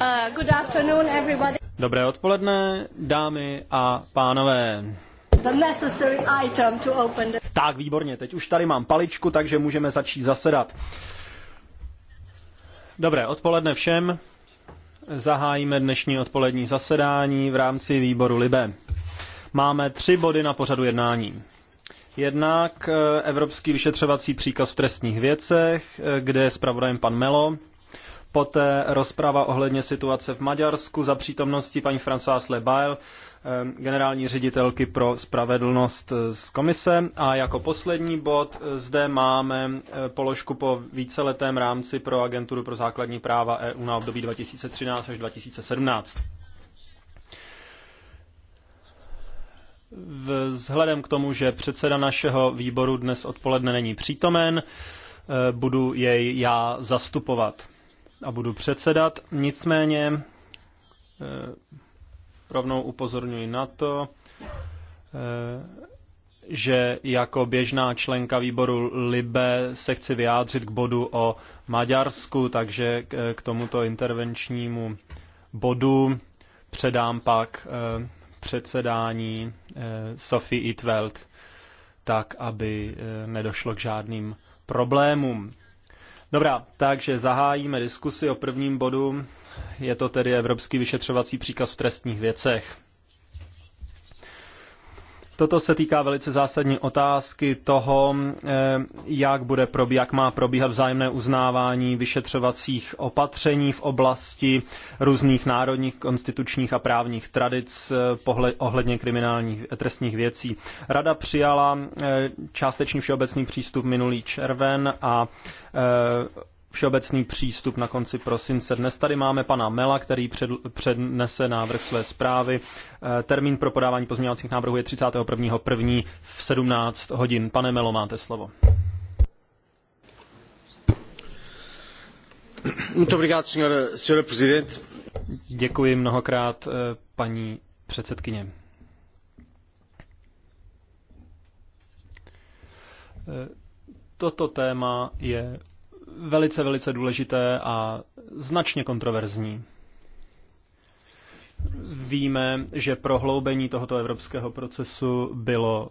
Uh, good afternoon, everybody. Dobré odpoledne, dámy a pánové. The necessary item to open the... Tak, výborně, teď už tady mám paličku, takže můžeme začít zasedat. Dobré odpoledne všem. Zahájíme dnešní odpolední zasedání v rámci výboru Libe. Máme tři body na pořadu jednání. Jednak eh, Evropský vyšetřovací příkaz v trestních věcech, eh, kde je zpravodajem pan Melo, poté rozprava ohledně situace v Maďarsku za přítomnosti paní Françoise Lebail, eh, generální ředitelky pro spravedlnost eh, z komise. A jako poslední bod eh, zde máme položku po víceletém rámci pro agenturu pro základní práva EU na období 2013 až 2017. Vzhledem k tomu, že předseda našeho výboru dnes odpoledne není přítomen, budu jej já zastupovat a budu předsedat. Nicméně eh, rovnou upozorňuji na to, eh, že jako běžná členka výboru Libe se chci vyjádřit k bodu o Maďarsku, takže k tomuto intervenčnímu bodu předám pak eh, předsedání Sophie Itveld, tak aby nedošlo k žádným problémům. Dobrá, takže zahájíme diskusi o prvním bodu. Je to tedy Evropský vyšetřovací příkaz v trestních věcech. Toto se týká velice zásadní otázky toho, eh, jak, bude jak má probíhat vzájemné uznávání vyšetřovacích opatření v oblasti různých národních, konstitučních a právních tradic eh, ohledně kriminálních trestních věcí. Rada přijala eh, částečný všeobecný přístup minulý červen a všeobecný přístup na konci prosince. Dnes tady máme pana Mela, který před, přednese návrh své zprávy. Eh, termín pro podávání pozměňovacích návrhů je 31.1. v 17 hodin. Pane Melo, máte slovo. Děkuji mnohokrát, eh, paní předsedkyně. Eh, toto téma je velice, velice důležité a značně kontroverzní. Víme, že prohloubení tohoto evropského procesu bylo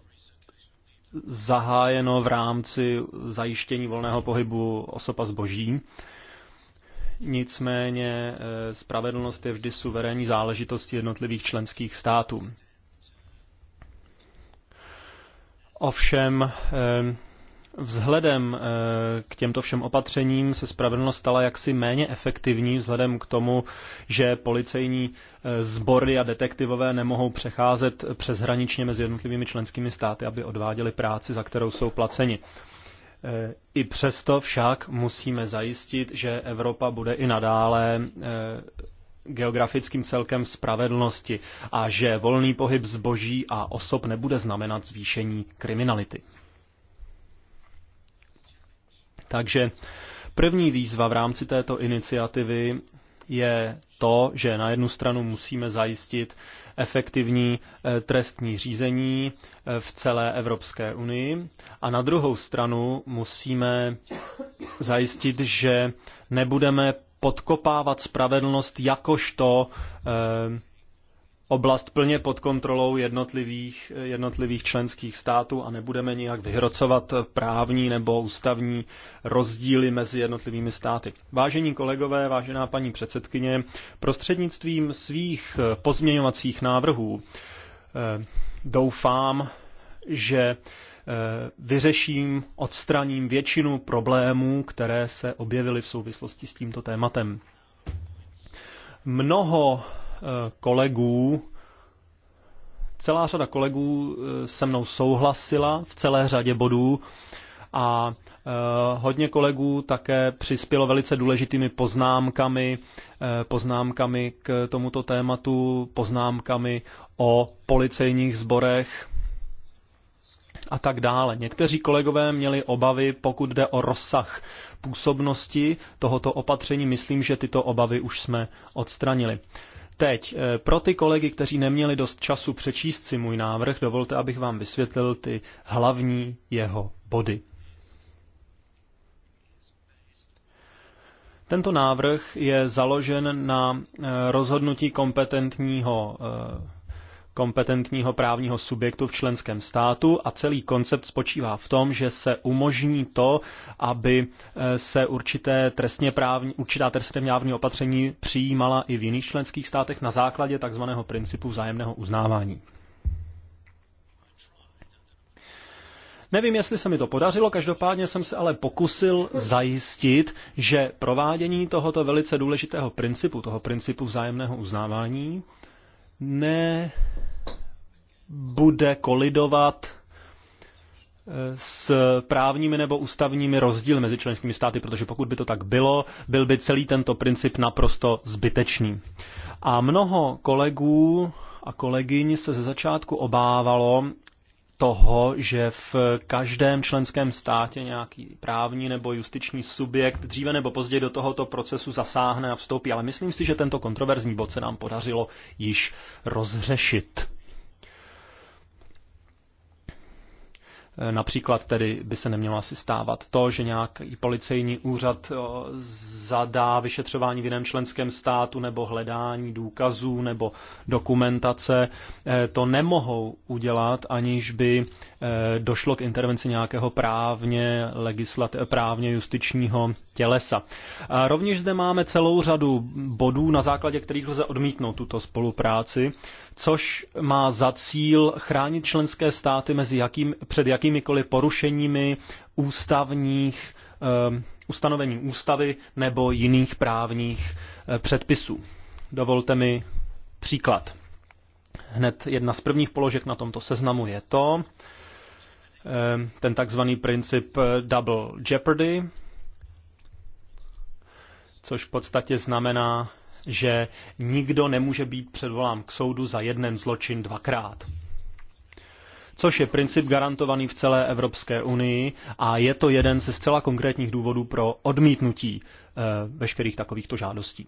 zahájeno v rámci zajištění volného pohybu osoba zboží. Nicméně eh, spravedlnost je vždy suverénní záležitost jednotlivých členských států. Ovšem eh, Vzhledem eh, k těmto všem opatřením se spravedlnost stala jaksi méně efektivní, vzhledem k tomu, že policejní eh, sbory a detektivové nemohou přecházet přeshraničně mezi jednotlivými členskými státy, aby odváděli práci, za kterou jsou placeni. Eh, I přesto však musíme zajistit, že Evropa bude i nadále geografickým celkem spravedlnosti a že volný pohyb zboží a osob nebude znamenat zvýšení kriminality. Takže první výzva v rámci této iniciativy je to, že na jednu stranu musíme zajistit efektivní eh, trestní řízení eh, v celé Evropské unii a na druhou stranu musíme zajistit, že nebudeme podkopávat spravedlnost jakožto eh, oblast plně pod kontrolou jednotlivých, jednotlivých členských států a nebudeme nijak vyhrocovat právní nebo ústavní rozdíly mezi jednotlivými státy. Vážení kolegové, vážená paní předsedkyně, prostřednictvím svých pozměňovacích návrhů eh, doufám, že eh, vyřeším, odstraním většinu problémů, které se objevily v souvislosti s tímto tématem. Mnoho Eh, kolegů, celá řada kolegů eh, se mnou souhlasila v celé řadě bodů a eh, hodně kolegů také přispělo velice důležitými poznámkami, poznámkami k tomuto tématu, poznámkami o policejních zborech a tak dále. Někteří kolegové měli obavy, pokud jde o rozsah působnosti tohoto opatření. Myslím, že tyto obavy už jsme odstranili. Teď, eh, pro ty kolegy, kteří neměli dost času přečíst si můj návrh, dovolte, abych vám vysvětlil ty hlavní jeho body. Tento návrh je založen na eh, rozhodnutí kompetentního eh, kompetentního právního subjektu v členském státu a celý koncept spočívá v tom, že se umožní to, aby eh, se určité trestně právní, určitá trestně právní opatření přijímala i v jiných členských státech na základě tzv. principu vzájemného uznávání. Nevím, jestli se mi to podařilo, každopádně jsem se ale pokusil zajistit, že provádění tohoto velice důležitého principu, toho principu vzájemného uznávání, ne bude kolidovat eh, s právními nebo ústavními rozdíly mezi členskými státy, protože pokud by to tak bylo, byl by celý tento princip naprosto zbytečný. A mnoho kolegů a kolegyň se ze začátku obávalo toho, že v každém členském státě nějaký právní nebo justiční subjekt dříve nebo později do tohoto procesu zasáhne a vstoupí. Ale myslím si, že tento kontroverzní bod se nám podařilo již rozřešit. Eh, například tedy by se nemělo asi stávat to, že nějaký policejní úřad eh, zadá vyšetřování v jiném členském státu nebo hledání důkazů nebo dokumentace. Eh, to nemohou udělat, aniž by Eh, došlo k intervenci nějakého právně, legislat, právně justičního tělesa. A rovněž zde máme celou řadu bodů, na základě kterých lze odmítnout tuto spolupráci, což má za cíl chránit členské státy mezi jakým, před jakýmikoliv porušeními ústavních eh, ustanovení ústavy nebo jiných právních eh, předpisů. Dovolte mi příklad. Hned jedna z prvních položek na tomto seznamu je to, Ehm, ten takzvaný princip eh, double jeopardy, což v podstatě znamená, že nikdo nemůže být předvolán k soudu za jeden zločin dvakrát což je princip garantovaný v celé Evropské unii a je to jeden ze zcela konkrétních důvodů pro odmítnutí eh, veškerých takovýchto žádostí.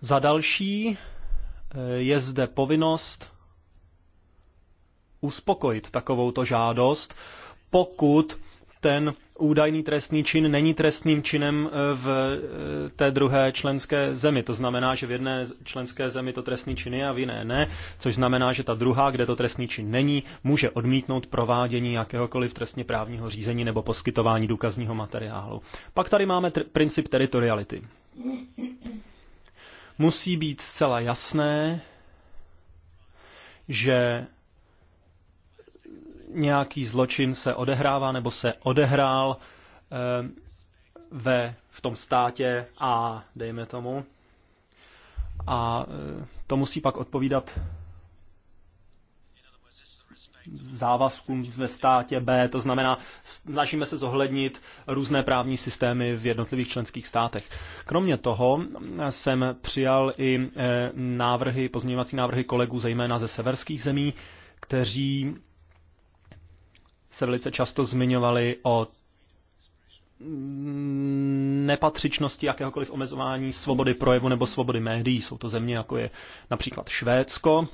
Za další eh, je zde povinnost uspokojit takovouto žádost, pokud ten údajný trestný čin není trestným činem eh, v eh, té druhé členské zemi. To znamená, že v jedné členské zemi to trestný čin je a v jiné ne, což znamená, že ta druhá, kde to trestný čin není, může odmítnout provádění jakéhokoliv trestně právního řízení nebo poskytování důkazního materiálu. Pak tady máme tr- princip teritoriality. Musí být zcela jasné, že nějaký zločin se odehrává nebo se odehrál eh, ve, v tom státě A, dejme tomu. A eh, to musí pak odpovídat závazkům ve státě B, to znamená, snažíme se zohlednit různé právní systémy v jednotlivých členských státech. Kromě toho eh, jsem přijal i návrhy, pozměňovací návrhy kolegů zejména ze severských zemí, kteří se velice často zmiňovali o nepatřičnosti jakéhokoliv omezování svobody projevu nebo svobody médií. Jsou to země, jako je například Švédsko,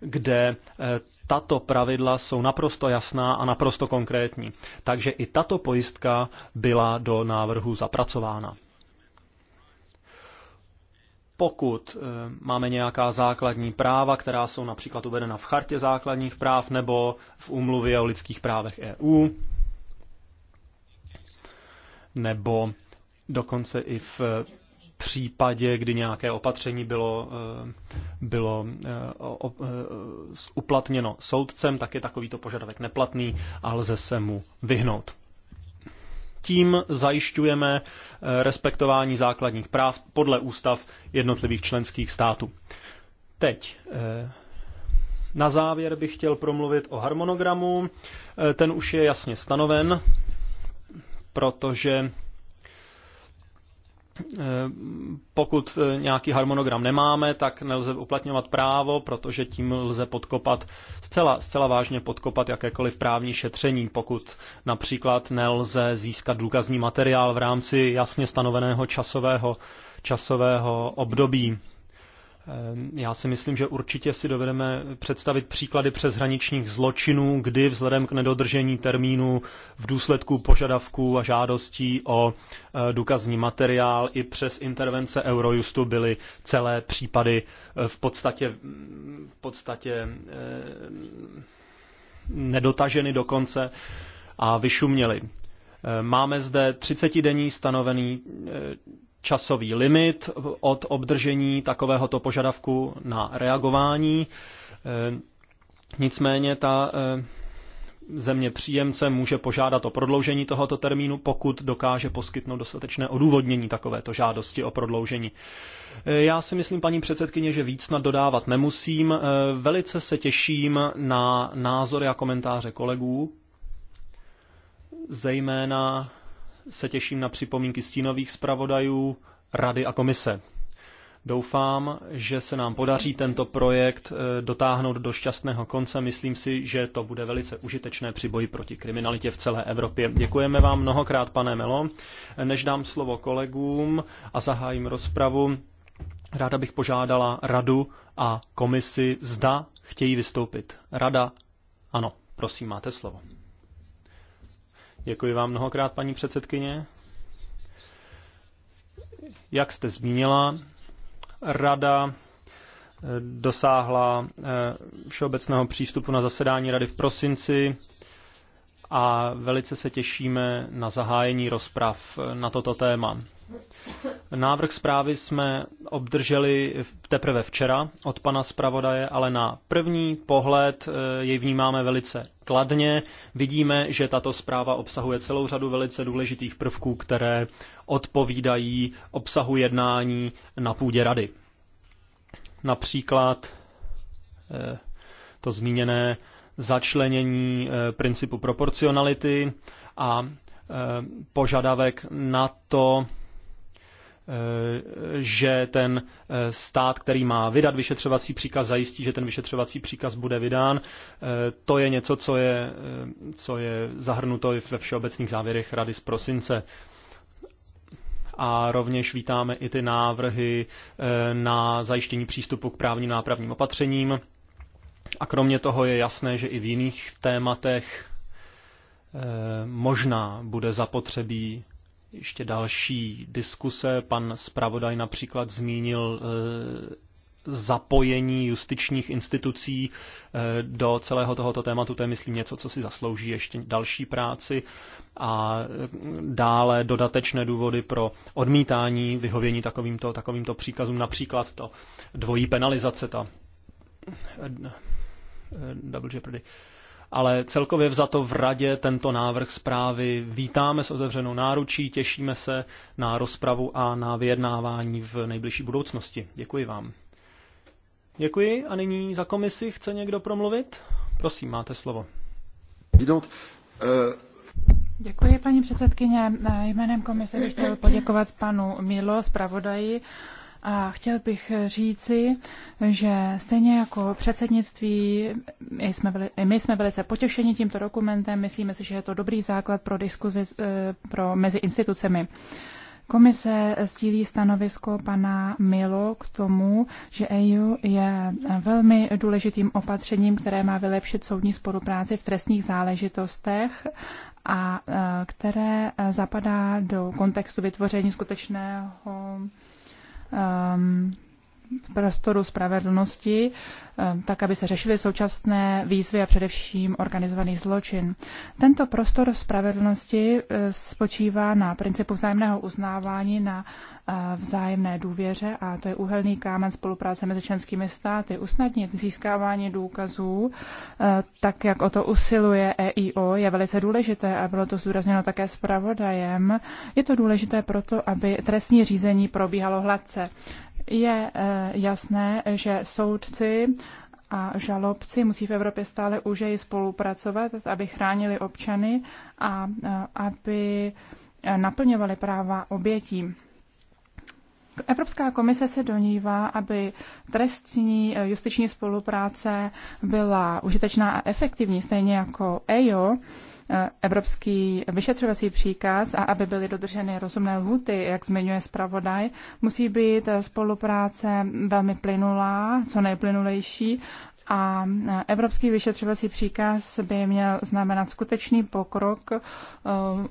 kde eh, tato pravidla jsou naprosto jasná a naprosto konkrétní. Takže i tato pojistka byla do návrhu zapracována pokud eh, máme nějaká základní práva, která jsou například uvedena v chartě základních práv nebo v úmluvě o lidských právech EU, nebo dokonce i v eh, případě, kdy nějaké opatření bylo, eh, bylo uplatněno soudcem, tak je takovýto požadavek neplatný a lze se mu vyhnout tím zajišťujeme eh, respektování základních práv podle ústav jednotlivých členských států. Teď eh, na závěr bych chtěl promluvit o harmonogramu. Eh, ten už je jasně stanoven, protože Eh, pokud eh, nějaký harmonogram nemáme, tak nelze uplatňovat právo, protože tím lze podkopat, zcela, zcela vážně podkopat jakékoliv právní šetření, pokud například nelze získat důkazní materiál v rámci jasně stanoveného časového, časového období. Ehm, já si myslím, že určitě si dovedeme představit příklady přeshraničních zločinů, kdy vzhledem k nedodržení termínu v důsledku požadavků a žádostí o eh, důkazní materiál i přes intervence Eurojustu byly celé případy eh, v podstatě, v podstatě eh, nedotaženy dokonce a vyšuměly. Eh, máme zde 30-denní stanovený eh, časový limit od obdržení takovéhoto požadavku na reagování. Eh, nicméně ta země příjemce může požádat o prodloužení tohoto termínu, pokud dokáže poskytnout dostatečné odůvodnění takovéto žádosti o prodloužení. Já si myslím, paní předsedkyně, že víc snad dodávat nemusím. Velice se těším na názory a komentáře kolegů Zejména se těším na připomínky stínových zpravodajů, rady a komise. Doufám, že se nám podaří tento projekt eh, dotáhnout do šťastného konce. Myslím si, že to bude velice užitečné při boji proti kriminalitě v celé Evropě. Děkujeme vám mnohokrát, pane Melo. Než dám slovo kolegům a zahájím rozpravu, ráda bych požádala radu a komisi, zda chtějí vystoupit. Rada, ano, prosím, máte slovo. Děkuji vám mnohokrát, paní předsedkyně. Jak jste zmínila, rada eh, dosáhla eh, všeobecného přístupu na zasedání rady v prosinci a velice se těšíme na zahájení rozprav eh, na toto téma. Návrh zprávy jsme obdrželi teprve včera od pana zpravodaje, ale na první pohled jej vnímáme velice kladně. Vidíme, že tato zpráva obsahuje celou řadu velice důležitých prvků, které odpovídají obsahu jednání na půdě rady. Například eh, to zmíněné začlenění eh, principu proporcionality a eh, požadavek na to, Eh, že ten eh, stát, který má vydat vyšetřovací příkaz, zajistí, že ten vyšetřovací příkaz bude vydán. Eh, to je něco, co je, co je zahrnuto i ve všeobecných závěrech Rady z prosince. A rovněž vítáme i ty návrhy na zajištění přístupu k právním nápravním opatřením. A kromě toho je jasné, že i v jiných tématech možná bude zapotřebí ještě další diskuse. Pan zpravodaj například zmínil eh, zapojení justičních institucí eh, do celého tohoto tématu. To je, myslím, něco, co si zaslouží ještě další práci. A eh, dále dodatečné důvody pro odmítání vyhovění takovýmto, takovýmto příkazům, například to dvojí penalizace, ta double jeopardy ale celkově vzato v radě tento návrh zprávy vítáme s otevřenou náručí, těšíme se na rozpravu a na vyjednávání v nejbližší budoucnosti. Děkuji vám. Děkuji a nyní za komisi chce někdo promluvit? Prosím, máte slovo. Eh, Děkuji, paní předsedkyně. Jménem komise bych chtěl poděkovat panu Milo, zpravodaji, a chtěl bych říci, že stejně jako předsednictví, jsme byli, my jsme velice potěšeni tímto dokumentem, myslíme si, že je to dobrý základ pro diskuzi eh, pro, mezi institucemi. Komise sdílí stanovisko pana Milo k tomu, že EU je velmi důležitým opatřením, které má vylepšit soudní spolupráci v trestních záležitostech a eh, které zapadá do kontextu vytvoření skutečného um, prostoru spravedlnosti, eh, tak aby se řešily současné výzvy a především organizovaný zločin. Tento prostor spravedlnosti eh, spočívá na principu vzájemného uznávání, na eh, vzájemné důvěře a to je úhelný kámen spolupráce mezi členskými státy. Usnadnit získávání důkazů, tak jak o to usiluje EIO, je velice důležité a bylo to zdůrazněno také zpravodajem. Je to důležité proto, aby trestní řízení probíhalo hladce. Je eh, jasné, že soudci a žalobci musí v Evropě stále užeji spolupracovat, aby chránili občany a eh, aby eh, naplňovali práva obětí. Evropská komise se donívá, aby trestní justiční spolupráce byla užitečná a efektivní, stejně jako EIO, evropský vyšetřovací příkaz a aby byly dodrženy rozumné lhuty, jak zmiňuje zpravodaj, musí být spolupráce velmi plynulá, co nejplynulejší a evropský vyšetřovací příkaz by měl znamenat skutečný pokrok eh,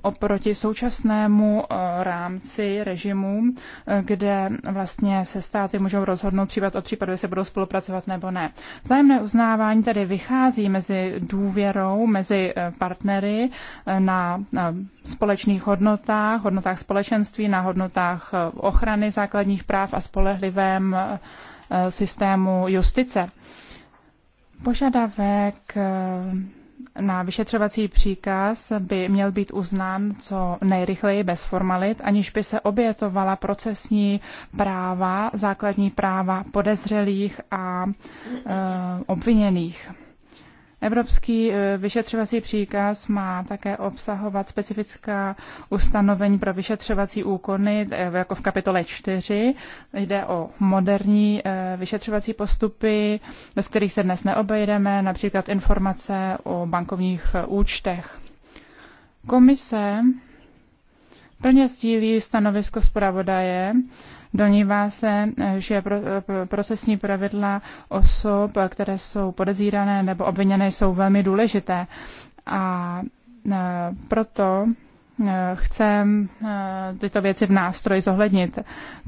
oproti současnému eh, rámci režimu, eh, kde vlastně se státy můžou rozhodnout případ od případu, jestli budou spolupracovat nebo ne. Vzájemné uznávání tedy vychází mezi důvěrou, mezi partnery na společných hodnotách, hodnotách společenství, na hodnotách ochrany základních práv a spolehlivém systému justice. Požadavek eh, na vyšetřovací příkaz by měl být uznán co nejrychleji bez formalit, aniž by se obětovala procesní práva, základní práva podezřelých a e, obviněných. Evropský eh, vyšetřovací příkaz má také obsahovat specifická ustanovení pro vyšetřovací úkony, eh, jako v kapitole 4. Jde o moderní eh, vyšetřovací postupy, bez kterých se dnes neobejdeme, například informace o bankovních účtech. Komise plně sdílí stanovisko zpravodaje Donívá se, že procesní pravidla osob, které jsou podezírané nebo obviněné, jsou velmi důležité. A e, proto Eh, chce eh, tyto věci v nástroji zohlednit.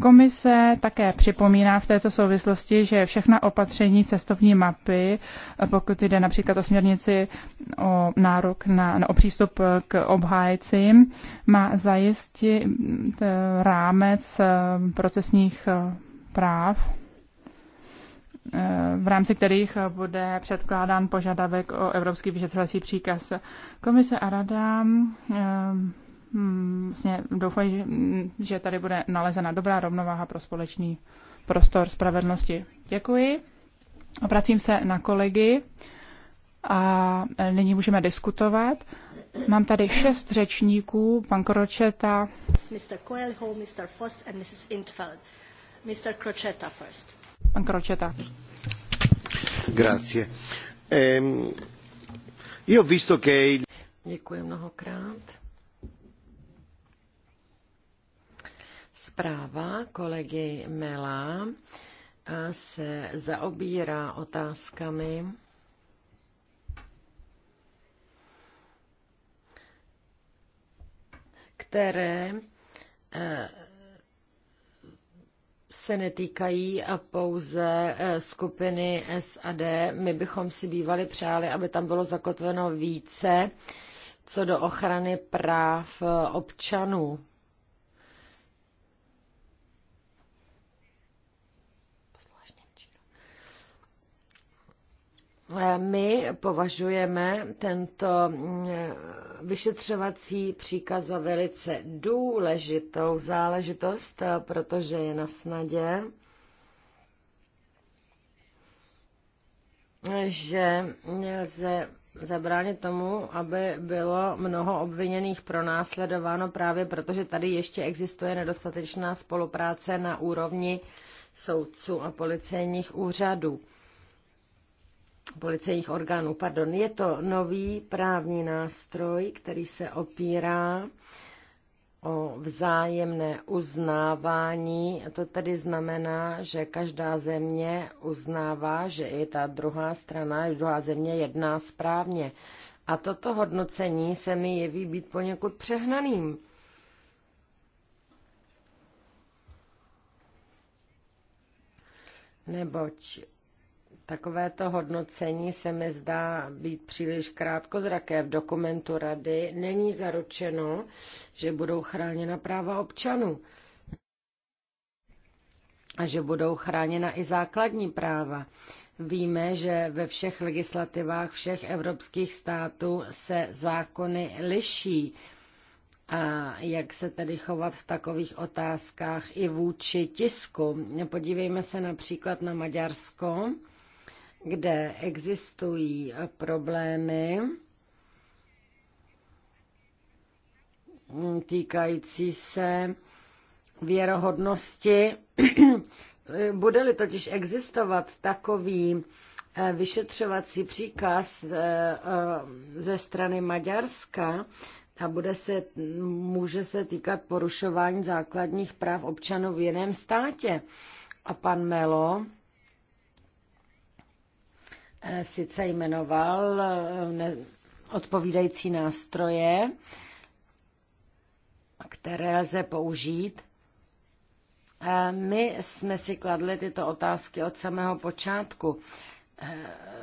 Komise také připomíná v této souvislosti, že všechna opatření cestovní mapy, eh, pokud jde například o směrnici o nárok na, na o přístup k obhájci, má zajistit rámec procesních práv v rámci kterých bude předkládán požadavek o evropský vyšetřovací příkaz. Komise a rada eh, hm, vlastně doufají, že tady bude nalezena dobrá rovnováha pro společný prostor spravedlnosti. Děkuji. Obracím se na kolegy a eh, nyní můžeme diskutovat. Mám tady šest řečníků, pan Kročeta. Mr. Coelho, Mr. Foss and Mrs. Intfeld. Mr. Kročeta first. Pan Kročeta. Grazie. Ehm, io visto che... Děkuji mnohokrát. Zpráva kolegy Mela eh, se zaobírá otázkami které eh, se netýkají eh, pouze eh, skupiny SAD. My bychom si bývali přáli, aby tam bylo zakotveno více co do ochrany práv eh, občanů. Eh, my považujeme tento mm, vyšetřovací příkaz za velice důležitou záležitost, eh, protože je na snadě, že lze zabránit tomu, aby bylo mnoho obviněných pronásledováno právě protože tady ještě existuje nedostatečná spolupráce na úrovni soudců a policejních úřadů policejních orgánů. Pardon. Je to nový právní nástroj, který se opírá o vzájemné uznávání. To tedy znamená, že každá země uznává, že i ta druhá strana, druhá země jedná správně. A toto hodnocení se mi jeví být poněkud přehnaným. Neboť Takovéto hodnocení se mi zdá být příliš krátkozraké. V dokumentu rady není zaručeno, že budou chráněna práva občanů a že budou chráněna i základní práva. Víme, že ve všech legislativách všech evropských států se zákony liší. A jak se tedy chovat v takových otázkách i vůči tisku? Podívejme se například na Maďarsko kde existují problémy týkající se věrohodnosti. Bude-li totiž existovat takový eh, vyšetřovací příkaz eh, eh, ze strany Maďarska a bude se, může se týkat porušování základních práv občanů v jiném státě. A pan Melo Eh, sice jmenoval eh, odpovídající nástroje, které lze použít. Eh, my jsme si kladli tyto otázky od samého počátku.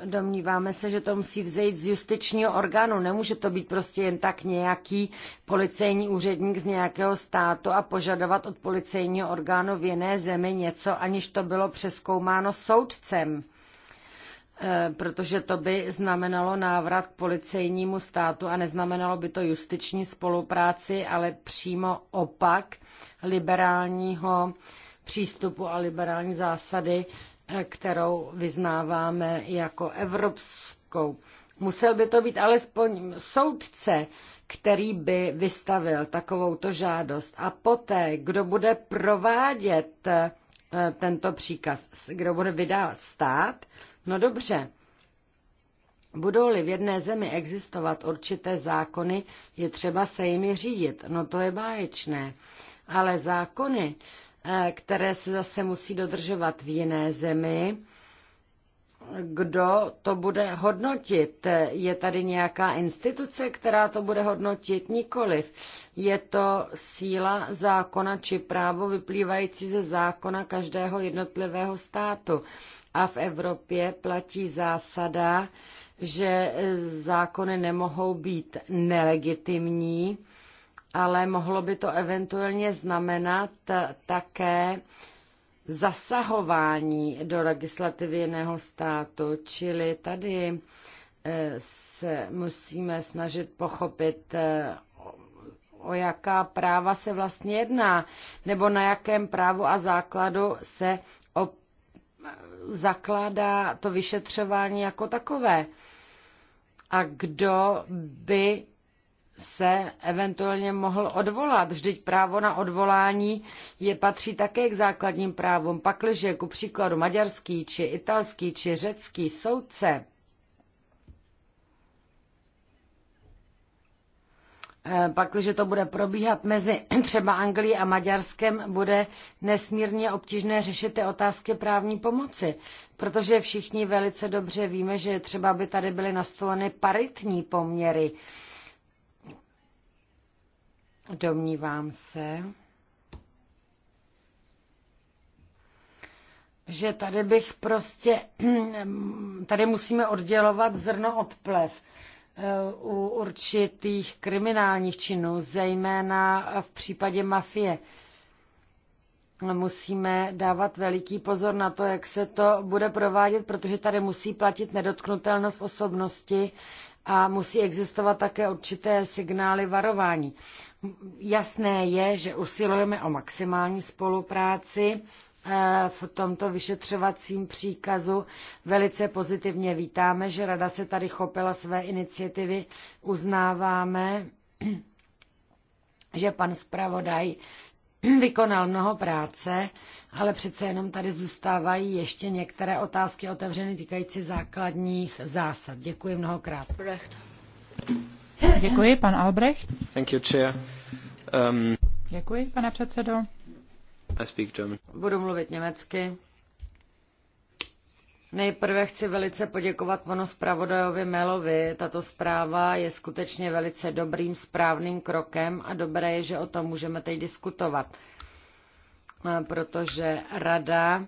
Domníváme se, že to musí vzejít z justičního orgánu. Nemůže to být prostě jen tak nějaký policejní úředník z nějakého státu a požadovat od policejního orgánu v jiné zemi něco, aniž to bylo přeskoumáno soudcem. Eh, protože to by znamenalo návrat k policejnímu státu a neznamenalo by to justiční spolupráci, ale přímo opak liberálního přístupu a liberální zásady, eh, kterou vyznáváme jako evropskou. Musel by to být alespoň soudce, který by vystavil takovouto žádost. A poté, kdo bude provádět eh, tento příkaz, kdo bude vydávat stát, No dobře, Budou-li v jedné zemi existovat určité zákony, je třeba se jimi řídit. No to je báječné. Ale zákony, eh, které se zase musí dodržovat v jiné zemi, kdo to bude hodnotit? Je tady nějaká instituce, která to bude hodnotit? Nikoliv. Je to síla zákona či právo vyplývající ze zákona každého jednotlivého státu a v Evropě platí zásada, že zákony nemohou být nelegitimní, ale mohlo by to eventuálně znamenat také zasahování do legislativy jiného státu, čili tady eh, se musíme snažit pochopit, eh, o jaká práva se vlastně jedná, nebo na jakém právu a základu se zakládá to vyšetřování jako takové. A kdo by se eventuálně mohl odvolat. Vždyť právo na odvolání je patří také k základním právům. Pakliže ku příkladu maďarský či italský či řecký soudce Eh, pak, to bude probíhat mezi třeba Anglií a Maďarskem, bude nesmírně obtížné řešit ty otázky právní pomoci, protože všichni velice dobře víme, že třeba by tady byly nastoleny paritní poměry. Domnívám se, že tady bych prostě, tady musíme oddělovat zrno od plev. Eh, u určitých kriminálních činů, zejména v případě mafie. Musíme dávat veliký pozor na to, jak se to bude provádět, protože tady musí platit nedotknutelnost osobnosti a musí existovat také určité signály varování. Jasné je, že usilujeme o maximální spolupráci Eh, v tomto vyšetřovacím příkazu. Velice pozitivně vítáme, že Rada se tady chopila své iniciativy. Uznáváme, že pan zpravodaj vykonal mnoho práce, ale přece jenom tady zůstávají ještě některé otázky otevřeny týkající základních zásad. Děkuji mnohokrát. Děkuji, pan Albrecht. Thank you, chair. Um... Děkuji, pane předsedo. I speak German. Budu mluvit německy. Nejprve chci velice poděkovat panu zpravodajovi Melovi. Tato zpráva je skutečně velice dobrým, správným krokem a dobré je, že o tom můžeme teď diskutovat. Protože rada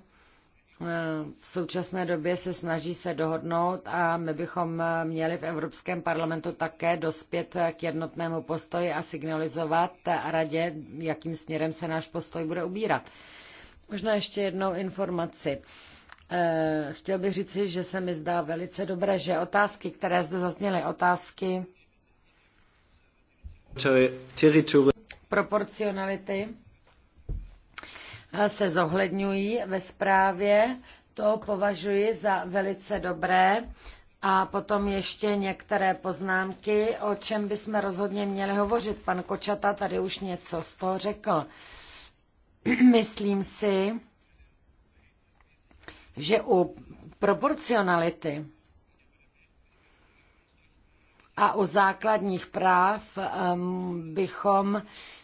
v současné době se snaží se dohodnout a my bychom měli v Evropském parlamentu také dospět k jednotnému postoji a signalizovat radě, jakým směrem se náš postoj bude ubírat. Možná ještě jednou informaci. Eh, chtěl bych říci, že se mi zdá velice dobré, že otázky, které zde zazněly, otázky proporcionality, Eh, se zohledňují ve zprávě. To považuji za velice dobré. A potom ještě některé poznámky, o čem bychom rozhodně měli hovořit. Pan Kočata tady už něco z toho řekl. Myslím si, že u proporcionality a u základních práv ehm, bychom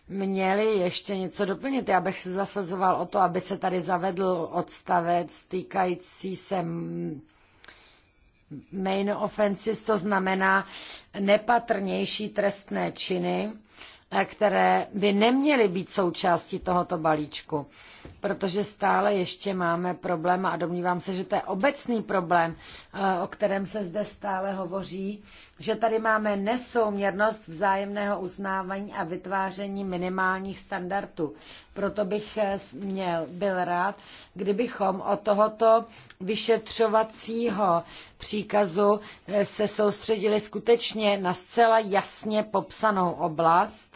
měli ještě něco doplnit. Já bych se zasazoval o to, aby se tady zavedl odstavec týkající se main offenses, to znamená nepatrnější trestné činy, které by neměly být součástí tohoto balíčku, protože stále ještě máme problém a domnívám se, že to je obecný problém, eh, o kterém se zde stále hovoří, že tady máme nesouměrnost vzájemného uznávání a vytváření minimálních standardů. Proto bych eh, měl, byl rád, kdybychom o tohoto vyšetřovacího příkazu eh, se soustředili skutečně na zcela jasně popsanou oblast,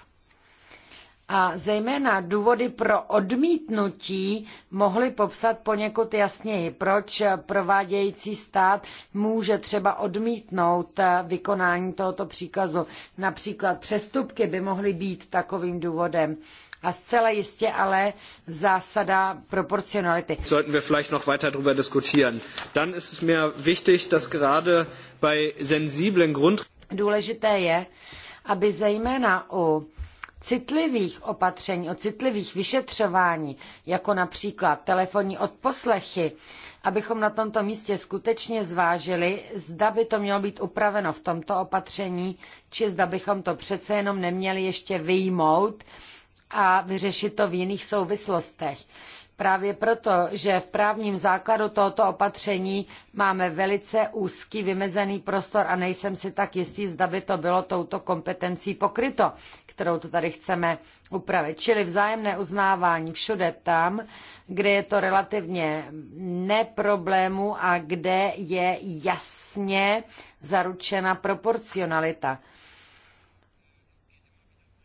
a zejména důvody pro odmítnutí mohly popsat poněkud jasněji, proč provádějící stát může třeba odmítnout vykonání tohoto příkazu. Například přestupky by mohly být takovým důvodem. A zcela jistě ale zásada proporcionality. Sollten wir vielleicht noch weiter darüber diskutieren. Dann ist es mir wichtig, dass gerade bei sensiblen Grund... Důležité je, aby zejména u citlivých opatření, o citlivých vyšetřování, jako například telefonní odposlechy, abychom na tomto místě skutečně zvážili, zda by to mělo být upraveno v tomto opatření, či zda bychom to přece jenom neměli ještě vyjmout a vyřešit to v jiných souvislostech. Právě proto, že v právním základu tohoto opatření máme velice úzký vymezený prostor a nejsem si tak jistý, zda by to bylo touto kompetencí pokryto kterou tu tady chceme upravit. Čili vzájemné uznávání všude tam, kde je to relativně neproblému a kde je jasně zaručena proporcionalita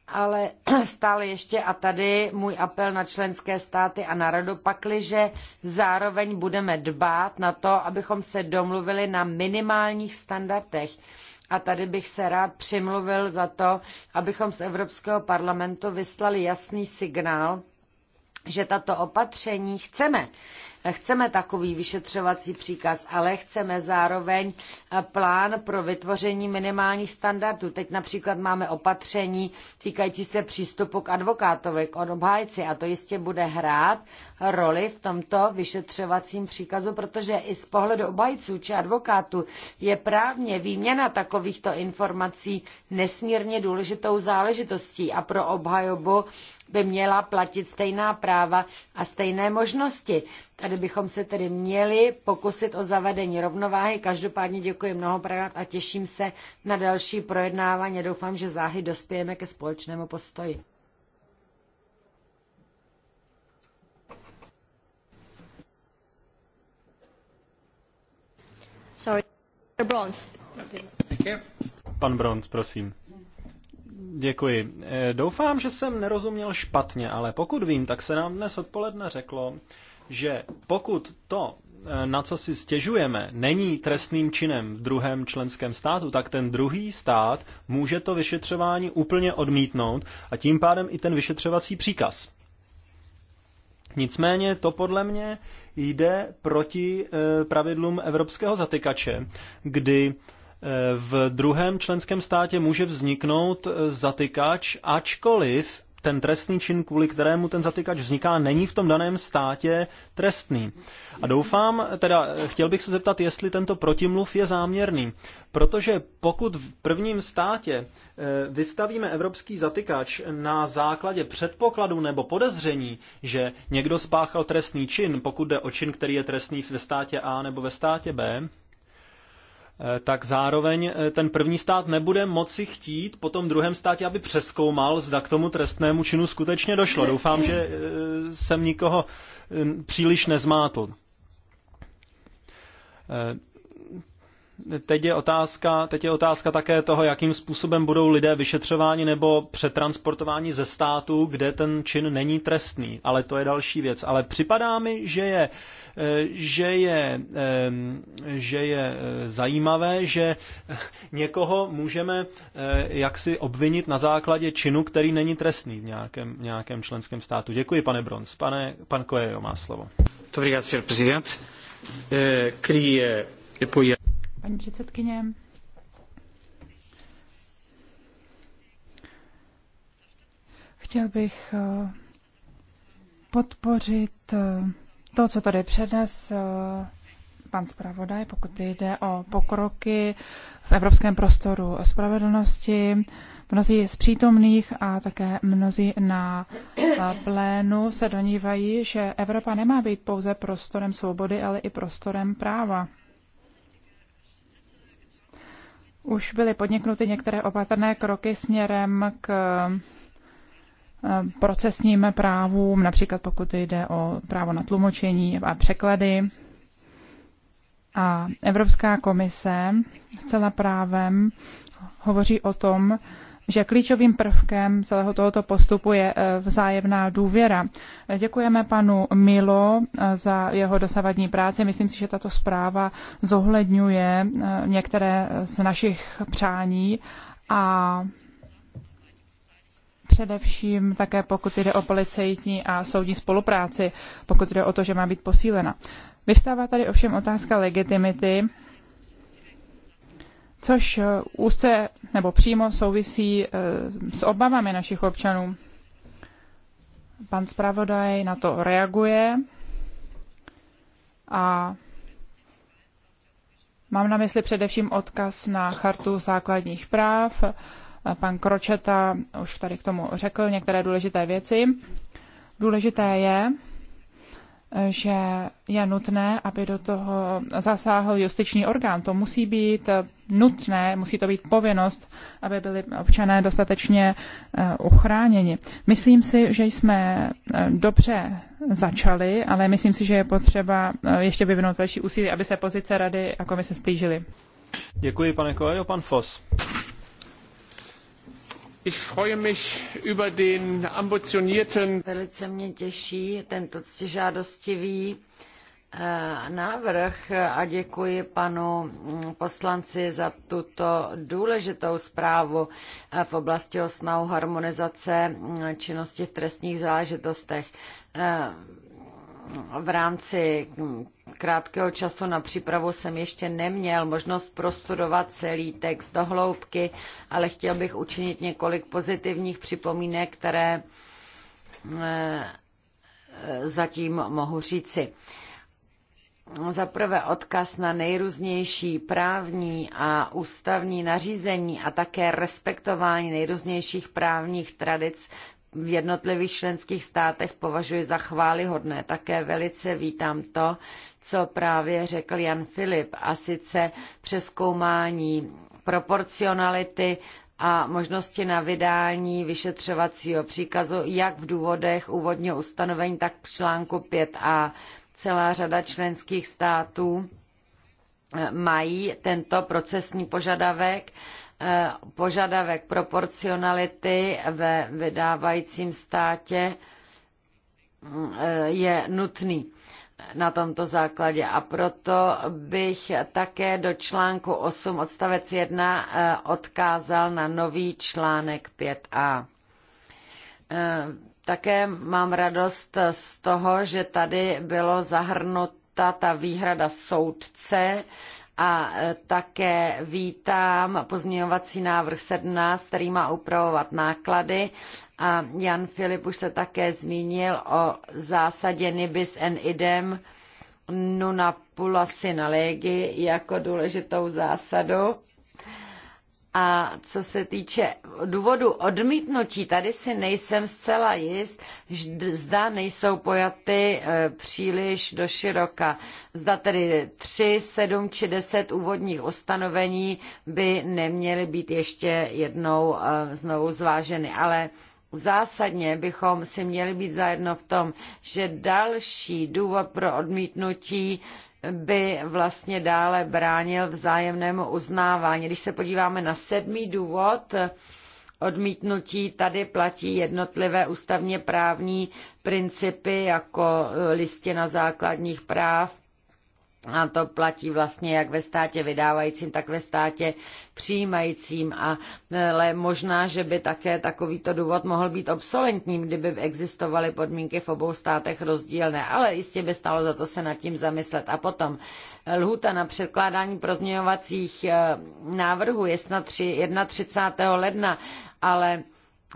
ale stále ještě a tady můj apel na členské státy a na radu že zároveň budeme dbát na to, abychom se domluvili na minimálních standardech. A tady bych se rád přimluvil za to, abychom z Evropského parlamentu vyslali jasný signál, že tato opatření chceme. Chceme takový vyšetřovací příkaz, ale chceme zároveň eh, plán pro vytvoření minimálních standardů. Teď například máme opatření týkající se přístupu k advokátovi, k obhájci a to jistě bude hrát roli v tomto vyšetřovacím příkazu, protože i z pohledu obhájců či advokátů je právně výměna takovýchto informací nesmírně důležitou záležitostí a pro obhajobu by měla platit stejná práva a stejné možnosti. Tady bychom se tedy měli pokusit o zavedení rovnováhy. Každopádně děkuji mnohokrát a těším se na další projednávání. Doufám, že záhy dospějeme ke společnému postoji. Sorry. Pan Bronz, prosím. Děkuji. Eh, doufám, že jsem nerozuměl špatně, ale pokud vím, tak se nám dnes odpoledne řeklo, že pokud to, eh, na co si stěžujeme, není trestným činem v druhém členském státu, tak ten druhý stát může to vyšetřování úplně odmítnout a tím pádem i ten vyšetřovací příkaz. Nicméně to podle mě jde proti eh, pravidlům evropského zatykače, kdy v druhém členském státě může vzniknout e, zatykač, ačkoliv ten trestný čin, kvůli kterému ten zatykač vzniká, není v tom daném státě trestný. A doufám, teda e, chtěl bych se zeptat, jestli tento protimluv je záměrný. Protože pokud v prvním státě e, vystavíme evropský zatykač na základě předpokladu nebo podezření, že někdo spáchal trestný čin, pokud jde o čin, který je trestný ve státě A nebo ve státě B, Eh, tak zároveň eh, ten první stát nebude moci chtít po tom druhém státě, aby přeskoumal, zda k tomu trestnému činu skutečně došlo. Doufám, že eh, jsem nikoho příliš nezmátl. Teď je, otázka, teď je otázka také toho, jakým způsobem budou lidé vyšetřováni nebo přetransportováni ze státu, kde ten čin není trestný. Ale to je další věc. Ale připadá mi, že je uh, Eh, že je, že je eh, zajímavé, že někoho můžeme eh, jaksi obvinit na základě činu, který není trestný v nějakém, nějakém členském státu. Děkuji, pane Bronz. Pane, pan Kojejo má slovo. Dobrý den, prezident. Paní předsedkyně, chtěl bych podpořit to, co tady přednes eh, pan zpravodaj, pokud jde o pokroky v evropském prostoru spravedlnosti, mnozí z přítomných a také mnozí na eh, plénu se donívají, že Evropa nemá být pouze prostorem svobody, ale i prostorem práva. Už byly podniknuty některé opatrné kroky směrem k procesním právům, například pokud jde o právo na tlumočení a překlady. A Evropská komise zcela právem hovoří o tom, že klíčovým prvkem celého tohoto postupu je e, vzájemná důvěra. Děkujeme panu Milo e, za jeho dosavadní práci. Myslím si, že tato zpráva zohledňuje e, některé z našich přání a Především také pokud jde o policejní a soudní spolupráci, pokud jde o to, že má být posílena. Vystává tady ovšem otázka legitimity, což eh, úzce nebo přímo souvisí eh, s obavami našich občanů. Pan zpravodaj na to reaguje a mám na mysli především odkaz na chartu základních práv, Pan Kročeta už tady k tomu řekl některé důležité věci. Důležité je, že je nutné, aby do toho zasáhl justiční orgán. To musí být nutné, musí to být povinnost, aby byli občané dostatečně eh, ochráněni. Myslím si, že jsme eh, dobře začali, ale myslím si, že je potřeba eh, ještě vyvinout další úsilí, aby se pozice rady a komise splížily. Děkuji, pane Kojo, pan Fos. Ich freue mich über den ambitionierten... Velice mě těší tento ctižádostivý eh, návrh a děkuji panu mm, poslanci za tuto důležitou zprávu eh, v oblasti osnahu harmonizace mm, činnosti v trestních záležitostech. Eh, v rámci krátkého času na přípravu jsem ještě neměl možnost prostudovat celý text do hloubky, ale chtěl bych učinit několik pozitivních připomínek, které eh, zatím mohu říci. Za prvé odkaz na nejrůznější právní a ústavní nařízení a také respektování nejrůznějších právních tradic v jednotlivých členských státech považuji za chválihodné. Také velice vítám to, co právě řekl Jan Filip, a sice přeskoumání proporcionality a možnosti na vydání vyšetřovacího příkazu jak v důvodech úvodního ustanovení, tak v článku 5a. Celá řada členských států mají tento procesní požadavek Eh, požadavek proporcionality ve vydávajícím státě eh, je nutný na tomto základě. A proto bych také do článku 8 odstavec 1 eh, odkázal na nový článek 5a. Také mám radost z toho, že tady bylo zahrnuta ta výhrada soudce a e, také vítám pozměňovací návrh 17, který má upravovat náklady. A Jan Filip už se také zmínil o zásadě nibis en idem nuna pula sina legi jako důležitou zásadu a co se týče důvodu odmítnutí, tady si nejsem zcela jist, zda nejsou pojaty e, příliš doširoka. Zda tedy tři sedm či deset úvodních ustanovení by neměly být ještě jednou e, znovu zváženy. Ale Zásadně bychom si měli být zajedno v tom, že další důvod pro odmítnutí by vlastně dále bránil vzájemnému uznávání. Když se podíváme na sedmý důvod, odmítnutí tady platí jednotlivé ústavně právní principy jako listina základních práv a to platí vlastně jak ve státě vydávajícím, tak ve státě přijímajícím. A, ale možná, že by také takovýto důvod mohl být obsolentním, kdyby existovaly podmínky v obou státech rozdílné. Ale jistě by stálo za to se nad tím zamyslet. A potom lhuta na předkládání prozměňovacích eh, návrhů je snad 31. ledna, ale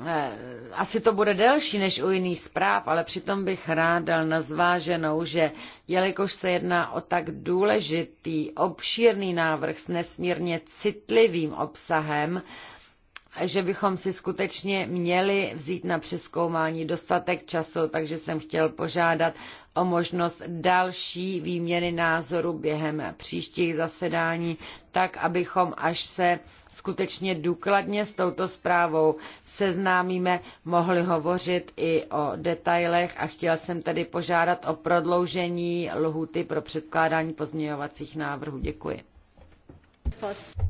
Eh, asi to bude delší než u jiných zpráv, ale přitom bych rád dal na zváženou, že jelikož se jedná o tak důležitý, obšírný návrh s nesmírně citlivým obsahem, že bychom si skutečně měli vzít na přeskoumání dostatek času, takže jsem chtěl požádat o možnost další výměny názoru během příštích zasedání, tak abychom, až se skutečně důkladně s touto zprávou seznámíme, mohli hovořit i o detailech a chtěl jsem tedy požádat o prodloužení lhuty pro předkládání pozměňovacích návrhů. Děkuji.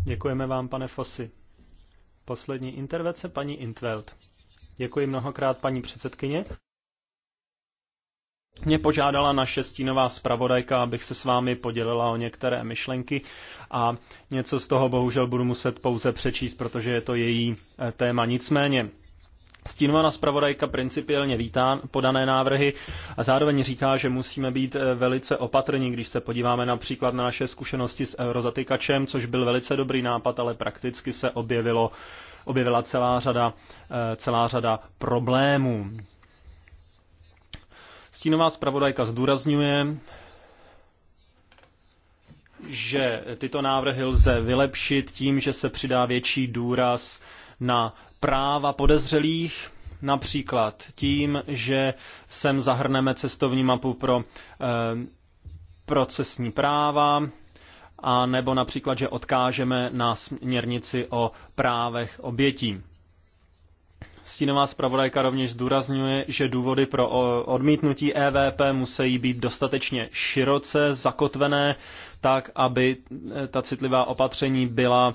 Děkujeme vám, pane Fosy. Poslední intervence paní Intveld. Děkuji mnohokrát paní předsedkyně. Mě požádala naše stínová zpravodajka, abych se s vámi podělila o některé myšlenky a něco z toho bohužel budu muset pouze přečíst, protože je to její eh, téma. Nicméně, Stínovaná zpravodajka principiálně vítá podané návrhy a zároveň říká, že musíme být eh, velice opatrní, když se podíváme například na naše zkušenosti s eurozatykačem, což byl velice dobrý nápad, ale prakticky se objevilo, objevila celá řada, eh, celá řada problémů. Stínová zpravodajka zdůrazňuje, že tyto návrhy lze vylepšit tím, že se přidá větší důraz na práva podezřelých, například tím, že sem zahrneme cestovní mapu pro eh, procesní práva, a nebo například, že odkážeme na směrnici o právech obětí. Stínová zpravodajka rovněž zdůrazňuje, že důvody pro odmítnutí EVP musí být dostatečně široce zakotvené, tak aby e, ta citlivá opatření byla e,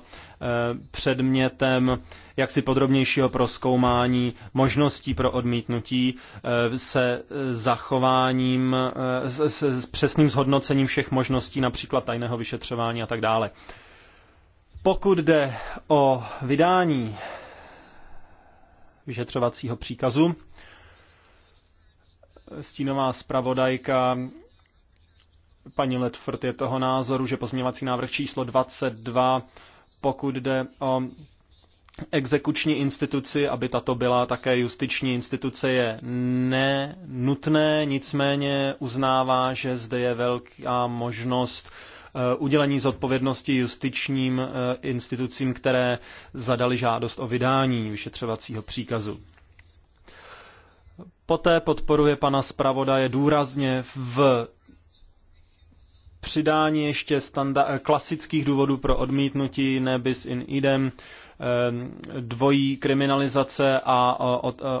předmětem jaksi podrobnějšího proskoumání možností pro odmítnutí e, se zachováním, s, s přesným zhodnocením všech možností, například tajného vyšetřování a tak dále. Pokud jde o vydání vyšetřovacího příkazu. Stínová zpravodajka paní Ledford je toho názoru, že pozměňovací návrh číslo 22, pokud jde o exekuční instituci, aby tato byla také justiční instituce, je nenutné, nicméně uznává, že zde je velká možnost Eh, udělení zodpovědnosti justičním eh, institucím, které zadali žádost o vydání vyšetřovacího příkazu. Poté podporuje pana zpravodaje důrazně v přidání ještě eh, klasických důvodů pro odmítnutí nebis in idem, Ehm, dvojí kriminalizace a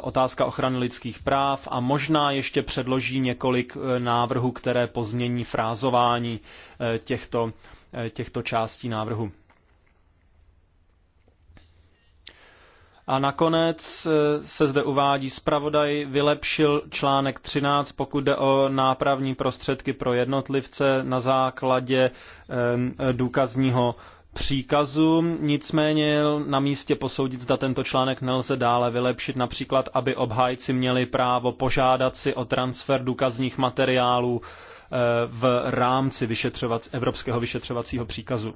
otázka ochrany lidských práv a možná ještě předloží několik e, návrhů, které pozmění frázování e, těchto, e, těchto částí návrhu. A nakonec se zde uvádí zpravodaj vylepšil článek 13, pokud jde o nápravní prostředky pro jednotlivce na základě ehm, důkazního příkazu, nicméně na místě posoudit, zda tento článek nelze dále vylepšit, například, aby obhájci měli právo požádat si o transfer důkazních materiálů eh, v rámci vyšetřovac, evropského vyšetřovacího příkazu.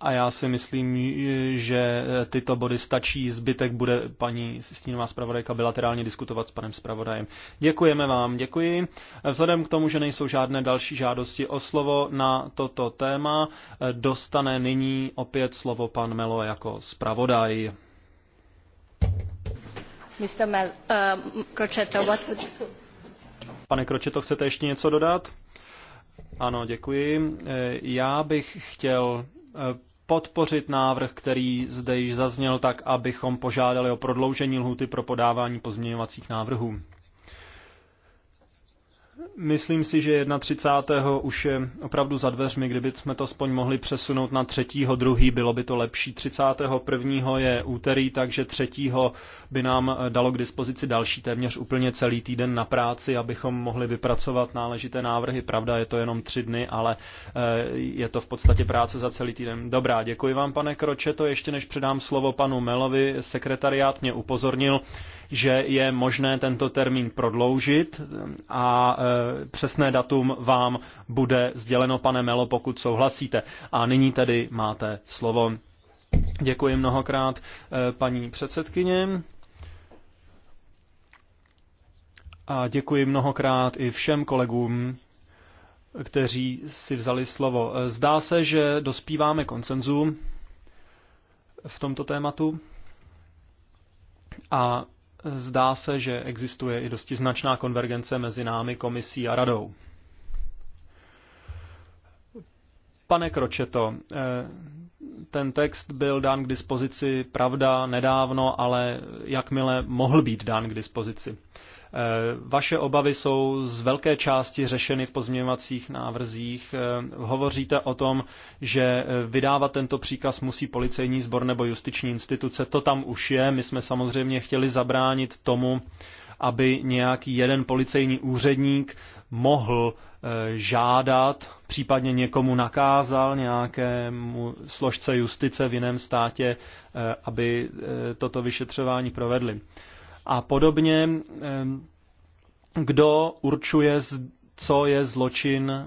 A já si myslím, že tyto body stačí. Zbytek bude paní Stínová zpravodajka bilaterálně diskutovat s panem zpravodajem. Děkujeme vám, děkuji. Vzhledem k tomu, že nejsou žádné další žádosti o slovo na toto téma, dostane nyní opět slovo pan Melo jako zpravodaj. Mr. Mel, uh, what would... Pane Kročeto, chcete ještě něco dodat? Ano, děkuji. Já bych chtěl eh, podpořit návrh, který zde již zazněl, tak abychom požádali o prodloužení lhuty pro podávání pozměňovacích návrhů. Myslím si, že 31. už je opravdu za dveřmi, kdyby jsme to aspoň mohli přesunout na 3. 2. bylo by to lepší. 31. je úterý, takže 3. by nám eh, dalo k dispozici další téměř úplně celý týden na práci, abychom mohli vypracovat náležité návrhy. Pravda, je to jenom tři dny, ale eh, je to v podstatě práce za celý týden. Dobrá, děkuji vám, pane to Ještě než předám slovo panu Melovi, sekretariát mě upozornil, že je možné tento termín prodloužit a e, přesné datum vám bude sděleno, pane Melo, pokud souhlasíte. A nyní tedy máte slovo. Děkuji mnohokrát, e, paní předsedkyně. A děkuji mnohokrát i všem kolegům, kteří si vzali slovo. E, zdá se, že dospíváme koncenzu v tomto tématu a Zdá se, že existuje i dosti značná konvergence mezi námi, komisí a radou. Pane Kročeto, eh, ten text byl dán k dispozici, pravda, nedávno, ale jakmile mohl být dán k dispozici. Eh, vaše obavy jsou z velké části řešeny v pozměňovacích návrzích. Eh, hovoříte o tom, že eh, vydávat tento příkaz musí policejní sbor nebo justiční instituce. To tam už je. My jsme samozřejmě chtěli zabránit tomu, aby nějaký jeden policejní úředník mohl žádat, případně někomu nakázal nějakému složce justice v jiném státě, aby toto vyšetřování provedli a podobně, kdo určuje, co je zločin eh,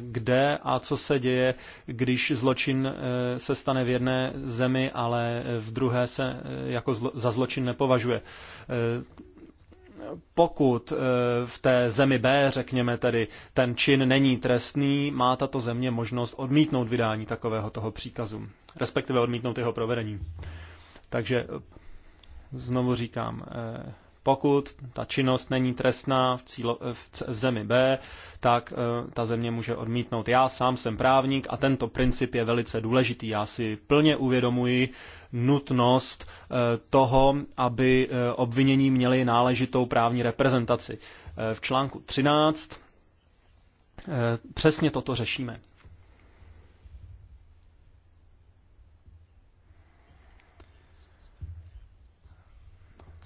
kde a co se děje, když zločin eh, se stane v jedné zemi, ale v druhé se eh, jako zlo, za zločin nepovažuje. Pokud v té zemi B, řekněme tedy, ten čin není trestný, má tato země možnost odmítnout vydání takového toho příkazu, respektive odmítnout jeho provedení. Takže Znovu říkám, eh, pokud ta činnost není trestná v, cílo, eh, v, v zemi B, tak e, ta země může odmítnout. Já sám jsem právník a tento princip je velice důležitý. Já si plně uvědomuji nutnost e, toho, aby e, obvinění měli náležitou právní reprezentaci. E, v článku 13 e, přesně toto řešíme.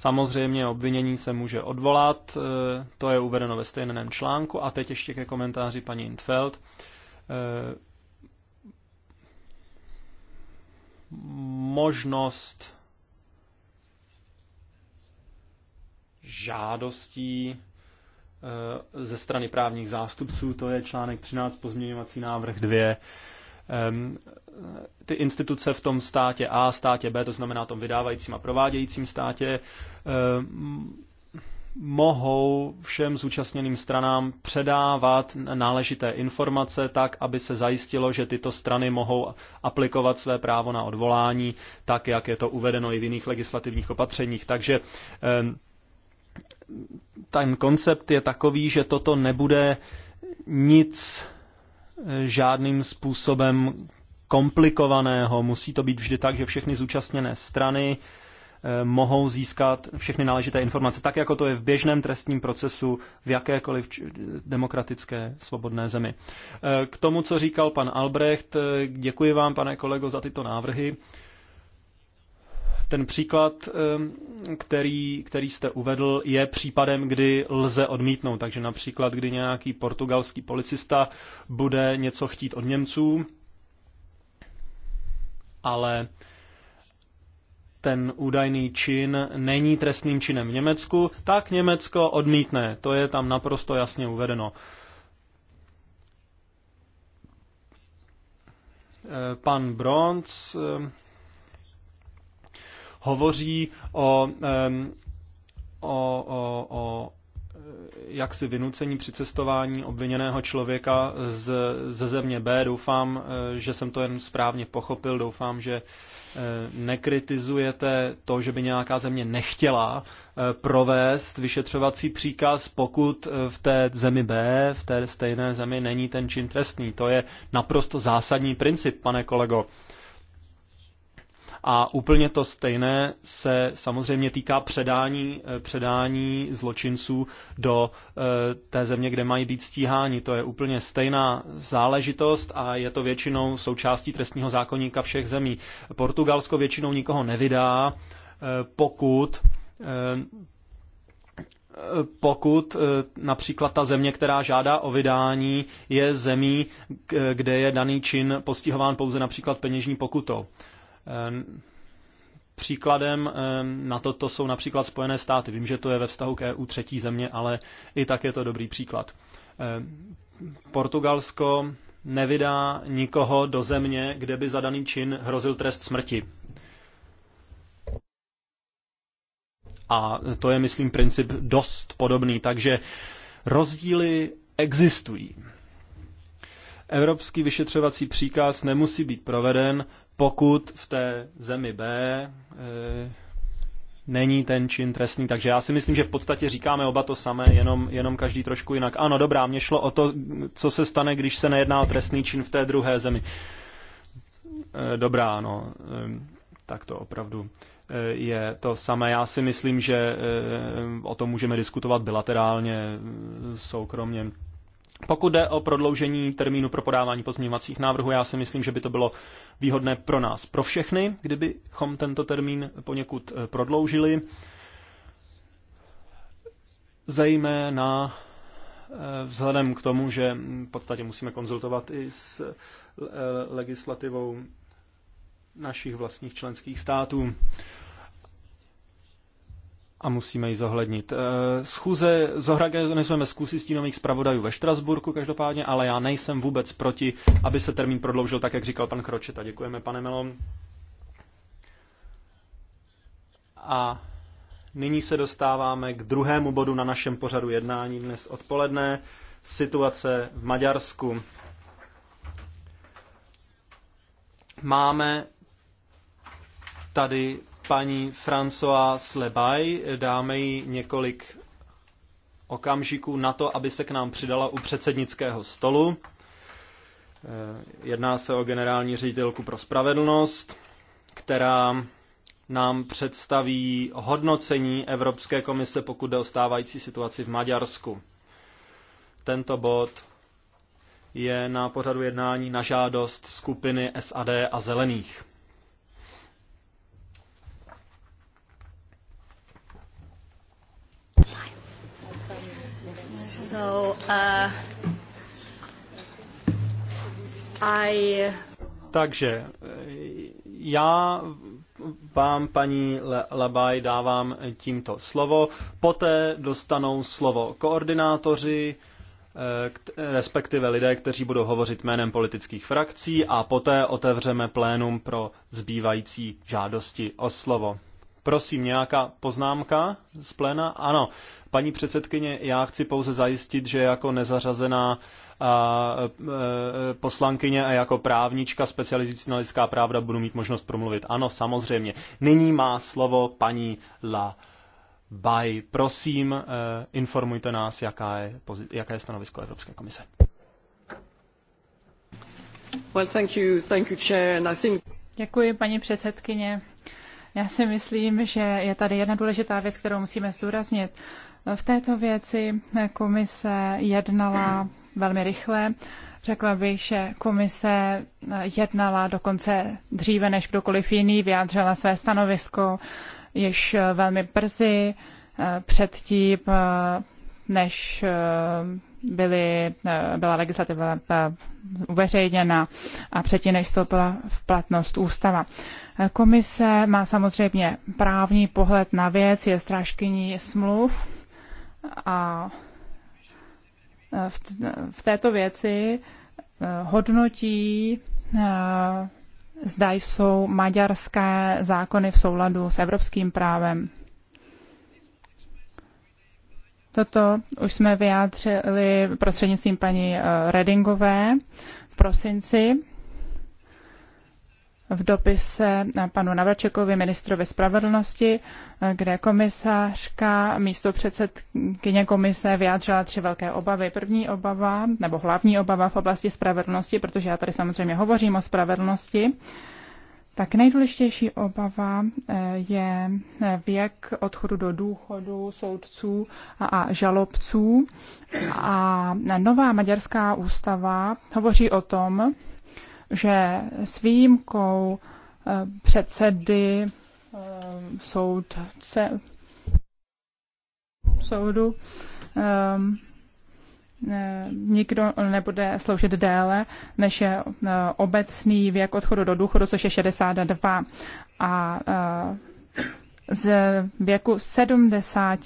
Samozřejmě obvinění se může odvolat, eh, to je uvedeno ve stejném článku. A teď ještě ke komentáři paní Intfeld. Eh, možnost žádostí eh, ze strany právních zástupců, to je článek 13, pozměňovací návrh 2 ty instituce v tom státě A, státě B, to znamená tom vydávajícím a provádějícím státě, eh, mohou všem zúčastněným stranám předávat náležité informace tak, aby se zajistilo, že tyto strany mohou aplikovat své právo na odvolání, tak jak je to uvedeno i v jiných legislativních opatřeních. Takže eh, ten koncept je takový, že toto nebude nic eh, žádným způsobem komplikovaného. Musí to být vždy tak, že všechny zúčastněné strany eh, mohou získat všechny náležité informace, tak jako to je v běžném trestním procesu v jakékoliv demokratické svobodné zemi. Eh, k tomu, co říkal pan Albrecht, eh, děkuji vám, pane kolego, za tyto návrhy. Ten příklad, který, který jste uvedl, je případem, kdy lze odmítnout. Takže například, kdy nějaký portugalský policista bude něco chtít od Němců, ale ten údajný čin není trestným činem v Německu, tak Německo odmítne. To je tam naprosto jasně uvedeno. Eh, pan Bronz eh, hovoří eh, o, o, o, o jaksi vynucení při cestování obviněného člověka z, ze země B. Doufám, eh, že jsem to jen správně pochopil. Doufám, že eh, nekritizujete to, že by nějaká země nechtěla eh, provést vyšetřovací příkaz, pokud v té zemi B, v té stejné zemi není ten čin trestný. To je naprosto zásadní princip, pane kolego. A úplně to stejné se samozřejmě týká předání, eh, předání zločinců do eh, té země, kde mají být stíháni. To je úplně stejná záležitost a je to většinou součástí trestního zákonníka všech zemí. Portugalsko většinou nikoho nevydá, eh, pokud pokud například ta země, která žádá o vydání, je zemí, kde je daný čin postihován pouze například peněžní pokutou. Ehm, příkladem ehm, na toto jsou například Spojené státy. Vím, že to je ve vztahu k EU třetí země, ale i tak je to dobrý příklad. Ehm, Portugalsko nevydá nikoho do země, kde by za daný čin hrozil trest smrti. A to je, myslím, princip dost podobný, takže rozdíly existují. Evropský vyšetřovací příkaz nemusí být proveden, pokud v té zemi B e, není ten čin trestný. Takže já si myslím, že v podstatě říkáme oba to samé, jenom, jenom každý trošku jinak. Ano, dobrá, mě šlo o to, co se stane, když se nejedná o trestný čin v té druhé zemi. E, dobrá, no, e, tak to opravdu je to samé. Já si myslím, že o tom můžeme diskutovat bilaterálně, soukromně. Pokud jde o prodloužení termínu pro podávání pozměňovacích návrhů, já si myslím, že by to bylo výhodné pro nás, pro všechny, kdybychom tento termín poněkud eh, prodloužili. Zejména eh, vzhledem k tomu, že mm, v podstatě musíme konzultovat i s eh, legislativou našich vlastních členských států a musíme ji zohlednit. Eh, schůze zorganizujeme zkusy stínových zpravodajů ve Štrasburku každopádně, ale já nejsem vůbec proti, aby se termín prodloužil tak, jak říkal pan Kročeta. Děkujeme, pane Melon. A nyní se dostáváme k druhému bodu na našem pořadu jednání dnes odpoledne. Situace v Maďarsku. Máme tady paní François Lebay. Dáme jí několik okamžiků na to, aby se k nám přidala u předsednického stolu. Eh, jedná se o generální ředitelku pro spravedlnost, která nám představí hodnocení Evropské komise, pokud jde o stávající situaci v Maďarsku. Tento bod je na pořadu jednání na žádost skupiny SAD a Zelených. So, uh, I... Takže eh, já vám, paní Labaj, dávám tímto slovo. Poté dostanou slovo koordinátoři, eh, respektive lidé, kteří budou hovořit jménem politických frakcí a poté otevřeme plénum pro zbývající žádosti o slovo. Prosím, nějaká poznámka z pléna? Ano, paní předsedkyně, já chci pouze zajistit, že jako nezařazená a, a, poslankyně a jako právnička specializující na lidská práva budu mít možnost promluvit. Ano, samozřejmě. Nyní má slovo paní La Bay. Prosím, e, informujte nás, jaká je, jaká je stanovisko Evropské komise. Well, thank you, thank you, chair, and I think... Děkuji, paní předsedkyně. Já si myslím, že je tady jedna důležitá věc, kterou musíme zdůraznit. V této věci komise jednala velmi rychle. Řekla bych, že komise jednala dokonce dříve než kdokoliv jiný, vyjádřila své stanovisko již velmi brzy, eh, předtím, eh, než eh, byly, eh, byla legislativa eh, uveřejněna a předtím, než vstoupila v platnost ústava. Eh, komise má samozřejmě právní pohled na věc, je strážkyní smluv a v této věci hodnotí, zda jsou maďarské zákony v souladu s evropským právem. Toto už jsme vyjádřili prostřednictvím paní eh, Redingové v prosinci v dopise panu Navračekovi, ministrovi spravedlnosti, eh, kde komisářka místo předsedkyně komise vyjádřila tři velké obavy. První obava, nebo hlavní obava v oblasti spravedlnosti, protože já tady samozřejmě hovořím o spravedlnosti, tak nejdůležitější obava eh, je eh, věk odchodu do důchodu soudců a žalobců. A nová maďarská ústava hovoří o tom, že s výjimkou eh, předsedy soudce, soudu Eh, nikdo nebude sloužit déle, než je eh, obecný věk odchodu do důchodu, což je 62. A eh, z věku 70,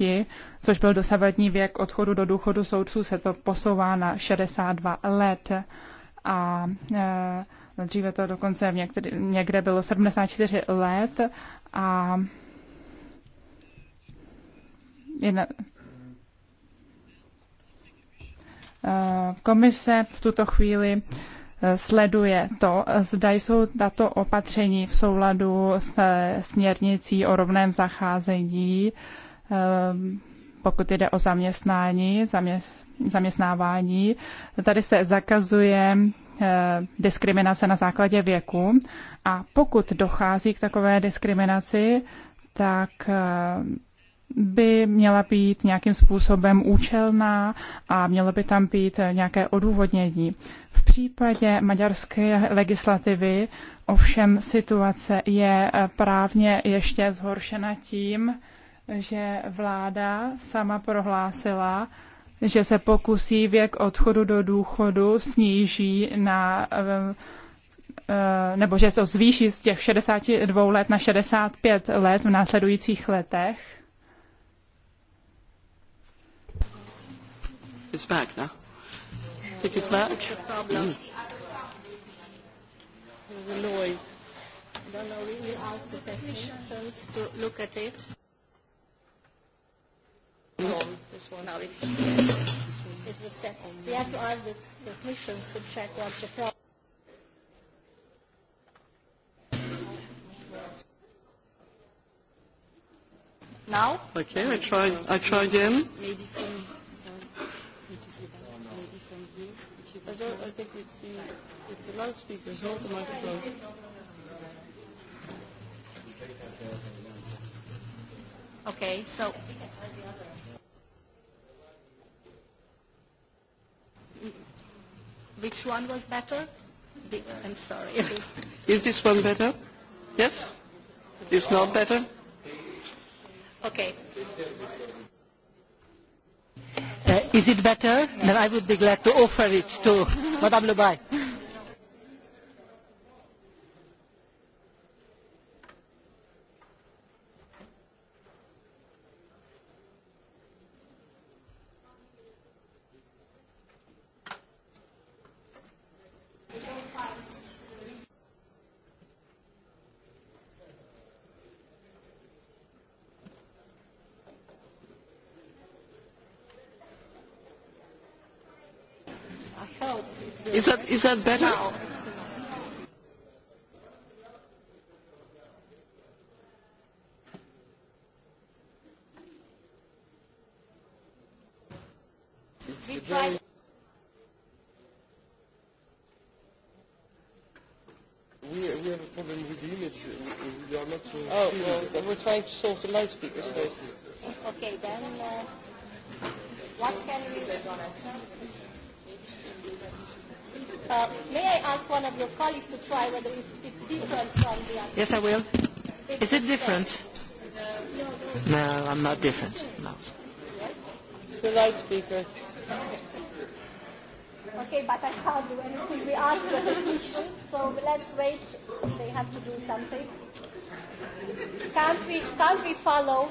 což byl dosavadní věk odchodu do důchodu soudců, se to posouvá na 62 let. A dříve to dokonce v některý, někde bylo 74 let a Eh, komise v tuto chvíli eh, sleduje to, zda jsou tato opatření v souladu s směrnicí o rovném zacházení, eh, pokud jde o zaměstnání, zaměstnávání. Tady se zakazuje diskriminace na základě věku a pokud dochází k takové diskriminaci, tak by měla být nějakým způsobem účelná a mělo by tam být nějaké odůvodnění. V případě maďarské legislativy ovšem situace je právně ještě zhoršena tím, že vláda sama prohlásila, že se pokusí věk odchodu do důchodu sníží na eh, eh, nebo že to zvýší z těch 62 let na 65 let v následujících letech It's back now. I think it's back. Mm. The noise. I don't know, really ask the technicians to look at it. This one. Now it's the second. It's the second. We have to ask the technicians to check what's the problem. Now? Okay, I try, I try again. Maybe from I don't. I think the the not the microphone. Okay, so. Which one was better? The, I'm sorry. Is this one better? Yes? It's not better? Okay. Is it better? Then I would be glad to offer it to Madame Lebaille. Is that, is that better? We try. We, we have a problem with the image. We, we are not. So oh, well, we're trying to solve the loudspeakers uh, first. Okay, then uh, what can we do? Uh, may I ask one of your colleagues to try whether it, it's different from the other? Yes, I will. It's Is it different? No, no. no, I'm not different. No. It's a loudspeaker. Okay, but I can't do anything. We asked the technicians, so let's wait. They have to do something. Can't we, can't we follow?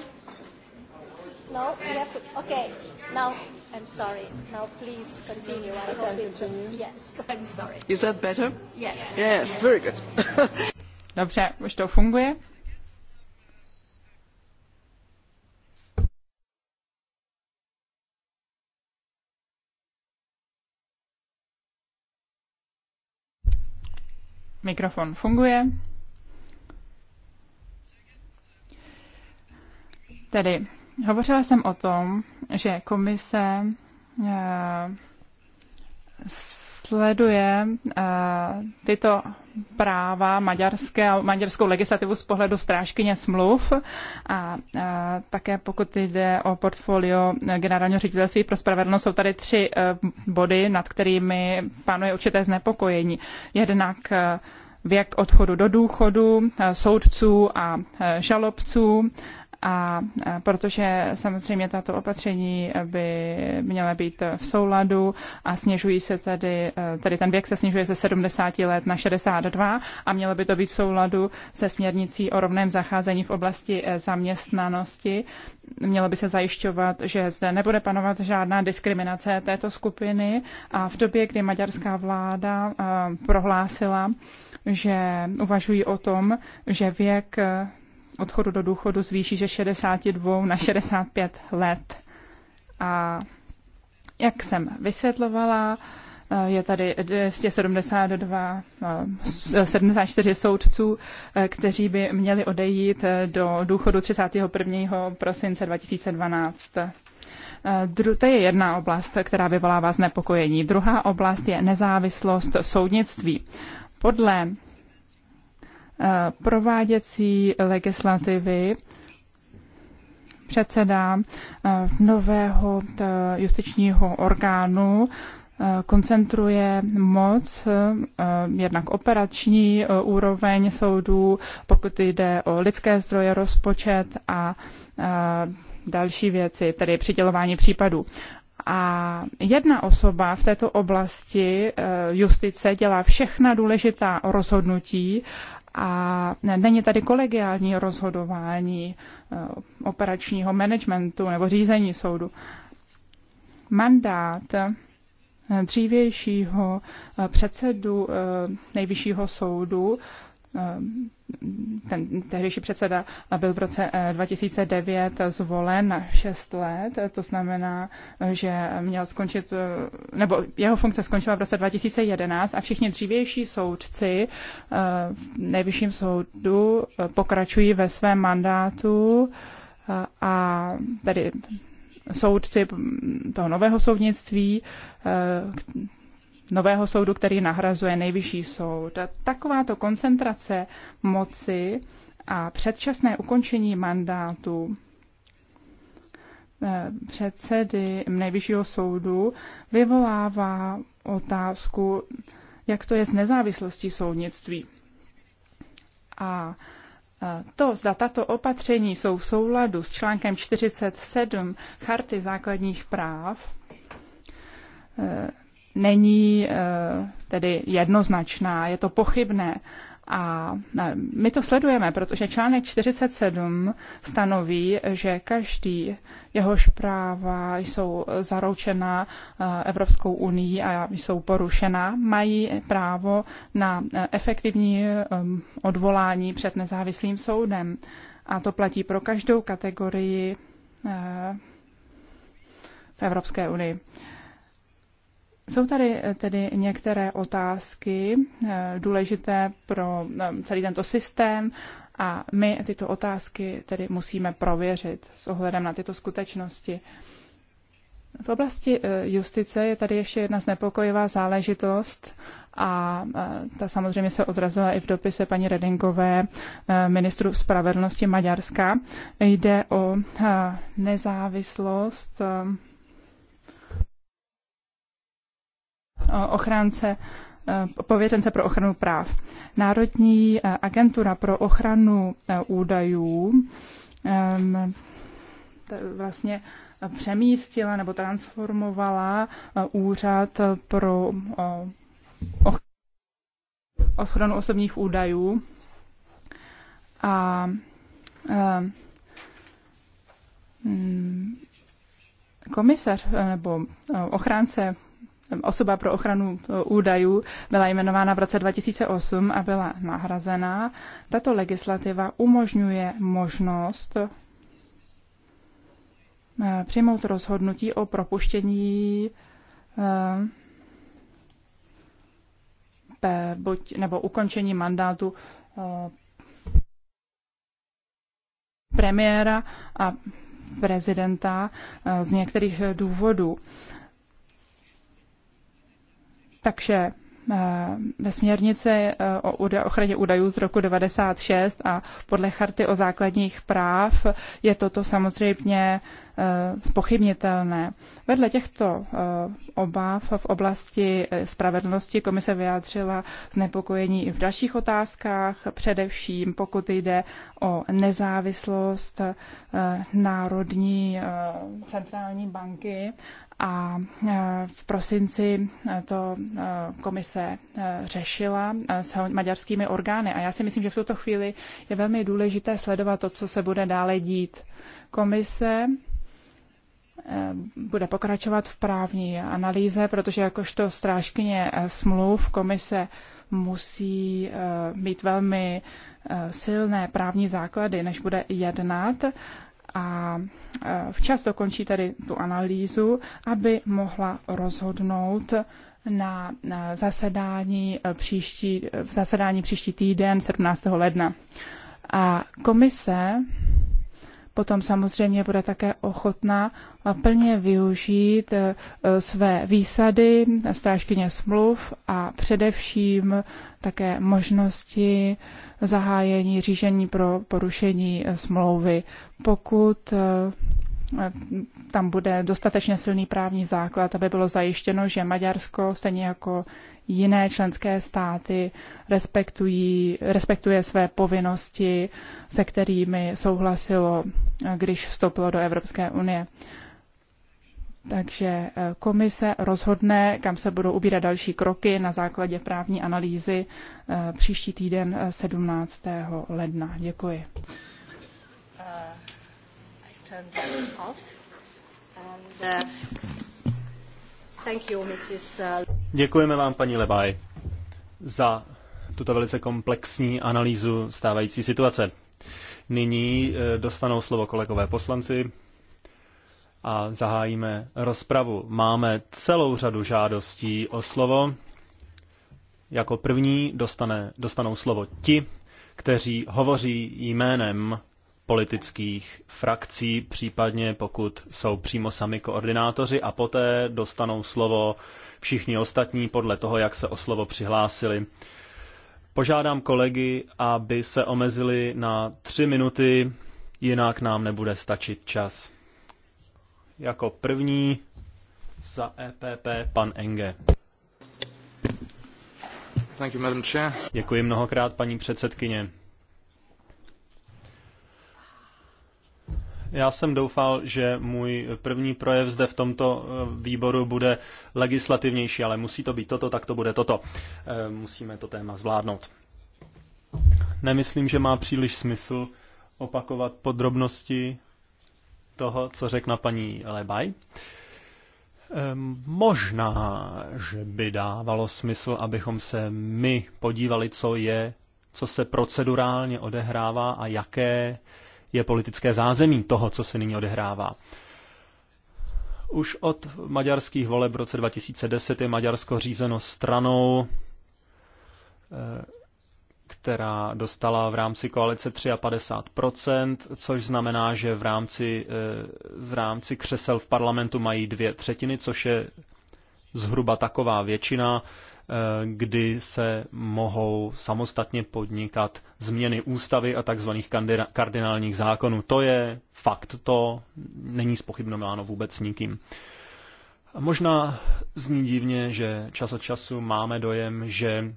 No, we have to. Okay, now I'm sorry. Now please continue. I, hope it's... Yes, I'm sorry. Is that better? Yes. Yes, yes. very good. Dobře, už to funguje. Mikrofon funguje. Tedy Hovořila jsem o tom, že komise eh, sleduje eh, tyto práva maďarské a maďarskou legislativu z pohledu strážkyně smluv a eh, také pokud jde o portfolio generálního ředitelství pro spravedlnost, jsou tady tři body, nad kterými panuje určité znepokojení. Jednak věk odchodu do důchodu soudců a žalobců a protože samozřejmě tato opatření by měla být v souladu a snižují se tady, e, tady ten věk se snižuje ze 70 let na 62 a mělo by to být v souladu se směrnicí o rovném zacházení v oblasti e, zaměstnanosti. Mělo by se zajišťovat, že zde nebude panovat žádná diskriminace této skupiny a v době, kdy maďarská vláda e, prohlásila, že uvažují o tom, že věk odchodu do důchodu zvýší ze 62 na 65 let. A jak jsem vysvětlovala, eh, je tady 272, 74 eh, soudců, eh, kteří by měli odejít do důchodu 31. prosince 2012. To je jedna oblast, která vyvolává znepokojení. Druhá oblast je nezávislost soudnictví. Podle Eh, prováděcí legislativy předseda eh, nového justičního orgánu eh, koncentruje moc, jednak operační úroveň soudů, pokud jde o lidské zdroje, rozpočet a další věci, tedy přidělování případů. A jedna osoba v této oblasti justice dělá všechna důležitá rozhodnutí a není tady kolegiální rozhodování eh, operačního managementu nebo řízení soudu. Mandát eh, dřívějšího eh, předsedu nejvyššího soudu Eh, ten tehdejší předseda byl v roce 2009 eh, zvolen na 6 let, to znamená, že měl skončit, eh, nebo jeho funkce skončila v roce 2011 a všichni dřívější soudci v nejvyšším soudu pokračují ve svém mandátu a tedy soudci toho nového soudnictví, nového soudu, který nahrazuje nejvyšší soud. Takováto koncentrace moci a předčasné ukončení mandátu eh, předsedy nejvyššího soudu vyvolává otázku, jak to je s nezávislostí soudnictví. A eh, to, zda tato opatření jsou v souladu s článkem 47 Charty základních práv, eh, není eh, tedy jednoznačná, je to pochybné. A eh, my to sledujeme, protože článek 47 stanoví, že každý jehož práva jsou zaručena eh, Evropskou unii a jsou porušena, mají právo na efektivní odvolání před nezávislým soudem. A to platí pro každou kategorii v Evropské unii. Jsou tady eh, tedy některé otázky eh, důležité pro eh, celý tento systém a my tyto otázky tedy musíme prověřit s ohledem na tyto skutečnosti. V oblasti justice je tady ještě jedna znepokojivá záležitost a ta samozřejmě se odrazila i v dopise paní Redingové, ministru spravedlnosti Maďarska. Jde o nezávislost Eh, ochránce eh, pověřence pro ochranu práv. Národní eh, agentura pro ochranu údajů vlastně přemístila nebo transformovala úřad pro ochranu osobních údajů a hmm, komisař nebo ochránce osoba pro ochranu e, údajů byla jmenována v roce 2008 a byla nahrazená. Tato legislativa umožňuje možnost e, přijmout rozhodnutí o propuštění e, buď, nebo ukončení mandátu premiéra a prezidenta z některých důvodů. Takže eh, ve směrnici eh, o ochraně údajů z roku 96 a podle charty o základních práv je toto samozřejmě Eh, spochybnitelné. Vedle těchto eh, obáv v oblasti eh, spravedlnosti komise vyjádřila znepokojení i v dalších otázkách, především pokud jde o nezávislost Národní centrální banky a v prosinci to komise řešila s maďarskými orgány. A já si myslím, že v tuto chvíli je velmi důležité sledovat to, co se bude dále dít. Komise Eh, bude pokračovat v právní analýze, protože jakožto strážkyně eh, smluv komise musí eh, mít velmi silné právní základy, než bude jednat a včas dokončí tedy tu analýzu, aby mohla rozhodnout na, na zasedání příští, v zasedání příští týden 17. ledna. A komise potom samozřejmě bude také ochotná plně využít eh, své výsady, strážkyně smluv a především také možnosti zahájení řízení pro porušení eh, smlouvy, pokud eh, tam bude dostatečně silný právní základ, aby bylo zajištěno, že Maďarsko, stejně jako jiné členské státy respektují, respektuje své povinnosti, se kterými souhlasilo, eh, když vstoupilo do Evropské unie. Takže eh, komise rozhodne, kam se budou ubírat další kroky na základě právní analýzy eh, příští týden 17. ledna. Děkuji. Uh, Uh, Děkujeme vám, paní Lebaj, za tuto velice komplexní analýzu stávající situace. Nyní eh, dostanou slovo kolegové poslanci a zahájíme rozpravu. Máme celou řadu žádostí o slovo. Jako první dostane, dostanou slovo ti, kteří hovoří jménem politických frakcí, případně pokud jsou přímo sami koordinátoři a poté dostanou slovo všichni ostatní podle toho, jak se o slovo přihlásili. Požádám kolegy, aby se omezili na tři minuty, jinak nám nebude stačit čas. Jako první za EPP pan Enge. Děkuji mnohokrát, paní předsedkyně. Já jsem doufal, že můj první projev zde v tomto eh, výboru bude legislativnější, ale musí to být toto, tak to bude toto. Eh, musíme to téma zvládnout. Nemyslím, že má příliš smysl opakovat podrobnosti toho, co řekla paní Lebaj. Ehm, možná, že by dávalo smysl, abychom se my podívali, co je, co se procedurálně odehrává a jaké je politické zázemí toho, co se nyní odehrává. Už od maďarských voleb v roce 2010 je Maďarsko řízeno stranou, eh, která dostala v rámci koalice 53%, což znamená, že v rámci, eh, v rámci křesel v parlamentu mají dvě třetiny, což je zhruba taková většina, Eh, kdy se mohou samostatně podnikat změny ústavy a tzv. kardinálních zákonů. To je fakt, to není spochybnováno vůbec nikým. Možná zní divně, že čas od času máme dojem, že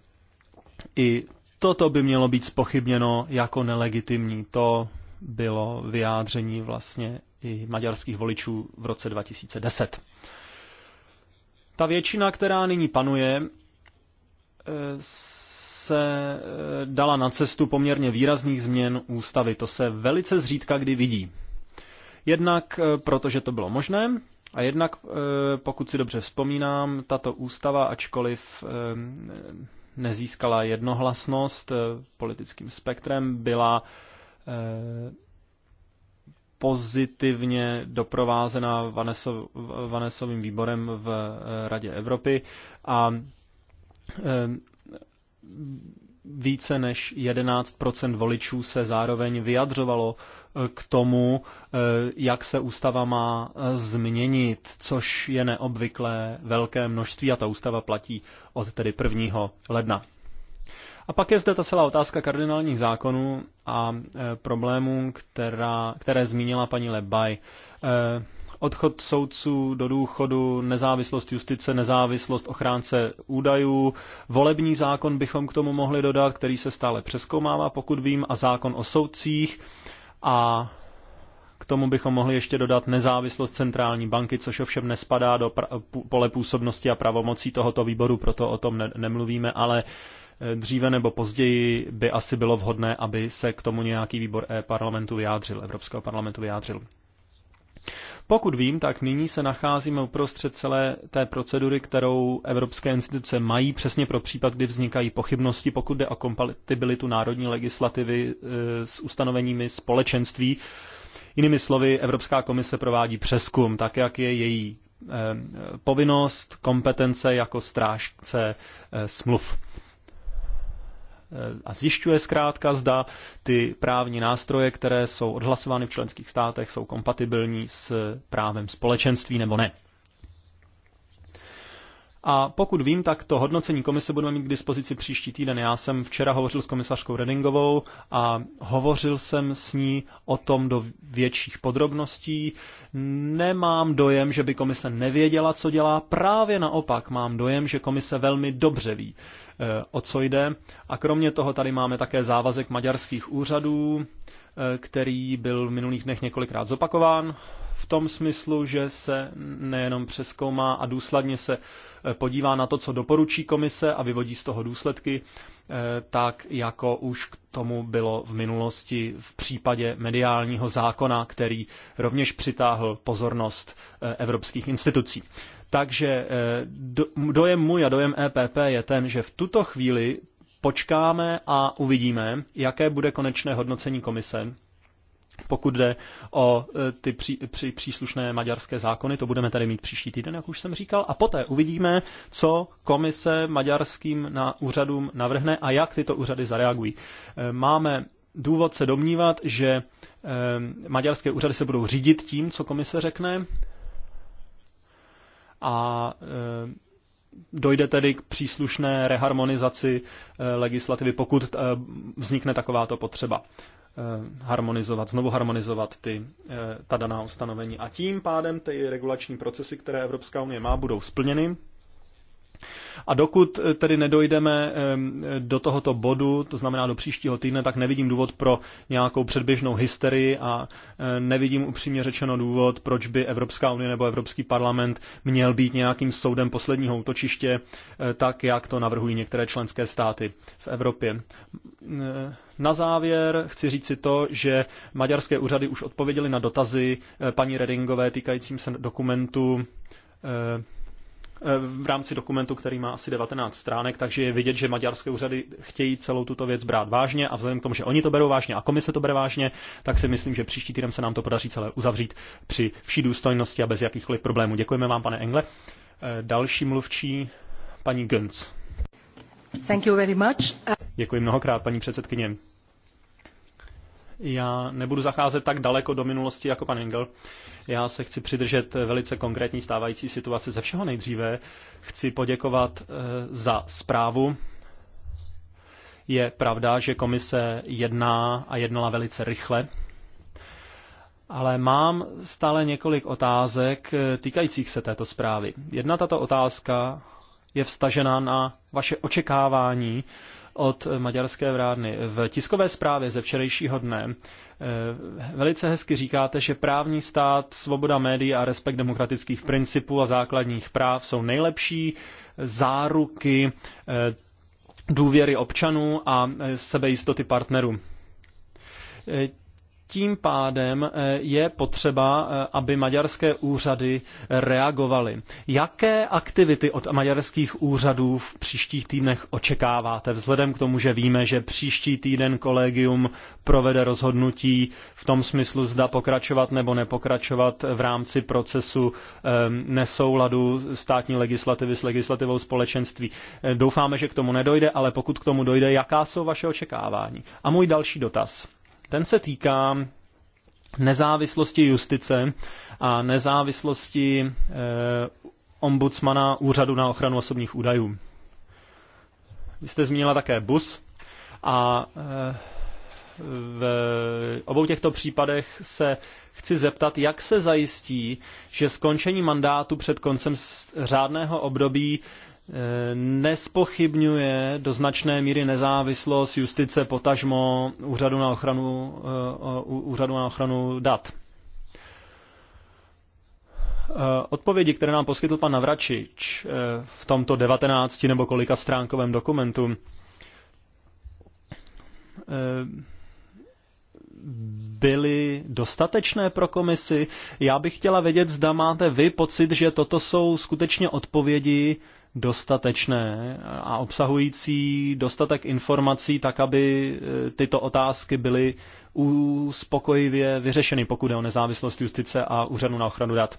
i toto by mělo být spochybněno jako nelegitimní. To bylo vyjádření vlastně i maďarských voličů v roce 2010. Ta většina, která nyní panuje, se eh, dala na cestu poměrně výrazných změn ústavy. To se velice zřídka kdy vidí. Jednak eh, protože to bylo možné, a jednak, eh, pokud si dobře vzpomínám, tato ústava, ačkoliv nezískala jednohlasnost politickým spektrem, byla pozitivně doprovázena Vanesovým výborem v Radě Evropy a Ehm, více než 11 voličů se zároveň vyjadřovalo eh, k tomu, eh, jak se ústava má eh, změnit, což je neobvyklé velké množství a ta ústava platí od tedy 1. ledna. A pak je zde ta celá otázka kardinálních zákonů a problémů, která, které zmínila paní Lebaj odchod soudců do důchodu, nezávislost justice, nezávislost ochránce údajů. Volební zákon bychom k tomu mohli dodat, který se stále přeskoumává, pokud vím, a zákon o soudcích. A k tomu bychom mohli ještě dodat nezávislost centrální banky, což ovšem nespadá do pole působnosti a pravomocí tohoto výboru, proto o tom ne- nemluvíme, ale eh, dříve nebo později by asi bylo vhodné, aby se k tomu nějaký výbor e parlamentu vyjádřil, Evropského parlamentu vyjádřil. Pokud vím, tak nyní se nacházíme uprostřed celé té procedury, kterou evropské instituce mají přesně pro případ, kdy vznikají pochybnosti, pokud jde o kompatibilitu národní legislativy e, s ustanoveními společenství. Jinými slovy, Evropská komise provádí přeskum, tak jak je její e, povinnost, kompetence jako strážce e, smluv a zjišťuje zkrátka, zda ty právní nástroje, které jsou odhlasovány v členských státech, jsou kompatibilní s právem společenství nebo ne. A pokud vím, tak to hodnocení komise budeme mít k dispozici příští týden. Já jsem včera hovořil s komisařkou Redingovou a hovořil jsem s ní o tom do větších podrobností. Nemám dojem, že by komise nevěděla, co dělá. Právě naopak mám dojem, že komise velmi dobře ví, eh, o co jde. A kromě toho tady máme také závazek maďarských úřadů Eh, který byl v minulých dnech několikrát zopakován v tom smyslu, že se nejenom přeskoumá a důsledně se eh, podívá na to, co doporučí komise a vyvodí z toho důsledky, eh, tak jako už k tomu bylo v minulosti v případě mediálního zákona, který rovněž přitáhl pozornost evropských institucí. Takže dojem můj a dojem EPP je ten, že v tuto chvíli počkáme a uvidíme, jaké bude konečné hodnocení komise. Pokud jde o e, ty pří, pří, příslušné maďarské zákony, to budeme tady mít příští týden, jak už jsem říkal, a poté uvidíme, co komise maďarským na úřadům navrhne a jak tyto úřady zareagují. E, máme důvod se domnívat, že e, maďarské úřady se budou řídit tím, co komise řekne, a dojde tedy k příslušné reharmonizaci eh, legislativy, pokud eh, vznikne takováto potřeba eh, harmonizovat, znovu harmonizovat ty, ta daná ustanovení. A tím pádem ty regulační procesy, které Evropská unie má, budou splněny a dokud eh, tedy nedojdeme eh, do tohoto bodu, to znamená do příštího týdne, tak nevidím důvod pro nějakou předběžnou hysterii a eh, nevidím upřímně řečeno důvod, proč by Evropská unie nebo Evropský parlament měl být nějakým soudem posledního útočiště, tak jak to navrhují některé členské státy v Evropě. Na závěr chci říct si to, že maďarské úřady už odpověděly na dotazy paní Redingové týkajícím se dokumentu Eh, v rámci dokumentu, který má asi 19 stránek, takže je vidět, že maďarské úřady chtějí celou tuto věc brát vážně a vzhledem k tomu, že oni to berou vážně a komise to bere vážně, tak si myslím, že příští týden se nám to podaří celé uzavřít při vší důstojnosti a bez jakýchkoliv problémů. Děkujeme vám, pane Engle. Eh, další mluvčí, paní Gönc. Thank you very much. Děkuji mnohokrát, paní předsedkyně. Já nebudu zacházet tak daleko do minulosti jako pan Engel. Já se chci přidržet velice konkrétní stávající situace ze všeho nejdříve. Chci poděkovat eh, za zprávu. Je pravda, že komise jedná a jednala velice rychle. Ale mám stále několik otázek eh, týkajících se této zprávy. Jedna tato otázka je vstažena na vaše očekávání od maďarské vrádny. V tiskové zprávě ze včerejšího dne eh, velice hezky říkáte, že právní stát, svoboda médií a respekt demokratických principů a základních práv jsou nejlepší záruky eh, důvěry občanů a eh, sebejistoty partnerů tím pádem eh, je potřeba, eh, aby maďarské úřady reagovaly. Jaké aktivity od maďarských úřadů v příštích týdnech očekáváte? Vzhledem k tomu, že víme, že příští týden kolegium provede rozhodnutí v tom smyslu, zda pokračovat nebo nepokračovat v rámci procesu eh, nesouladu státní legislativy s legislativou společenství. Doufáme, že k tomu nedojde, ale pokud k tomu dojde, jaká jsou vaše očekávání? A můj další dotaz. Ten se týká nezávislosti justice a nezávislosti eh, ombudsmana Úřadu na ochranu osobních údajů. Vy jste zmínila také bus a eh, v obou těchto případech se chci zeptat, jak se zajistí, že skončení mandátu před koncem řádného období Eh, nespochybňuje do značné míry nezávislost justice potažmo úřadu na ochranu, eh, úřadu na ochranu dat. Eh, odpovědi, které nám poskytl pan Navračič v tomto 19 nebo kolika stránkovém dokumentu, byly dostatečné pro komisi. Já bych chtěla vědět, zda máte vy pocit, že toto jsou skutečně odpovědi, dostatečné a obsahující dostatek informací tak, aby eh, tyto otázky byly uspokojivě vyřešeny, pokud je o nezávislost justice a úřadu na ochranu dat.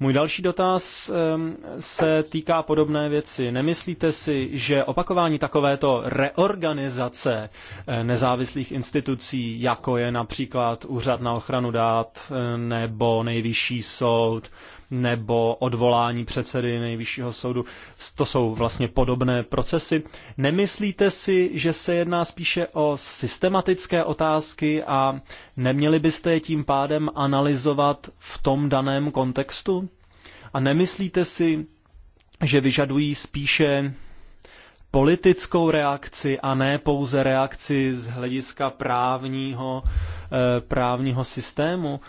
Můj další dotaz eh, se týká podobné věci. Nemyslíte si, že opakování takovéto reorganizace eh, nezávislých institucí, jako je například Úřad na ochranu dát nebo Nejvyšší soud, nebo odvolání předsedy nejvyššího soudu. To jsou vlastně podobné procesy. Nemyslíte si, že se jedná spíše o systematické otázky a neměli byste je tím pádem analyzovat v tom daném kontextu? A nemyslíte si, že vyžadují spíše politickou reakci a ne pouze reakci z hlediska právního, eh, právního systému?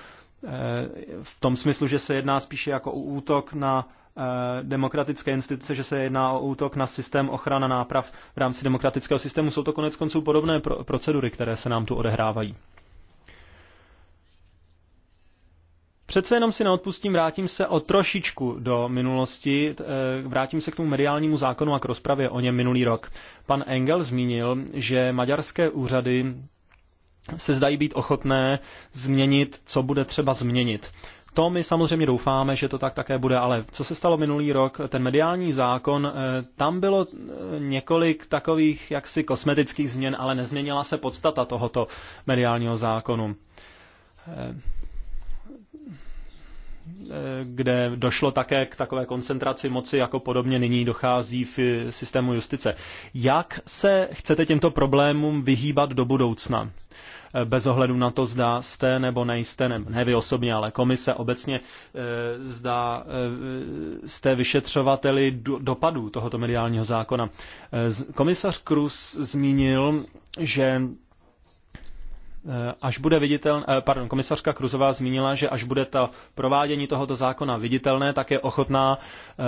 v tom smyslu, že se jedná spíše jako útok na eh, demokratické instituce, že se jedná o útok na systém ochrana náprav v rámci demokratického systému. Jsou to konec konců podobné procedury, které se nám tu odehrávají. Přece jenom si neodpustím, vrátím se o trošičku do minulosti, eh, vrátím se k tomu mediálnímu zákonu a k rozpravě o něm minulý rok. Pan Engel zmínil, že maďarské úřady se zdají být ochotné změnit, co bude třeba změnit. To my samozřejmě doufáme, že to tak také bude, ale co se stalo minulý rok, ten mediální zákon, eh, tam bylo eh, několik takových jaksi kosmetických změn, ale nezměnila se podstata tohoto mediálního zákonu. Eh, kde došlo také k takové koncentraci moci, jako podobně nyní dochází v systému justice. Jak se chcete těmto problémům vyhýbat do budoucna? Bez ohledu na to, zda jste nebo nejste, ne, ne vy osobně, ale komise obecně, eh, zda eh, jste vyšetřovateli dopadů tohoto mediálního zákona. Eh, komisař Krus zmínil, že Eh, až bude viditel, eh, pardon, komisařka Kruzová zmínila, že až bude to provádění tohoto zákona viditelné, tak je ochotná eh,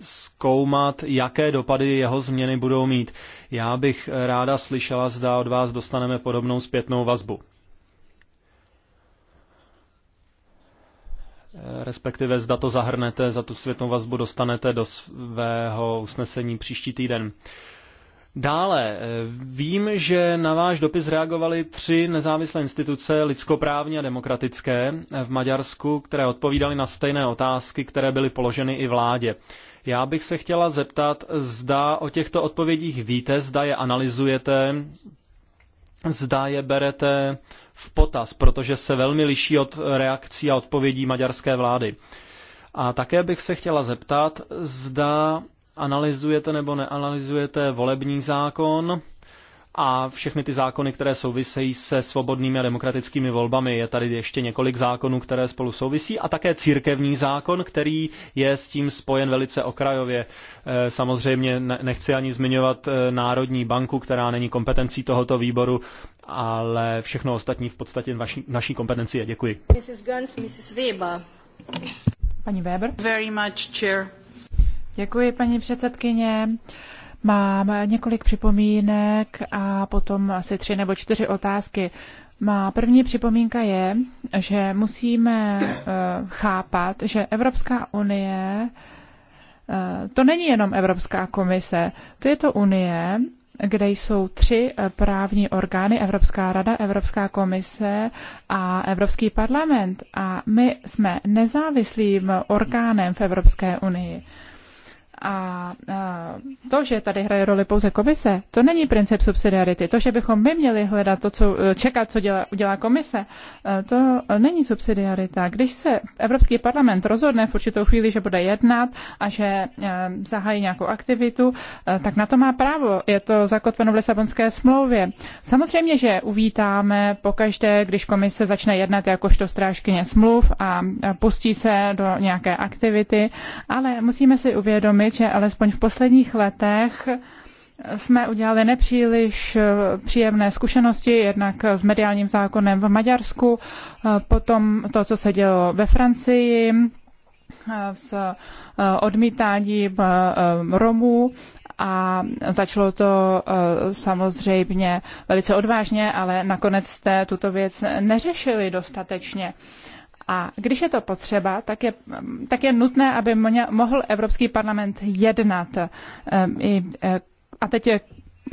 zkoumat, jaké dopady jeho změny budou mít. Já bych ráda slyšela, zda od vás dostaneme podobnou zpětnou vazbu. Respektive zda to zahrnete, za tu světnou vazbu dostanete do svého usnesení příští týden. Uh, Dále eh, vím, že na váš dopis reagovaly tři nezávislé instituce lidskoprávní a demokratické eh, v Maďarsku, které odpovídaly na stejné otázky, které byly položeny i vládě. Já bych se chtěla zeptat, zda o těchto odpovědích víte, zda je analyzujete, zda je berete v potaz, protože se velmi liší od reakcí a odpovědí maďarské vlády. A také bych se chtěla zeptat, zda analyzujete nebo neanalyzujete volební zákon a všechny ty zákony, které souvisejí se svobodnými a demokratickými volbami. Je tady ještě několik zákonů, které spolu souvisí a také církevní zákon, který je s tím spojen velice okrajově. Eh, samozřejmě nechci ani zmiňovat eh, Národní banku, která není kompetencí tohoto výboru, ale všechno ostatní v podstatě vaši, naší kompetenci je. Děkuji. Mrs. Guns, Mrs. Weber. Pani Weber. Very much, chair. Děkuji, paní předsedkyně. Mám několik připomínek a potom asi tři nebo čtyři otázky. Má první připomínka je, že musíme eh, chápat, že Evropská unie eh, to není jenom Evropská komise, to je to Unie, kde jsou tři eh, právní orgány, Evropská rada, Evropská komise a Evropský parlament. A my jsme nezávislým orgánem v Evropské unii. A to, že tady hraje roli pouze komise, to není princip subsidiarity. To, že bychom my měli hledat to, co, e, čekat, co dělá, udělá komise, e, to není subsidiarita. Když se Evropský parlament rozhodne v určitou chvíli, že bude jednat a že e, zahájí nějakou aktivitu, tak na to má právo. Je to zakotveno v Lisabonské smlouvě. Samozřejmě, že uvítáme pokaždé, když komise začne jednat jakožto strážkyně smluv a pustí se do nějaké aktivity, ale musíme si uvědomit, uvědomit, že alespoň v posledních letech jsme udělali nepříliš eh, příjemné zkušenosti, jednak s mediálním zákonem v Maďarsku, eh, potom to, co se dělo ve Francii, eh, s odmítáním Romů a začalo to samozřejmě velice odvážně, ale nakonec jste tuto věc neřešili dostatečně. A když je to potřeba, tak je, tak je nutné, aby mě, mohl Evropský parlament jednat. Eh, eh, a teď je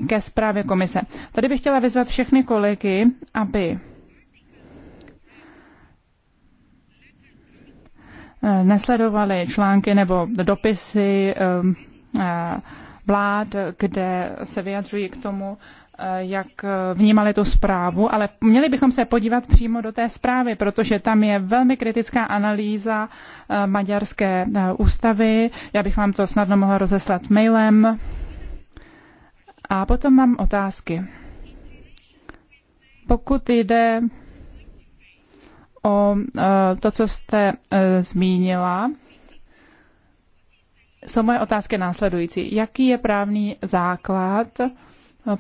ke zprávě komise. Tady bych chtěla vyzvat všechny kolegy, aby eh, nesledovali články nebo dopisy vlád, kde se vyjadřují k tomu, Eh, jak eh, vnímali tu zprávu, ale měli bychom se podívat přímo do té zprávy, protože tam je velmi kritická analýza eh, maďarské ústavy. Já bych vám to snadno mohla rozeslat mailem. A potom mám otázky. Pokud jde o to, co jste zmínila, jsou moje otázky následující. Jaký je právní základ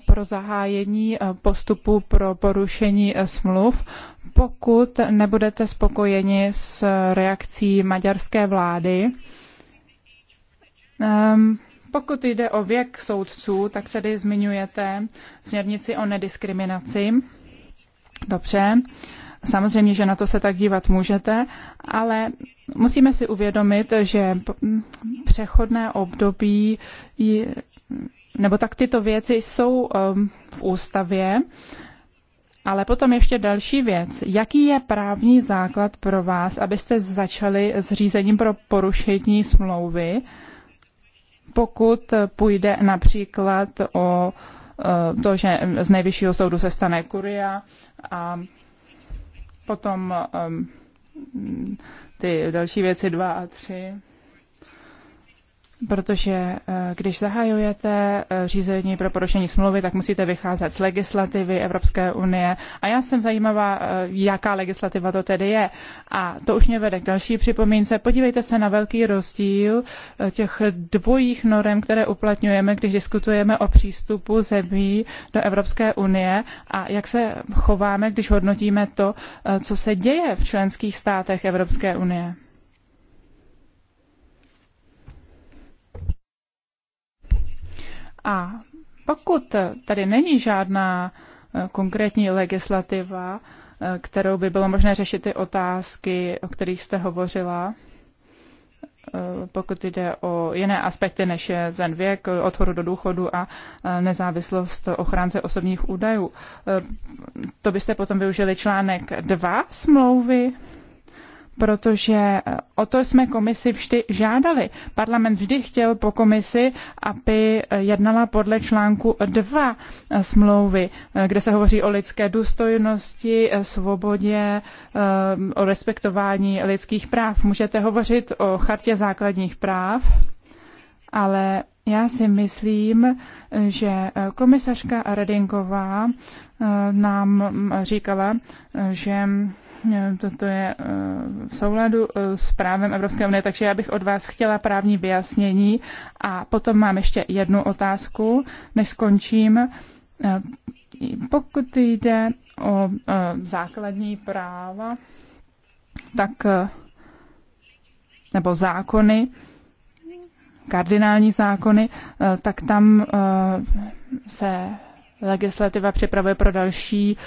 pro zahájení eh, postupu pro porušení eh, smluv, pokud nebudete spokojeni s eh, reakcí maďarské vlády. Ehm, pokud jde o věk soudců, tak tedy zmiňujete směrnici o nediskriminaci. Dobře. Samozřejmě, že na to se tak dívat můžete, ale musíme si uvědomit, že přechodné období nebo tak tyto věci jsou um, v ústavě. Ale potom ještě další věc. Jaký je právní základ pro vás, abyste začali s řízením pro porušení smlouvy, pokud půjde například o uh, to, že z nejvyššího soudu se stane kuria a potom um, ty další věci dva a tři protože eh, když zahajujete eh, řízení pro porušení smlouvy, tak musíte vycházet z legislativy Evropské unie. A já jsem zajímavá, eh, jaká legislativa to tedy je. A to už mě vede k další připomínce. Podívejte se na velký rozdíl těch dvojích norem, které uplatňujeme, když diskutujeme o přístupu zemí do Evropské unie a jak se chováme, když hodnotíme to, co se děje v členských státech Evropské unie. A pokud tady není žádná eh, konkrétní legislativa, eh, kterou by bylo možné řešit ty otázky, o kterých jste hovořila, eh, pokud jde o jiné aspekty než je ten věk, odchodu do důchodu a nezávislost ochránce osobních údajů. To byste potom využili článek 2 smlouvy protože eh, o to jsme komisi vždy žádali. Parlament vždy chtěl po komisi, aby eh, jednala podle článku 2 eh, smlouvy, kde se hovoří o lidské důstojnosti, svobodě, o respektování lidských práv. Můžete hovořit o chartě základních práv, ale já si myslím, že komisařka Redingová eh, nám mm, říkala, že eh, toto je eh, v souladu s právem Evropské unie, takže já bych od vás chtěla právní vyjasnění. A potom mám ještě jednu otázku, než skončím. Pokud jde o základní práva, tak nebo zákony, kardinální zákony, eh, tak tam eh, se legislativa připravuje pro další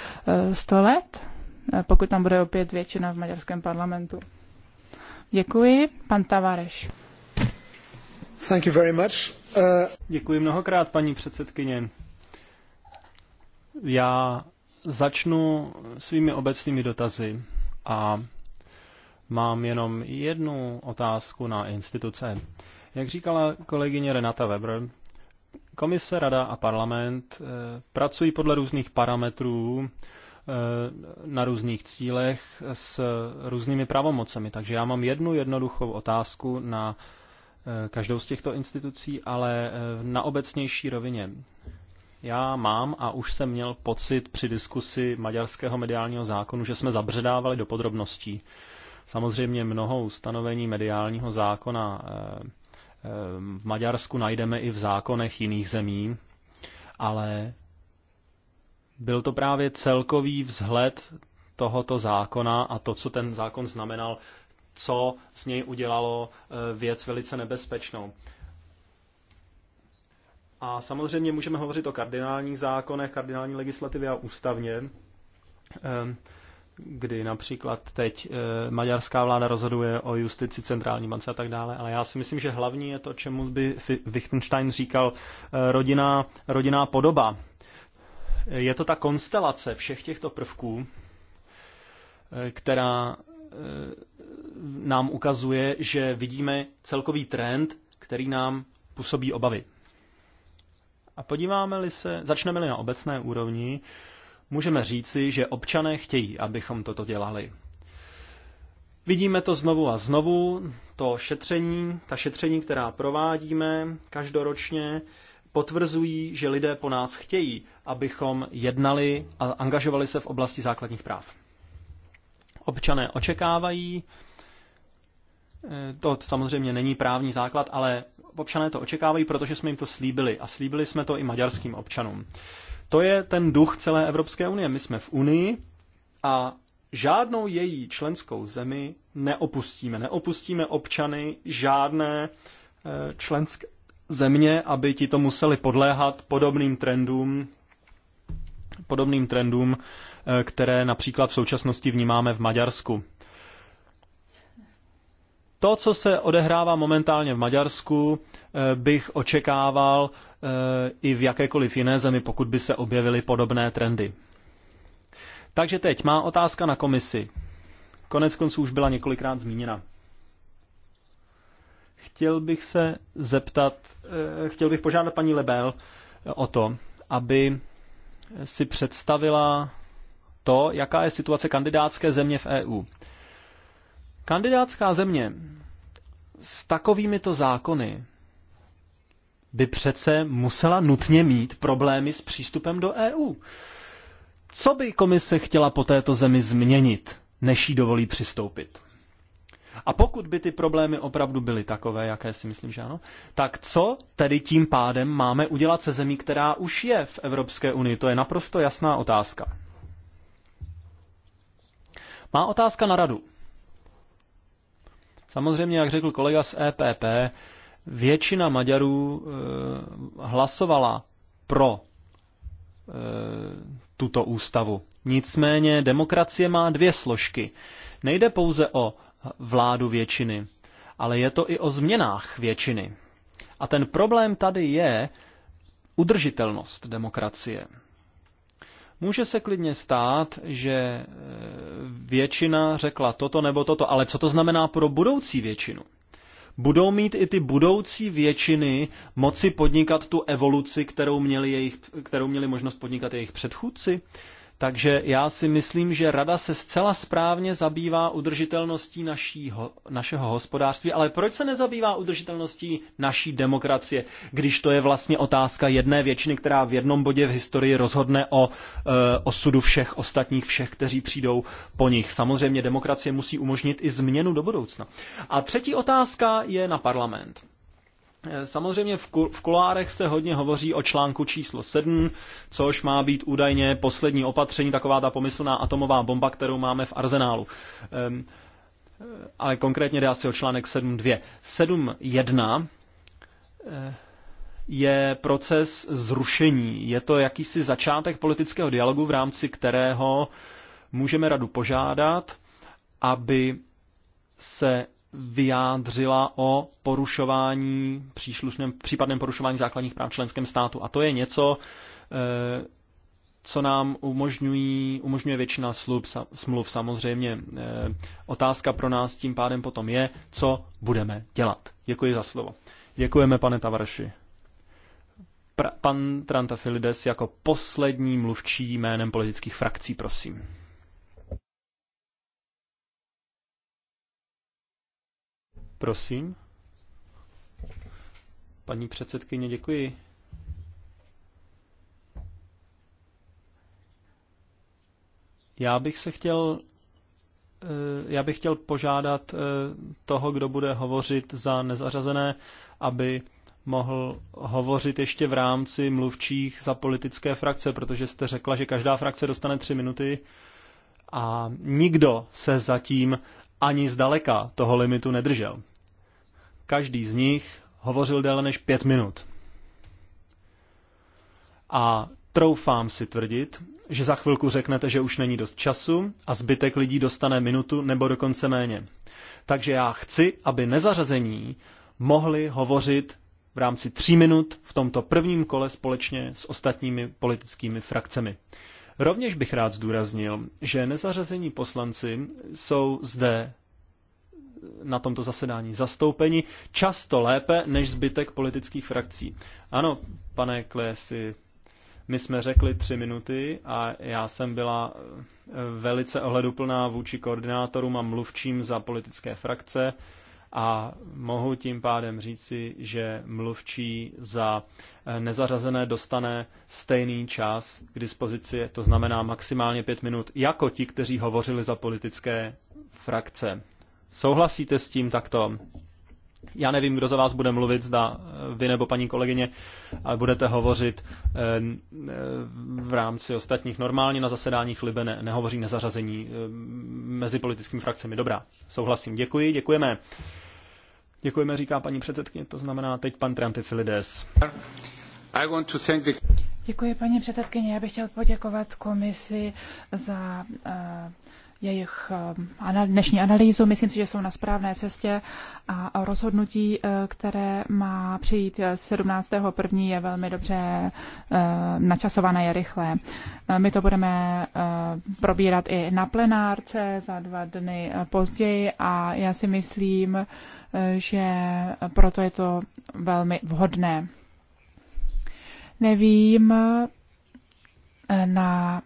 100 eh, let, pokud tam bude opět většina v maďarském parlamentu. Děkuji, pan Tavareš. Thank you very much. Uh... Děkuji mnohokrát, paní předsedkyně. Já začnu svými obecnými dotazy a mám jenom jednu otázku na instituce. Jak říkala kolegyně Renata Weber, komise, rada a parlament eh, pracují podle různých parametrů eh, na různých cílech s různými pravomocemi. Takže já mám jednu jednoduchou otázku na eh, každou z těchto institucí, ale na obecnější rovině. Já mám a už jsem měl pocit při diskusi maďarského mediálního zákonu, že jsme zabředávali do podrobností. Samozřejmě mnoho ustanovení mediálního zákona v Maďarsku najdeme i v zákonech jiných zemí, ale byl to právě celkový vzhled tohoto zákona a to, co ten zákon znamenal, co z něj udělalo eh, věc velice nebezpečnou. A samozřejmě můžeme hovořit o kardinálních zákonech, kardinální legislativě a ústavně. Ehm, kdy například teď eh, maďarská vláda rozhoduje o justici centrální bance a tak dále, ale já si myslím, že hlavní je to, čemu by Wittgenstein říkal eh, rodina, rodinná podoba. Je to ta konstelace všech těchto prvků, eh, která nám ukazuje, že vidíme celkový trend, který nám působí obavy. A podíváme-li se, začneme-li na obecné úrovni, můžeme říci, že občané chtějí, abychom toto dělali. Vidíme to znovu a znovu, to šetření, ta šetření, která provádíme každoročně, potvrzují, že lidé po nás chtějí, abychom jednali a angažovali se v oblasti základních práv. Občané očekávají, eh, to samozřejmě není právní základ, ale občané to očekávají, protože jsme jim to slíbili a slíbili jsme to i maďarským občanům. To je ten duch celé Evropské unie. My jsme v Unii a žádnou její členskou zemi neopustíme. Neopustíme občany žádné eh, členské země, aby ti to museli podléhat podobným trendům, podobným trendům, eh, které například v současnosti vnímáme v Maďarsku. To, co se odehrává momentálně v Maďarsku, eh, bych očekával eh, i v jakékoliv jiné zemi, pokud by se objevily podobné trendy. Takže teď má otázka na komisi. Konec konců už byla několikrát zmíněna. Chtěl bych se zeptat, eh, chtěl bych požádat paní Lebel o to, aby si představila to, jaká je situace kandidátské země v EU. Kandidátská země s takovýmito zákony by přece musela nutně mít problémy s přístupem do EU. Co by komise chtěla po této zemi změnit, než jí dovolí přistoupit? A pokud by ty problémy opravdu byly takové, jaké si myslím, že ano, tak co tedy tím pádem máme udělat se zemí, která už je v Evropské unii? To je naprosto jasná otázka. Má otázka na radu. Samozřejmě, jak řekl kolega z EPP, většina Maďarů eh, hlasovala pro eh, tuto ústavu. Nicméně demokracie má dvě složky. Nejde pouze o vládu většiny, ale je to i o změnách většiny. A ten problém tady je udržitelnost demokracie. Může se klidně stát, že e, většina řekla toto nebo toto, ale co to znamená pro budoucí většinu? Budou mít i ty budoucí většiny moci podnikat tu evoluci, kterou měli, jejich, kterou měli možnost podnikat jejich předchůdci? Takže já si myslím, že Rada se zcela správně zabývá udržitelností našího, našeho hospodářství, ale proč se nezabývá udržitelností naší demokracie, když to je vlastně otázka jedné většiny, která v jednom bodě v historii rozhodne o e, osudu všech ostatních, všech, kteří přijdou po nich. Samozřejmě demokracie musí umožnit i změnu do budoucna. A třetí otázka je na parlament. Samozřejmě v, kolárech se hodně hovoří o článku číslo 7, což má být údajně poslední opatření, taková ta pomyslná atomová bomba, kterou máme v arzenálu. Ehm, eh, ale konkrétně jde asi o článek 7.2. 7.1 eh, je proces zrušení. Je to jakýsi začátek politického dialogu, v rámci kterého můžeme radu požádat, aby se vyjádřila o porušování, příslušném, případném porušování základních práv členském státu. A to je něco, eh, co nám umožňují, umožňuje většina slub, smluv samozřejmě. Eh, otázka pro nás tím pádem potom je, co budeme dělat. Děkuji za slovo. Děkujeme, pane Tavarši. Pra, pan Trantafilides jako poslední mluvčí jménem politických frakcí, prosím. Prosím. Paní předsedkyně, děkuji. Já bych se chtěl eh, já bych chtěl požádat eh, toho, kdo bude hovořit za nezařazené, aby mohl hovořit ještě v rámci mluvčích za politické frakce, protože jste řekla, že každá frakce dostane tři minuty a nikdo se zatím ani zdaleka toho limitu nedržel. Každý z nich hovořil déle než pět minut. A troufám si tvrdit, že za chvilku řeknete, že už není dost času a zbytek lidí dostane minutu nebo dokonce méně. Takže já chci, aby nezařazení mohli hovořit v rámci tří minut v tomto prvním kole společně s ostatními politickými frakcemi. Rovněž bych rád zdůraznil, že nezařazení poslanci jsou zde na tomto zasedání zastoupeni, často lépe než zbytek politických frakcí. Ano, pane Klesi, my jsme řekli tři minuty a já jsem byla eh, velice ohleduplná vůči koordinátorům a mluvčím za politické frakce a mohu tím pádem říci, že mluvčí za eh, nezařazené dostane stejný čas k dispozici, to znamená maximálně pět minut, jako ti, kteří hovořili za politické frakce. Souhlasíte s tím takto? Já nevím, kdo za vás bude mluvit, zda eh, vy nebo paní kolegyně, ale budete hovořit eh, eh, v rámci ostatních. Normálně na zasedáních Libe ne, nehovoří nezařazení mezi politickými frakcemi. Dobrá, souhlasím. Děkuji, děkujeme. Děkujeme, říká paní předsedkyně, to znamená teď pan Triantifilides. Děkuji, paní předsedkyně. Já bych chtěl poděkovat komisi za uh, jejich eh, dnešní analýzu. Myslím si, že jsou na správné cestě a rozhodnutí, eh, které má přijít 17.1. Eh, je velmi dobře načasované, je rychlé. My to budeme probírat i na plenárce za dva dny později a já si myslím, že proto je to velmi vhodné. Nevím, na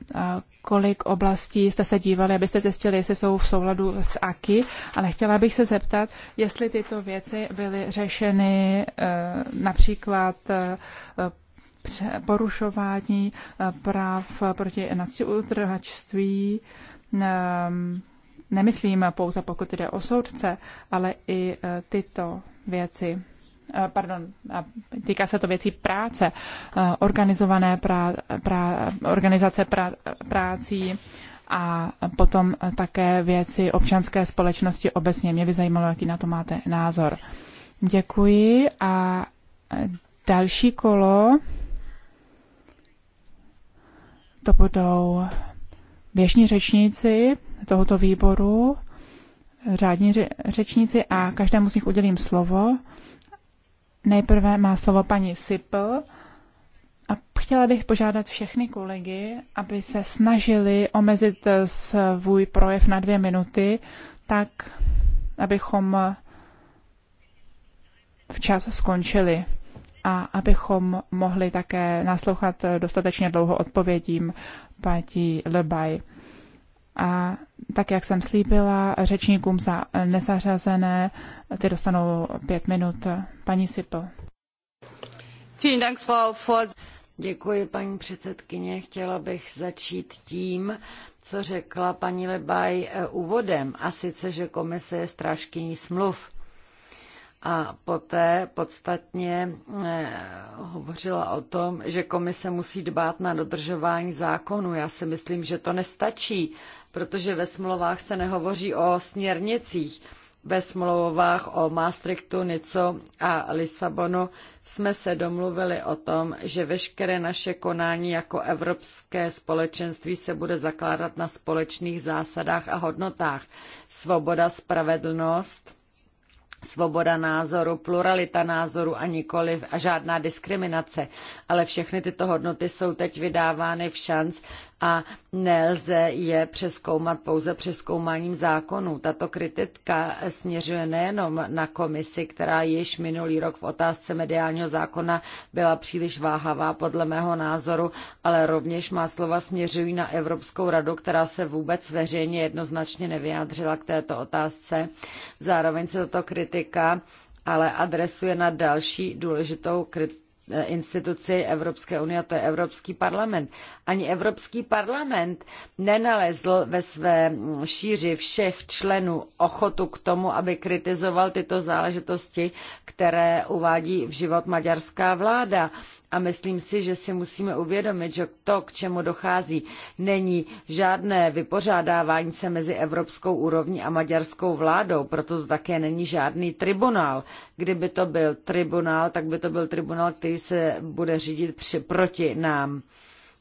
kolik oblastí jste se dívali, abyste zjistili, jestli jsou v souladu s AKI, ale chtěla bych se zeptat, jestli tyto věci byly řešeny eh, například eh, porušování eh, práv proti naciutrhačství, ehm, nemyslím pouze pokud jde o soudce, ale i tyto věci. Eh, pardon, týká se to věcí práce, eh, organizované prá, prá, organizace prá, prácí a potom eh, také věci občanské společnosti obecně. Mě by zajímalo, jaký na to máte názor. Děkuji a další kolo to budou běžní řečníci tohoto výboru, řádní řečníci a každému z nich udělím slovo. Nejprve má slovo paní Sipl. A chtěla bych požádat všechny kolegy, aby se snažili omezit svůj projev na dvě minuty, tak abychom včas skončili a abychom mohli také naslouchat dostatečně dlouho odpovědím paní Lebaj. A tak, jak jsem slíbila, řečníkům za nezařazené, ty dostanou pět minut. Paní Sipl. Děkuji, paní předsedkyně. Chtěla bych začít tím, co řekla paní Lebaj eh, úvodem, a sice, že komise je strážkyní smluv a poté podstatně eh, hovořila o tom, že komise musí dbát na dodržování zákonu. Já si myslím, že to nestačí, protože ve smlouvách se nehovoří o směrnicích. Ve smlouvách o Maastrichtu, Nico a Lisabonu jsme se domluvili o tom, že veškeré naše konání jako evropské společenství se bude zakládat na společných zásadách a hodnotách. Svoboda, spravedlnost, svoboda názoru, pluralita názoru a nikoliv a žádná diskriminace. Ale všechny tyto hodnoty jsou teď vydávány v šanc, a nelze je přeskoumat pouze přeskoumáním zákonů. Tato kritika směřuje nejenom na komisi, která již minulý rok v otázce mediálního zákona byla příliš váhavá podle mého názoru, ale rovněž má slova směřují na Evropskou radu, která se vůbec veřejně jednoznačně nevyjádřila k této otázce. Zároveň se tato kritika ale adresuje na další důležitou Eh, instituci Evropské unie, a to je Evropský parlament. Ani Evropský parlament nenalezl ve své šíři všech členů ochotu k tomu, aby kritizoval tyto záležitosti, které uvádí v život maďarská vláda. A myslím si, že si musíme uvědomit, že to, k čemu dochází, není žádné vypořádávání se mezi evropskou úrovní a maďarskou vládou, proto to také není žádný tribunál. Kdyby to byl tribunál, tak by to byl tribunál, který se bude řídit při, proti nám.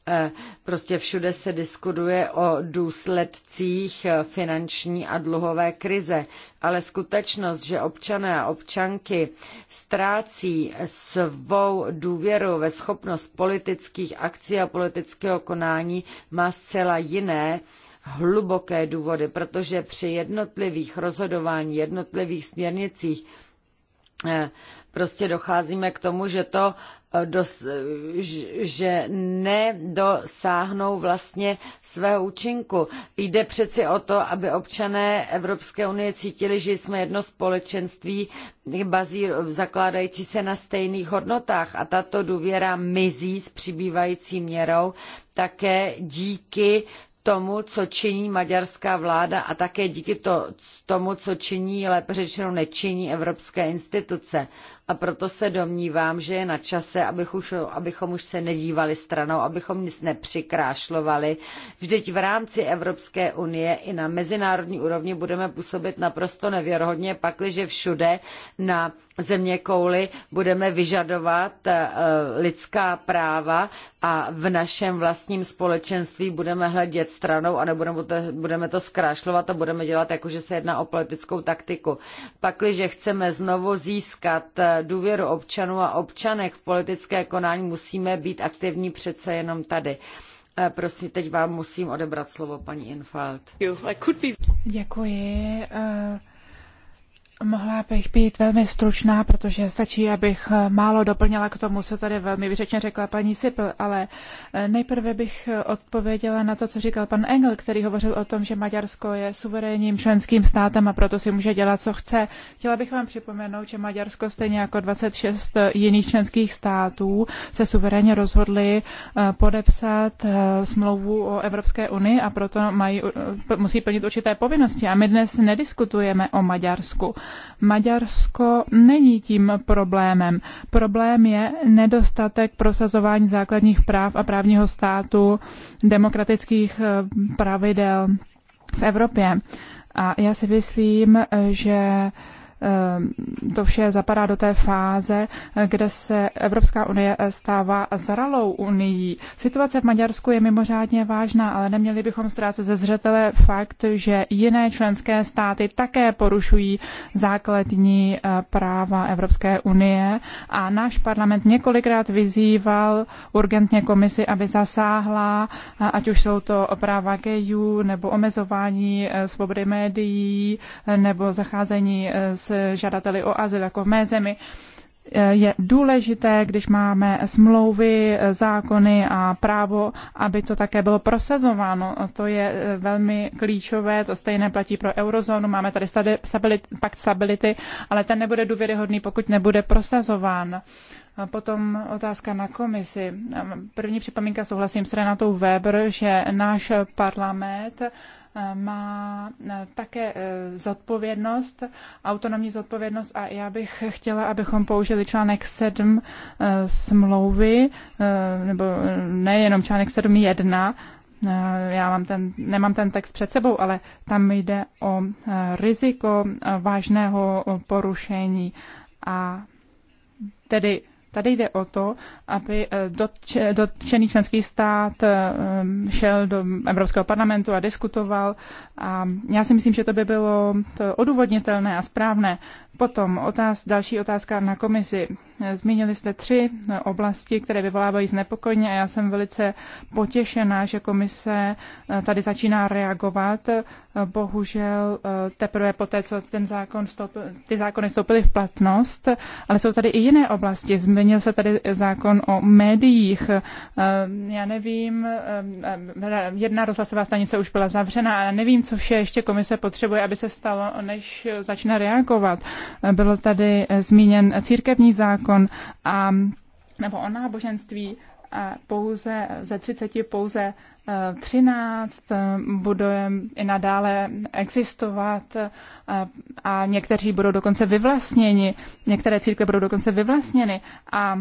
E, prostě všude se diskutuje o důsledcích e, finanční a dluhové krize, ale skutečnost, že občané a občanky ztrácí svou důvěru ve schopnost politických akcí a politického konání, má zcela jiné hluboké důvody, protože při jednotlivých rozhodování, jednotlivých směrnicích e, prostě docházíme k tomu, že to eh, dos, eh, že nedosáhnou vlastně svého účinku. Jde přeci o to, aby občané Evropské unie cítili, že jsme jedno společenství eh, bazír, zakládající se na stejných hodnotách a tato důvěra mizí s přibývající měrou také díky tomu, co činí maďarská vláda a také díky to, tomu, co činí, lépe řečeno nečiní evropské instituce a proto se domnívám, že je na čase, abych už, abychom už se nedívali stranou, abychom nic nepřikrášlovali. Vždyť v rámci Evropské unie i na mezinárodní úrovni budeme působit naprosto nevěrohodně, pakliže všude na země budeme vyžadovat eh, lidská práva a v našem vlastním společenství budeme hledět stranou a nebudeme to, budeme to zkrášlovat a budeme dělat, jako že se jedná o politickou taktiku. Pakliže chceme znovu získat eh, důvěru občanů a občanek v politické konání, musíme být aktivní přece jenom tady. Eh, prosím, teď vám musím odebrat slovo, paní Infeld. Děkuji. Eh, Mohla bych být velmi stručná, protože stačí, abych málo doplnila k tomu, co tady velmi vyřečně řekla paní Sipl, ale eh, nejprve bych odpověděla na to, co říkal pan Engel, který hovořil o tom, že Maďarsko je suverénním členským státem a proto si může dělat, co chce. Chtěla bych vám připomenout, že Maďarsko stejně jako 26 jiných členských států se suverénně rozhodli eh, podepsat eh, smlouvu o Evropské unii a proto mají, musí plnit určité povinnosti. A my dnes nediskutujeme o Maďarsku. Maďarsko není tím problémem. Problém je nedostatek prosazování základních práv a právního státu, demokratických eh, pravidel v Evropě. A já si myslím, že Ehm, to vše zapadá do té fáze, eh, kde se Evropská unie eh, stává zralou unii. Situace v Maďarsku je mimořádně vážná, ale neměli bychom ztrácet ze zřetele fakt, že jiné členské státy také porušují základní eh, práva Evropské unie a náš parlament několikrát vyzýval urgentně komisi, aby zasáhla, ať už jsou to práva gejů nebo omezování svobody médií nebo zacházení s žadateli o azyl jako v mé zemi, je důležité, když máme smlouvy, zákony a právo, aby to také bylo prosazováno. To je eh, velmi klíčové, to stejné platí pro eurozónu, máme tady stabilit, pakt stability, ale ten nebude důvěryhodný, pokud nebude prosazován. Potom otázka na komisi. Ehm, první připomínka souhlasím s Renatou Weber, že náš parlament má eh, také eh, zodpovědnost, autonomní zodpovědnost a já bych chtěla, abychom použili článek 7 eh, smlouvy, nebo nejenom článek 7.1, já mám ten, nemám ten text před sebou, ale tam jde o riziko vážného porušení a tedy Tady jde o to, aby eh, dotčený členský stát eh, šel do Evropského parlamentu a diskutoval. A já si myslím, že to by bylo to odůvodnitelné a správné. Potom otáz, další otázka na komisi. Zmínili jste tři oblasti, které vyvolávají znepokojení a já jsem velice potěšená, že komise eh, tady začíná reagovat. Eh, Bohužel eh, teprve poté, co ten zákon vstoupil, ty zákony vstoupily v platnost, ale jsou tady i jiné oblasti. Zmínil se tady zákon o médiích. Já nevím, jedna rozhlasová stanice už byla zavřena a nevím, co vše ještě komise potřebuje, aby se stalo, než začne reagovat. Bylo tady zmíněn církevní zákon, zákon a, nebo o náboženství a pouze ze 30 pouze 13 e, e, bude i nadále existovat e, a někteří budou dokonce vyvlastněni, některé církve budou dokonce vyvlastněny a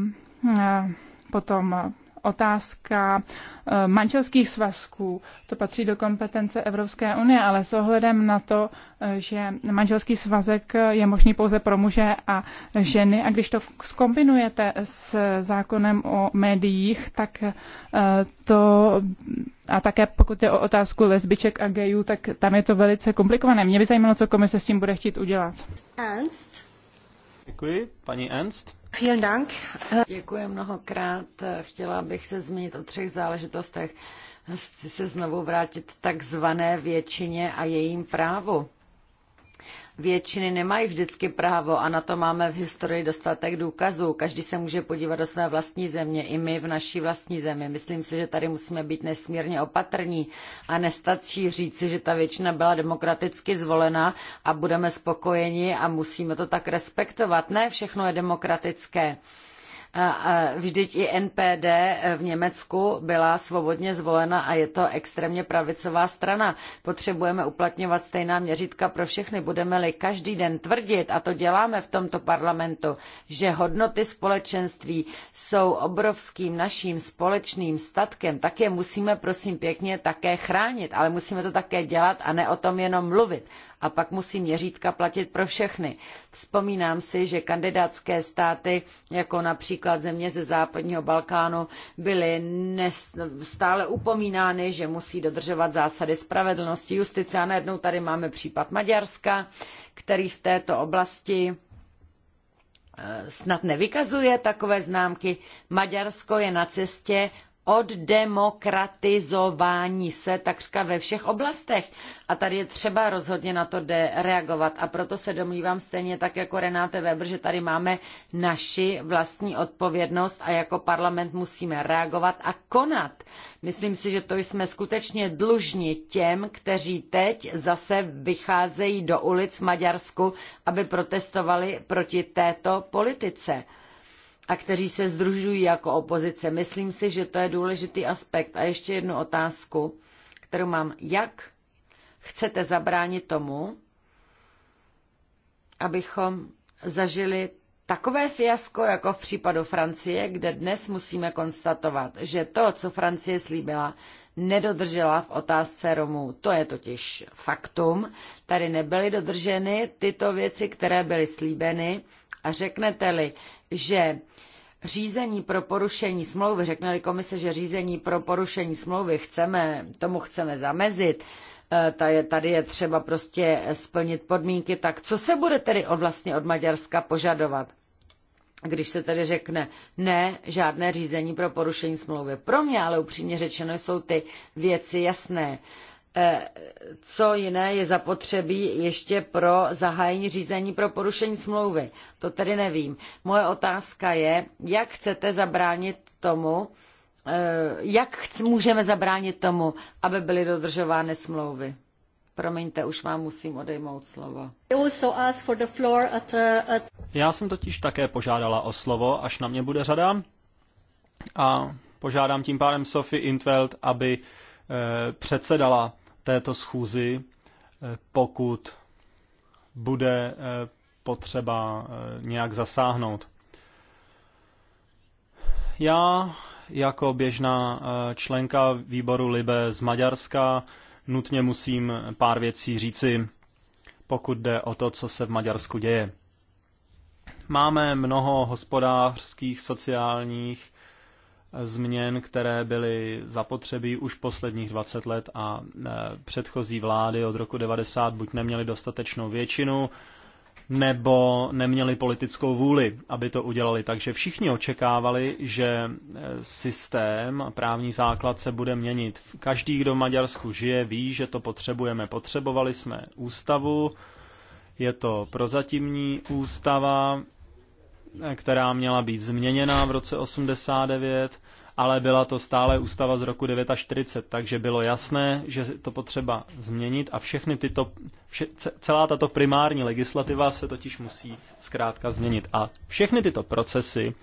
potom otázka eh, manželských svazků. To patří do kompetence Evropské unie, ale s ohledem na to, eh, že manželský svazek eh, je možný pouze pro muže a ženy, a když to skombinujete s zákonem o médiích, tak to a také pokud je o otázku lesbiček a gejů, tak tam je to velice komplikované. Mě by zajímalo, co komise s tím bude chtít udělat. Ernst. Děkuji. Paní Ernst. Děkuji mnohokrát. Chtěla bych se zmínit o třech záležitostech. Chci se znovu vrátit takzvané většině a jejím právu. Většiny nemají vždycky právo a na to máme v historii dostatek důkazů. Každý se může podívat do své vlastní země, i my v naší vlastní zemi. Myslím si, že tady musíme být nesmírně opatrní a nestačí říci, že ta většina byla demokraticky zvolena a budeme spokojeni a musíme to tak respektovat. Ne, všechno je demokratické. Vždyť i NPD v Německu byla svobodně zvolena a je to extrémně pravicová strana. Potřebujeme uplatňovat stejná měřítka pro všechny. Budeme-li každý den tvrdit, a to děláme v tomto parlamentu, že hodnoty společenství jsou obrovským naším společným statkem, tak je musíme prosím pěkně také chránit, ale musíme to také dělat a ne o tom jenom mluvit a pak musí měřítka platit pro všechny. Vzpomínám si, že kandidátské státy, jako například země ze západního Balkánu, byly stále upomínány, že musí dodržovat zásady spravedlnosti, justice a najednou tady máme případ Maďarska, který v této oblasti eh, snad nevykazuje takové známky. Maďarsko je na cestě oddemokratizování se takřka ve všech oblastech. A tady je třeba rozhodně na to reagovat. A proto se domnívám stejně tak jako Renáte Weber, že tady máme naši vlastní odpovědnost a jako parlament musíme reagovat a konat. Myslím si, že to jsme skutečně dlužni těm, kteří teď zase vycházejí do ulic v Maďarsku, aby protestovali proti této politice a kteří se združují jako opozice. Myslím si, že to je důležitý aspekt. A ještě jednu otázku, kterou mám. Jak chcete zabránit tomu, abychom zažili takové fiasko, jako v případu Francie, kde dnes musíme konstatovat, že to, co Francie slíbila, nedodržela v otázce Romů. To je totiž faktum. Tady nebyly dodrženy tyto věci, které byly slíbeny a řeknete-li, že řízení pro porušení smlouvy, řekne-li komise, že řízení pro porušení smlouvy chceme, tomu chceme zamezit, eh, tady je třeba prostě splnit podmínky, tak co se bude tedy od vlastně od Maďarska požadovat? Když se tedy řekne ne, žádné řízení pro porušení smlouvy. Pro mě ale upřímně řečeno jsou ty věci jasné. Eh, co jiné je zapotřebí ještě pro zahájení řízení pro porušení smlouvy. To tedy nevím. Moje otázka je, jak chcete zabránit tomu, eh, jak můžeme zabránit tomu, aby byly dodržovány smlouvy? Promiňte, už vám musím odejmout slovo. Eh, Já jsem totiž také požádala o slovo, až na mě bude řada. A požádám tím pádem Sophie Intveld, aby předsedala této schůzi, eh, pokud bude eh, potřeba eh, nějak zasáhnout. Já jako běžná členka výboru Libe z Maďarska nutně musím pár věcí říci, pokud jde o to, co se v Maďarsku děje. Máme mnoho hospodářských, sociálních změn, které byly zapotřebí už posledních 20 let a e, předchozí vlády od roku 90 buď neměly dostatečnou většinu, nebo neměli politickou vůli, aby to udělali. Takže všichni očekávali, že e, systém a právní základ se bude měnit. Každý, kdo v Maďarsku žije, ví, že to potřebujeme. Potřebovali jsme ústavu, je to prozatímní ústava, která měla být změněna v roce 89, ale byla to stále ústava z roku 49, takže bylo jasné, že to potřeba změnit a všechny tyto, vše, celá tato primární legislativa se totiž musí zkrátka změnit. A všechny tyto procesy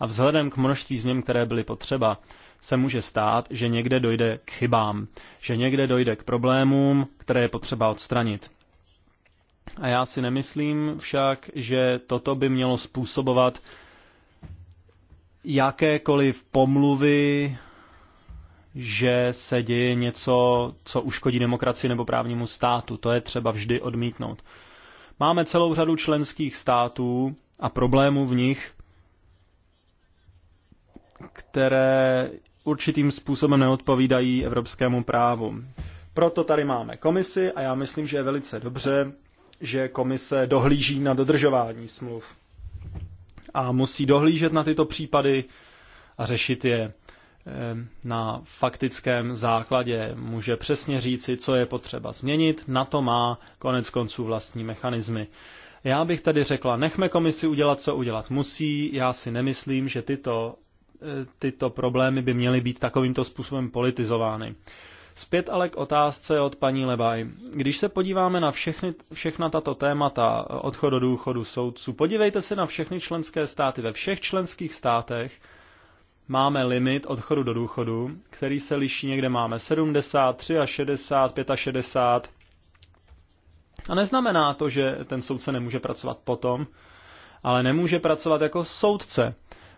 a vzhledem k množství změn, které byly potřeba, se může stát, že někde dojde k chybám, že někde dojde k problémům, které je potřeba odstranit. A já si nemyslím však, že toto by mělo způsobovat jakékoliv pomluvy, že se děje něco, co uškodí demokracii nebo právnímu státu. To je třeba vždy odmítnout. Máme celou řadu členských států a problémů v nich, které určitým způsobem neodpovídají evropskému právu. Proto tady máme komisi a já myslím, že je velice dobře, že komise dohlíží na dodržování smluv a musí dohlížet na tyto případy a řešit je eh, na faktickém základě. Může přesně říci, co je potřeba změnit, na to má konec konců vlastní mechanismy. Já bych tady řekla, nechme komisi udělat, co udělat musí. Já si nemyslím, že tyto, eh, tyto problémy by měly být takovýmto způsobem politizovány. Zpět ale k otázce od paní Lebaj. Když se podíváme na všechny, všechna tato témata eh, odchod do důchodu soudců, podívejte se na všechny členské státy. Ve všech členských státech máme limit odchodu do důchodu, který se liší někde máme 70, a 60, 65. A neznamená to, že ten soudce nemůže pracovat potom, ale nemůže pracovat jako soudce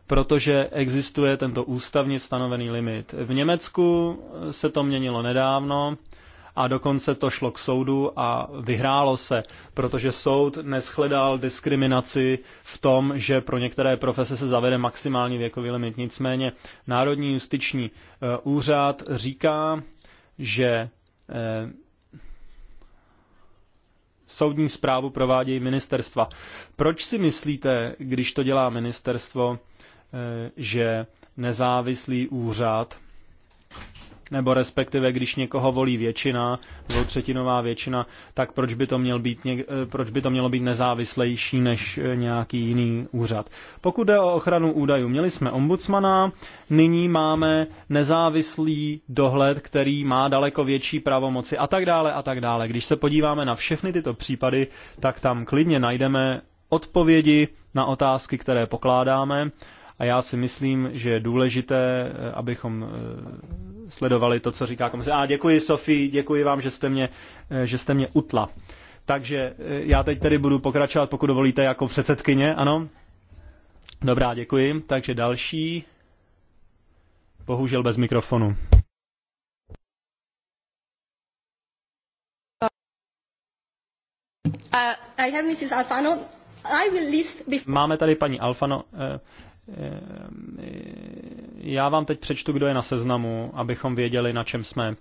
protože existuje tento ústavně stanovený limit. V Německu se to měnilo nedávno a dokonce to šlo k soudu a vyhrálo se, protože soud neschledal diskriminaci v tom, že pro některé profese se zavede maximální věkový limit. Nicméně Národní justiční eh, úřad říká, že eh, soudní zprávu provádějí ministerstva. Proč si myslíte, když to dělá ministerstvo, Eh, že nezávislý úřad, nebo respektive když někoho volí většina, dvoutřetinová většina, tak proč by, to měl být eh, proč by to mělo být nezávislejší než eh, nějaký jiný úřad. Pokud jde o ochranu údajů, měli jsme ombudsmana, nyní máme nezávislý dohled, který má daleko větší pravomoci a tak dále a tak dále. Když se podíváme na všechny tyto případy, tak tam klidně najdeme odpovědi na otázky, které pokládáme a já si myslím, že je důležité, eh, abychom eh, sledovali to, co říká komise. A děkuji, Sofii, děkuji vám, že jste mě, eh, že jste mě utla. Takže já teď tedy budu pokračovat, pokud dovolíte, jako předsedkyně, ano? Dobrá, děkuji. Takže další. Bohužel bez mikrofonu. Uh, I have Mrs. Alfano. I will list before... Máme tady paní Alfano. Uh, Ehm, já vám teď přečtu, kdo je na seznamu, abychom věděli, na čem jsme.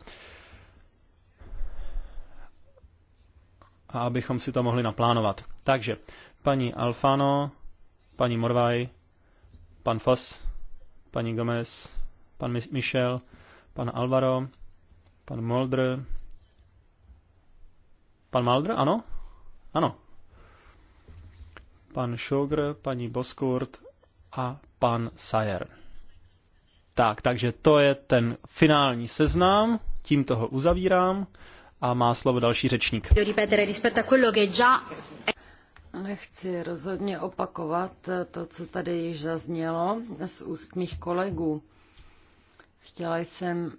A abychom si to mohli naplánovat. Takže, paní Alfano, paní Morvaj, pan Foss, paní Gomez, pan Michel, pan Alvaro, pan Moldr, pan Maldr, ano? Ano. Pan Šogr, paní Boskurt, a pan Sayer. Tak, takže to je ten finální seznam, tím toho uzavírám a má slovo další řečník. Nechci rozhodně opakovat to, co tady již zaznělo z úst mých kolegů. Chtěla jsem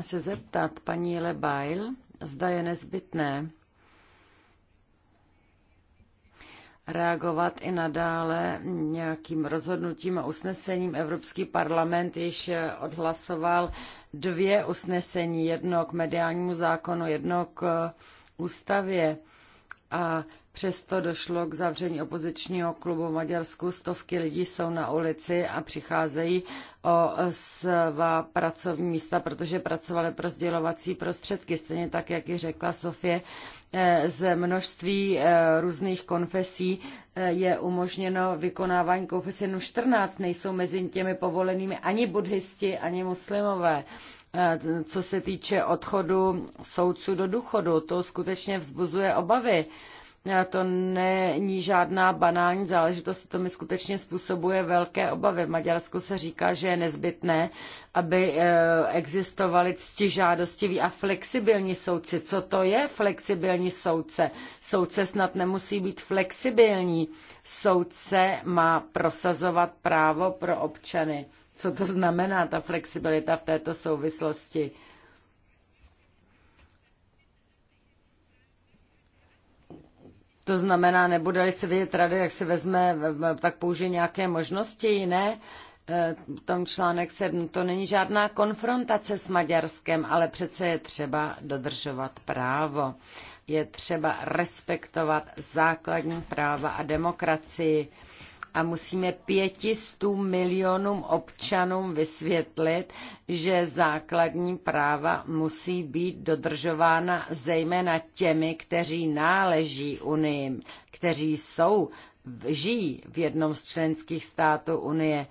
se zeptat paní Lebail, zda je nezbytné, reagovat i nadále nějakým rozhodnutím a usnesením. Evropský parlament již odhlasoval dvě usnesení, jedno k mediálnímu zákonu, jedno k ústavě. A Přesto došlo k zavření opozičního klubu v Maďarsku. Stovky lidí jsou na ulici a přicházejí o svá pracovní místa, protože pracovali pro sdělovací prostředky. Stejně tak, jak ji řekla Sofie, eh, z množství eh, různých konfesí eh, je umožněno vykonávání konfesí jenom 14. Nejsou mezi těmi povolenými ani buddhisti, ani muslimové co se týče odchodu soudců do důchodu. To skutečně vzbuzuje obavy to není žádná banální záležitost, to mi skutečně způsobuje velké obavy. V Maďarsku se říká, že je nezbytné, aby eh, existovali ctižádostiví a flexibilní soudci. Co to je flexibilní soudce? Soudce snad nemusí být flexibilní. Soudce má prosazovat právo pro občany. Co to znamená ta flexibilita v této souvislosti? To znamená, nebude-li se vidět rady, jak se vezme, tak použije nějaké možnosti jiné. E, tom článek 7, to není žádná konfrontace s Maďarskem, ale přece je třeba dodržovat právo. Je třeba respektovat základní práva a demokracii a musíme pětistu milionům občanům vysvětlit, že základní práva musí být dodržována zejména těmi, kteří náleží Unii, kteří jsou, žijí v jednom z členských států Unie.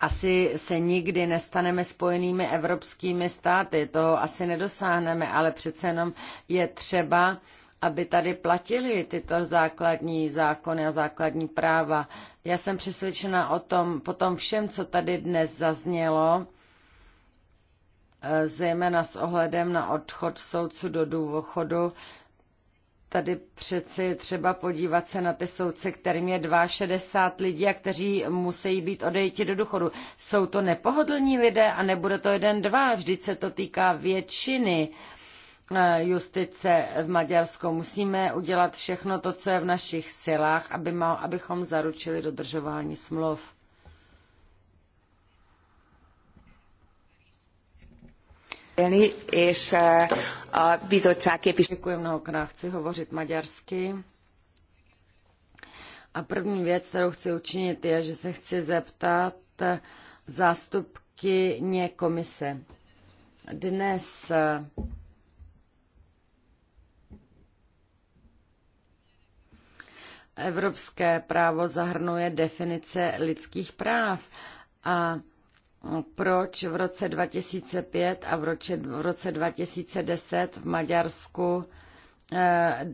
Asi se nikdy nestaneme spojenými evropskými státy, toho asi nedosáhneme, ale přece jenom je třeba aby tady platili tyto základní zákony a základní práva. Já jsem přesvědčena o tom, po tom všem, co tady dnes zaznělo, eh, zejména s ohledem na odchod soudců do důvodu, tady přeci je třeba podívat se na ty soudce, kterým je 62 lidí a kteří musí být odejti do důchodu. Jsou to nepohodlní lidé a nebude to jeden, dva, vždyť se to týká většiny. Uh, Eh, justice v Maďarsku. Musíme udělat všechno to, co je v našich silách, aby mal, abychom zaručili dodržování smluv. Eh, Děkuji mnohokrát. Chci hovořit maďarsky. A první věc, kterou chci učinit, je, že se chci zeptat zástupkyně komise. Dnes eh, Evropské právo zahrnuje definice lidských práv a proč v roce 2005 a v roce, v roce 2010 v Maďarsku Eh,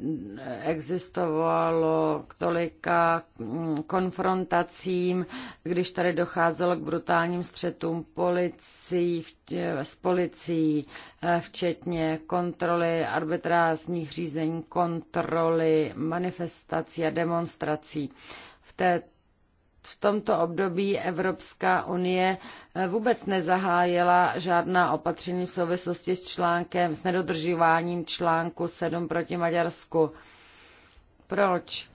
existovalo k tolika mm, konfrontacím, když tady docházelo k brutálním střetům policií, s policií, eh, včetně kontroly arbitrářních řízení, kontroly manifestací a demonstrací. V té v tomto období Evropská unie eh, vůbec nezahájila žádná opatření v souvislosti s článkem, s nedodržováním článku 7 proti Maďarsku. Proč?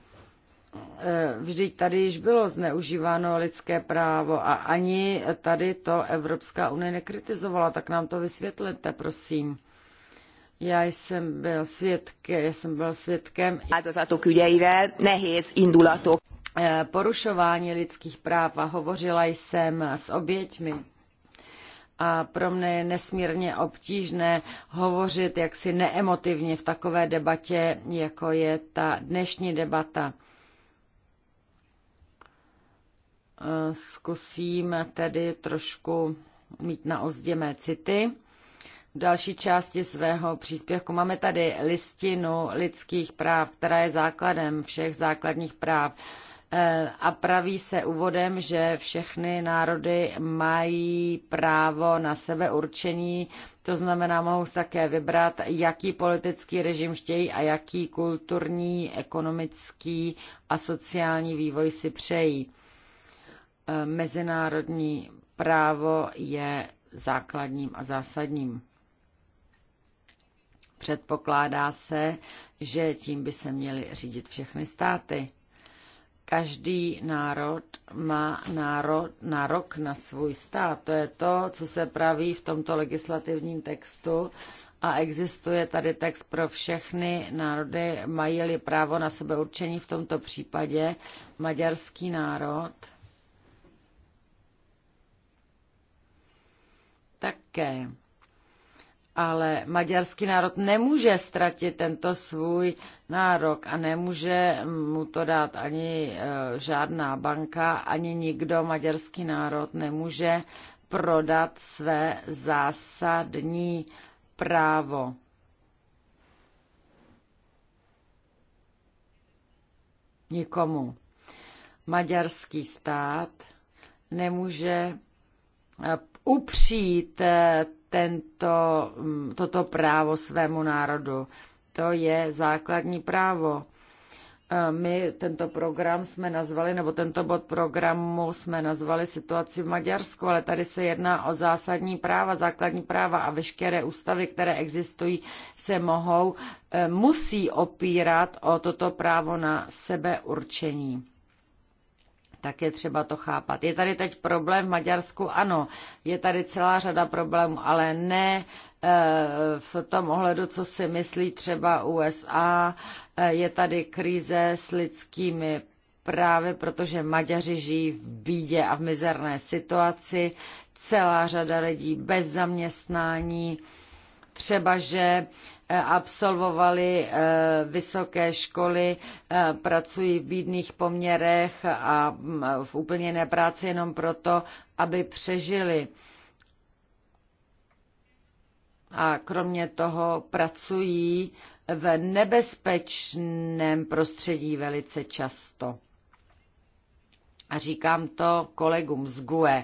Eh, vždyť tady již bylo zneužíváno lidské právo a ani tady to Evropská unie nekritizovala, tak nám to vysvětlete, prosím. Já jsem byl svědkem, já jsem byl svědkem. Áldozatok ügyeivel nehéz indulatok. Eh, porušování lidských práv a hovořila jsem s oběťmi. A pro mne je nesmírně obtížné hovořit jaksi neemotivně v takové debatě, jako je ta dnešní debata. Eh, zkusím tedy trošku mít na ozdě mé city. V další části svého příspěvku máme tady listinu lidských práv, která je základem všech základních práv a praví se úvodem, že všechny národy mají právo na sebeurčení, to znamená, mohou také vybrat, jaký politický režim chtějí a jaký kulturní, ekonomický a sociální vývoj si přejí. E, mezinárodní právo je základním a zásadním. Předpokládá se, že tím by se měly řídit všechny státy. Každý národ má národ, nárok na svůj stát. To je to, co se praví v tomto legislativním textu a existuje tady text pro všechny národy, mají-li právo na sebe určení v tomto případě maďarský národ. Také ale maďarský národ nemůže ztratit tento svůj nárok a nemůže mu to dát ani e, žádná banka, ani nikdo maďarský národ nemůže prodat své zásadní právo. Nikomu. Maďarský stát nemůže e, upřít eh, tento, mm, toto právo svému národu. To je základní právo. Eh, my tento program jsme nazvali, nebo tento bod programu jsme nazvali situaci v Maďarsku, ale tady se jedná o zásadní práva, základní práva a veškeré ústavy, které existují, se mohou, eh, musí opírat o toto právo na sebeurčení tak je třeba to chápat. Je tady teď problém v Maďarsku? Ano, je tady celá řada problémů, ale ne eh, v tom ohledu, co si myslí třeba USA. Eh, je tady krize s lidskými právy, protože Maďaři žijí v bídě a v mizerné situaci, celá řada lidí bez zaměstnání, třeba že eh, absolvovali eh, vysoké školy, eh, pracují v bídných poměrech a mm, v úplně jiné práci jenom proto, aby přežili. A kromě toho pracují v nebezpečném prostředí velice často. A říkám to kolegům z GUE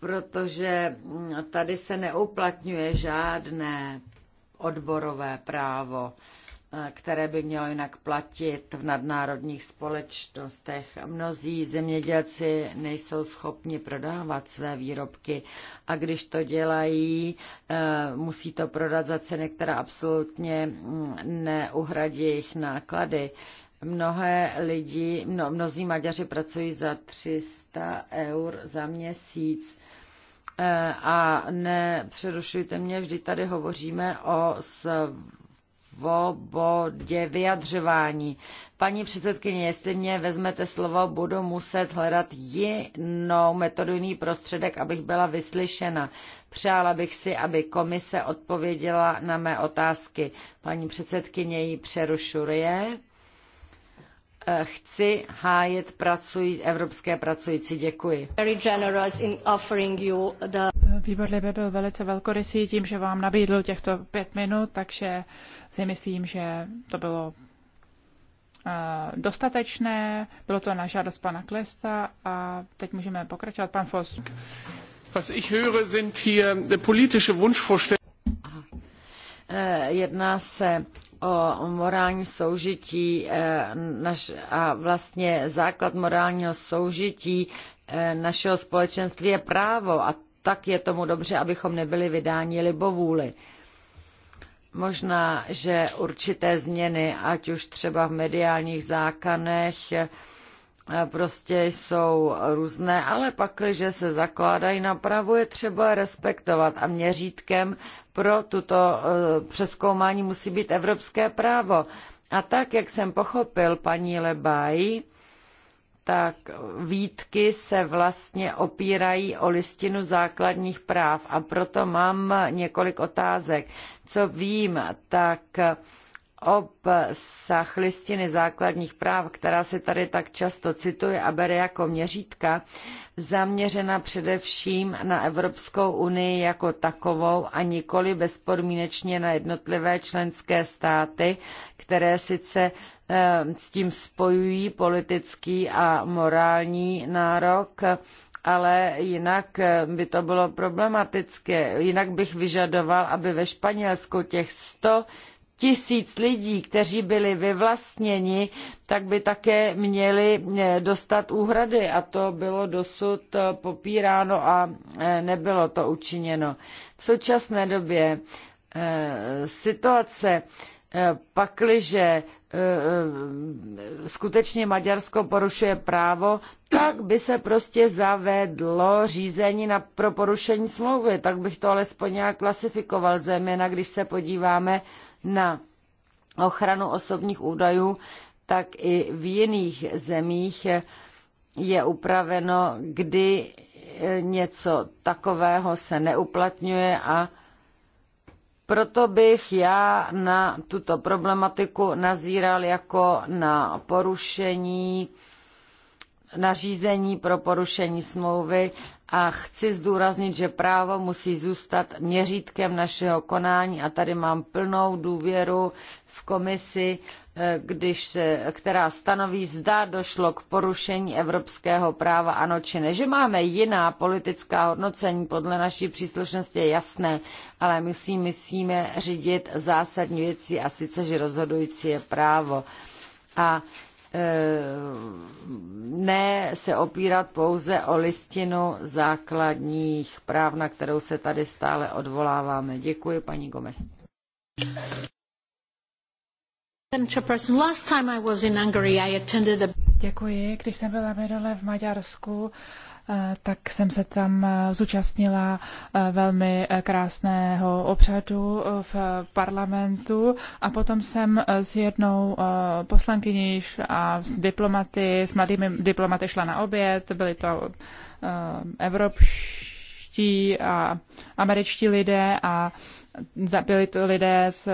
protože tady se neuplatňuje žádné odborové právo, eh, které by mělo jinak platit v nadnárodních společnostech. Mnozí zemědělci nejsou schopni prodávat své výrobky a když to dělají, eh, musí to prodat za ceny, která absolutně mm, neuhradí jejich náklady. Mnohé lidi, mno, mnozí Maďaři pracují za 300 eur za měsíc a nepřerušujte mě, vždy tady hovoříme o svobodě vyjadřování. Paní předsedkyně, jestli mě vezmete slovo, budu muset hledat jinou metodu, jiný prostředek, abych byla vyslyšena. Přála bych si, aby komise odpověděla na mé otázky. Paní předsedkyně ji přerušuje Eh, chci hájit pracují, evropské pracující. Děkuji. Výbor Libe byl velice velkorysý tím, že vám nabídl těchto pět minut, takže si myslím, že to bylo eh, dostatečné, bylo to na žádost pana Klesta a teď můžeme pokračovat. Pan Foss. Was ich höre, sind hier eh, politische Wunschvorstellungen. Jedná se o morální soužití eh, a vlastně základ morálního soužití eh, našeho společenství je právo a tak je tomu dobře, abychom nebyli vydáni libovůli. Možná, že určité změny, ať už třeba v mediálních zákonech, prostě jsou různé, ale pakliže se zakládají na pravu, je třeba respektovat a měřítkem pro tuto eh, přeskoumání musí být evropské právo. A tak, jak jsem pochopil paní Lebaj, tak výtky se vlastně opírají o listinu základních práv a proto mám několik otázek. Co vím, tak obsah listiny základních práv, která se tady tak často cituje a bere jako měřítka, zaměřena především na Evropskou unii jako takovou a nikoli bezpodmínečně na jednotlivé členské státy, které sice eh, s tím spojují politický a morální nárok, ale jinak eh, by to bylo problematické. Jinak bych vyžadoval, aby ve Španělsku těch 100 tisíc lidí, kteří byli vyvlastněni, tak by také měli eh, dostat úhrady a to bylo dosud eh, popíráno a eh, nebylo to učiněno. V současné době situace pakliže skutečně Maďarsko porušuje právo, tak by se prostě zavedlo řízení na, pro porušení smlouvy. Tak bych to alespoň nějak klasifikoval, zejména když se podíváme na ochranu osobních údajů, tak i v jiných zemích je upraveno, kdy něco takového se neuplatňuje a proto bych já na tuto problematiku nazíral jako na porušení nařízení pro porušení smlouvy a chci zdůraznit, že právo musí zůstat měřítkem našeho konání a tady mám plnou důvěru v komisi, eh, když se, která stanoví, zda došlo k porušení evropského práva, ano či ne. Že máme jiná politická hodnocení podle naší příslušnosti je jasné, ale my si musíme řídit zásadní věci a sice, že rozhodující je právo. A Eh, ne se opírat pouze o listinu základních práv, na kterou se tady stále odvoláváme. Děkuji, paní Gomez. Děkuji. Když jsem byla minule v Maďarsku, Eh, tak jsem se tam eh, zúčastnila eh, velmi krásného obřadu v parlamentu a potom jsem s jednou poslankyní a s diplomaty, s mladými diplomaty šla na oběd, byly to evropští a američtí lidé a byli to lidé z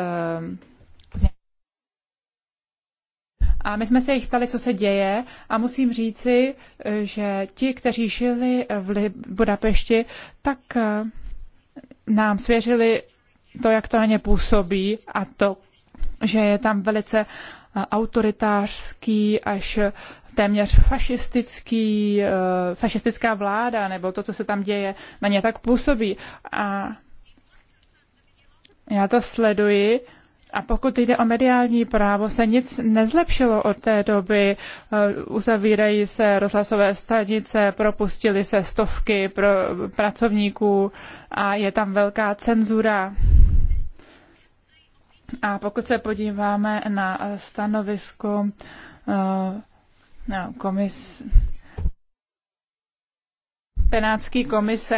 a my jsme se jich ptali, co se děje a musím říci, že ti, kteří žili v Budapešti, tak eh, nám svěřili to, jak to na ně působí a to, že je tam velice eh, autoritářský až téměř fašistický, eh, fašistická vláda, nebo to, co se tam děje, na ně tak působí. A já to sleduji a pokud jde o mediální právo, se nic nezlepšilo od té doby. Eh, uzavírají se rozhlasové stanice, propustili se stovky pro pracovníků a je tam velká cenzura. A pokud se podíváme na stanovisko eh, komis, Benátský komise,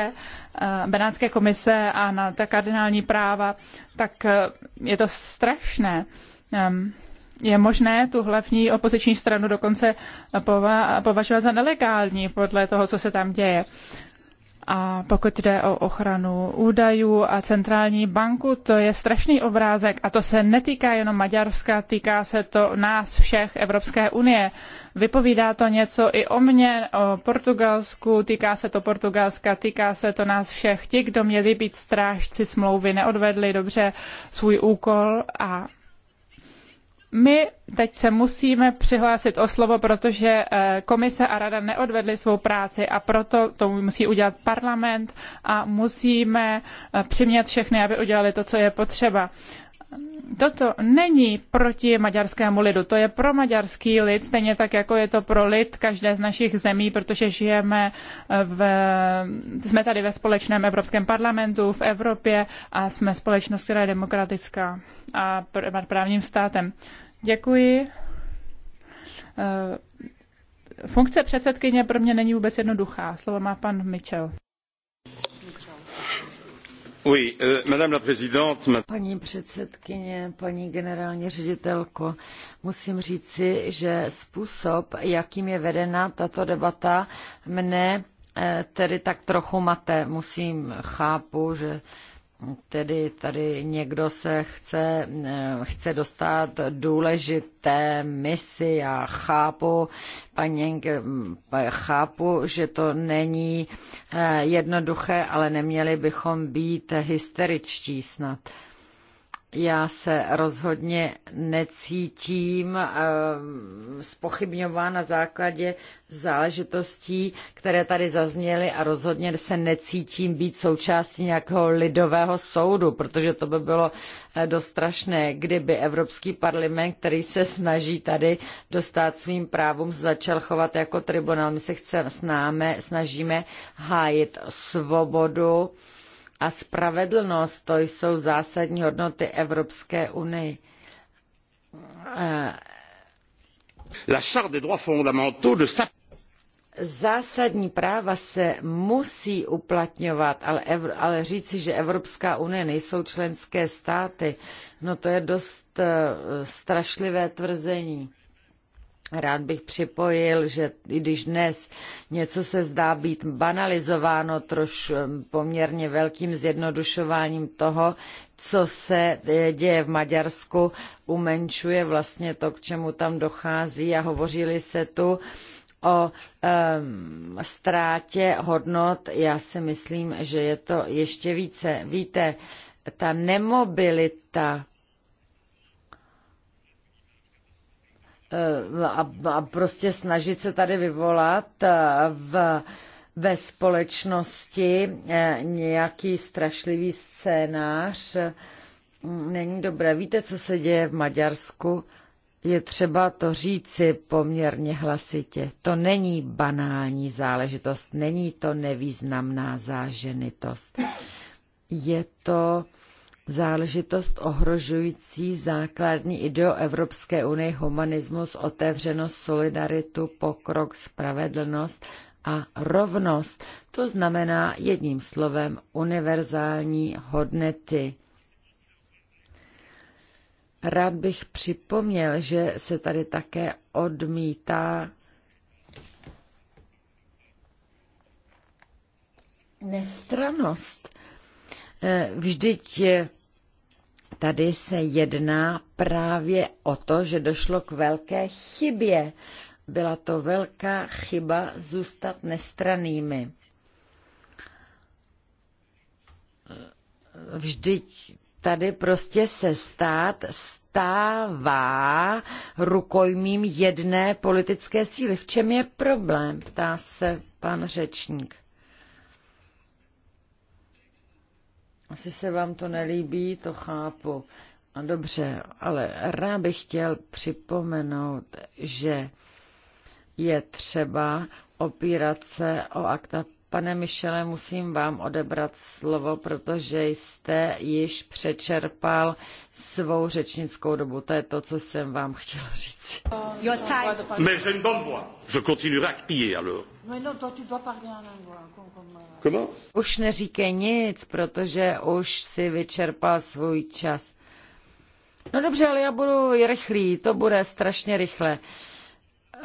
eh, Benátské komise a na ta kardinální práva, tak eh, je to strašné. Ehm, je možné tu hlavní opoziční stranu dokonce považovat za nelegální podle toho, co se tam děje. A pokud jde o ochranu údajů a centrální banku, to je strašný obrázek a to se netýká jenom Maďarska, týká se to nás všech Evropské unie. Vypovídá to něco i o mně, o Portugalsku, týká se to Portugalska, týká se to nás všech. Ti, kdo měli být strážci smlouvy, neodvedli dobře svůj úkol a my teď se musíme přihlásit o slovo, protože eh, komise a rada neodvedly svou práci a proto to musí udělat parlament a musíme eh, přimět všechny, aby udělali to, co je potřeba. Toto není proti maďarskému lidu, to je pro maďarský lid, stejně tak jako je to pro lid každé z našich zemí, protože žijeme v, jsme tady ve společném Evropském parlamentu, v Evropě a jsme společnost, která je demokratická a právním státem. Děkuji. Eh, funkce předsedkyně pro mě není vůbec jednoduchá. Slovo má pan Mitchell. Euh, paní předsedkyně, paní generální ředitelko, musím říci, že způsob, jakým je vedena tato debata, mne eh, tedy tak trochu mate. Musím chápu, že tedy tady někdo se chce, chce dostat důležité misi. a chápu, paní, chápu, že to není eh, jednoduché, ale neměli bychom být hysteričtí snad. Já se rozhodně necítím ehm, spochybňován na základě záležitostí, které tady zazněly a rozhodně se necítím být součástí nějakého lidového soudu, protože to by bylo eh, dostrašné, kdyby Evropský parlament, který se snaží tady dostat svým právům, začal chovat jako tribunál. My se chceme, snáme, snažíme hájit svobodu a spravedlnost, to jsou zásadní hodnoty Evropské unie. Eh, La charte des droits fondamentaux de sa... Zásadní práva se musí uplatňovat, ale, Evro, ale říci, že Evropská unie nejsou členské státy, no to je dost eh, strašlivé tvrzení. Rád bych připojil, že i když dnes něco se zdá být banalizováno troš eh, poměrně velkým zjednodušováním toho, co se eh, děje v Maďarsku, umenšuje vlastně to, k čemu tam dochází a hovořili se tu o um, ztrátě hodnot. Já si myslím, že je to ještě více. Víte, ta nemobilita a, a prostě snažit se tady vyvolat v, ve společnosti e, nějaký strašlivý scénář mm, není dobré. Víte, co se děje v Maďarsku? Je třeba to říci poměrně hlasitě. To není banální záležitost, není to nevýznamná záženitost. Je to záležitost ohrožující základní ideo Evropské unie, humanismus, otevřenost, solidaritu, pokrok, spravedlnost a rovnost. To znamená jedním slovem univerzální hodnety. Rád bych připomněl, že se tady také odmítá nestranost E, vždyť e, tady se jedná právě o to, že došlo k velké chybě. Byla to velká chyba zůstat nestranými. E, vždyť tady prostě se stát stává rukojmím jedné politické síly. V čem je problém, ptá se pan řečník. Asi se vám to nelíbí, to chápu. A dobře, ale rád bych chtěl připomenout, že je třeba opírat se o akta Pane Michele, musím vám odebrat slovo, protože jste již přečerpal svou řečnickou dobu. To je to, co jsem vám chtěla říct. Mais j'ai une bonne voix. Je continuerai à crier alors. Euh, Comment? Už neříkej nic, protože už si vyčerpal svůj čas. No dobře, ale já budu rychlý, to bude strašně rychle. Uh,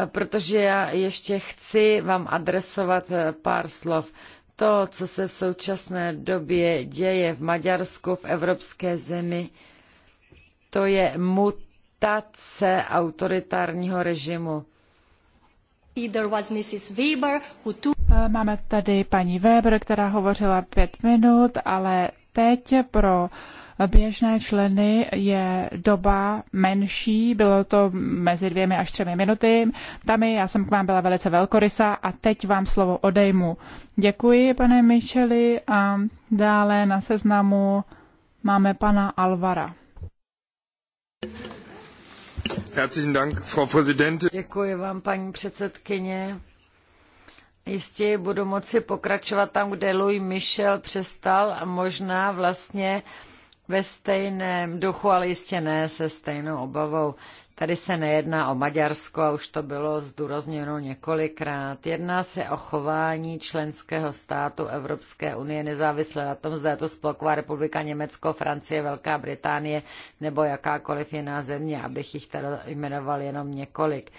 protože já ještě chci vám adresovat eh, pár slov. To, co se v současné době děje v Maďarsku, v evropské zemi, to je mutace autoritárního režimu. Eh, máme tady paní Weber, která hovořila pět minut, ale teď pro uh, běžné členy je doba menší, bylo to mezi dvěmi až třemi minuty. Tam já jsem k vám byla velice velkorysa a teď vám slovo odejmu. Děkuji, pane Micheli, a dále na seznamu máme pana Alvara. Herzlichen Dank, Frau Präsidentin. Děkuji vám, paní předsedkyně. Jistě budu moci pokračovat tam, kde Louis Michel přestal a možná vlastně ve stejném duchu, ale jistě ne se stejnou obavou. Tady se nejedná o Maďarsko, a už to bylo zdůrazněno několikrát. Jedná se o chování členského státu Evropské unie, nezávisle na tom, zda je to Spolková republika Německo, Francie, Velká Británie nebo jakákoliv jiná země, abych jich teda jmenoval jenom několik.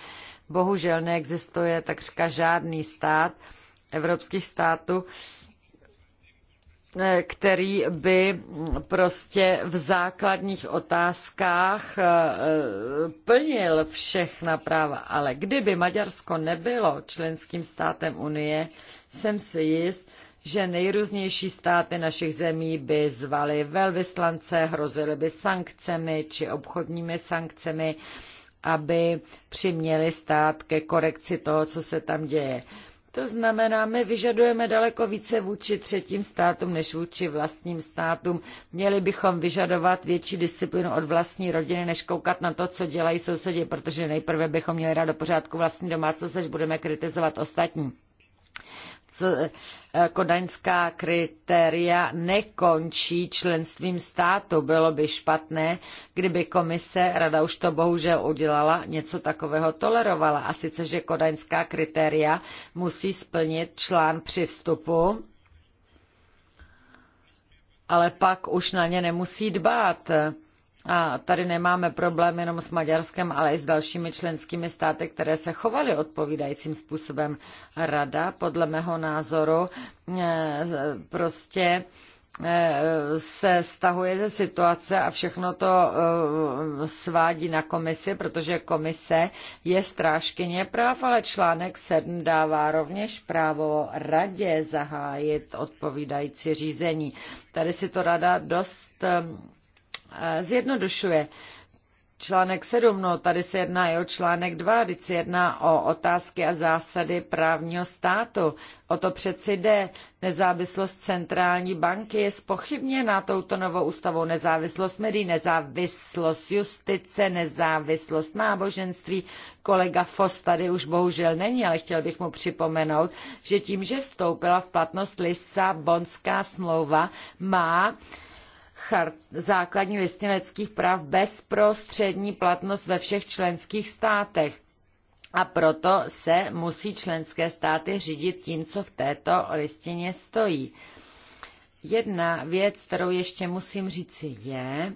Bohužel neexistuje takřka žádný stát evropských států, E, který by prostě v základních otázkách e, plnil všechna práva. Ale kdyby Maďarsko nebylo členským státem Unie, jsem si jist, že nejrůznější státy našich zemí by zvaly velvyslance, hrozily by sankcemi či obchodními sankcemi, aby přiměli stát ke korekci toho, co se tam děje. To znamená, my vyžadujeme daleko více vůči třetím státům než vůči vlastním státům. Měli bychom vyžadovat větší disciplínu od vlastní rodiny, než koukat na to, co dělají sousedi, protože nejprve bychom měli rád do pořádku vlastní domácnost, než budeme kritizovat ostatní. E, kodaňská kritéria nekončí členstvím státu. Bylo by špatné, kdyby komise, rada už to bohužel udělala, něco takového tolerovala. A sice, že kodaňská kritéria musí splnit člán při vstupu, ale pak už na ně nemusí dbát a tady nemáme problém jenom s Maďarskem, ale i s dalšími členskými státy, které se chovaly odpovídajícím způsobem. Rada, podle mého názoru, eh, prostě eh, se stahuje ze situace a všechno to eh, svádí na komisi, protože komise je strážkyně práv, ale článek 7 dává rovněž právo radě zahájit odpovídající řízení. Tady si to rada dost Eh, zjednodušuje. Článek 7, no tady se jedná i o článek 2, když se jedná o otázky a zásady právního státu. O to přeci jde. Nezávislost centrální banky je spochybněna touto novou ústavou. Nezávislost médií, nezávislost justice, nezávislost náboženství. Kolega Fos tady už bohužel není, ale chtěl bych mu připomenout, že tím, že vstoupila v platnost Lisabonská smlouva, má chart, základní listiny lidských práv bezprostřední platnost ve všech členských státech. A proto se musí členské státy řídit tím, co v této listině stojí. Jedna věc, kterou ještě musím říci, je,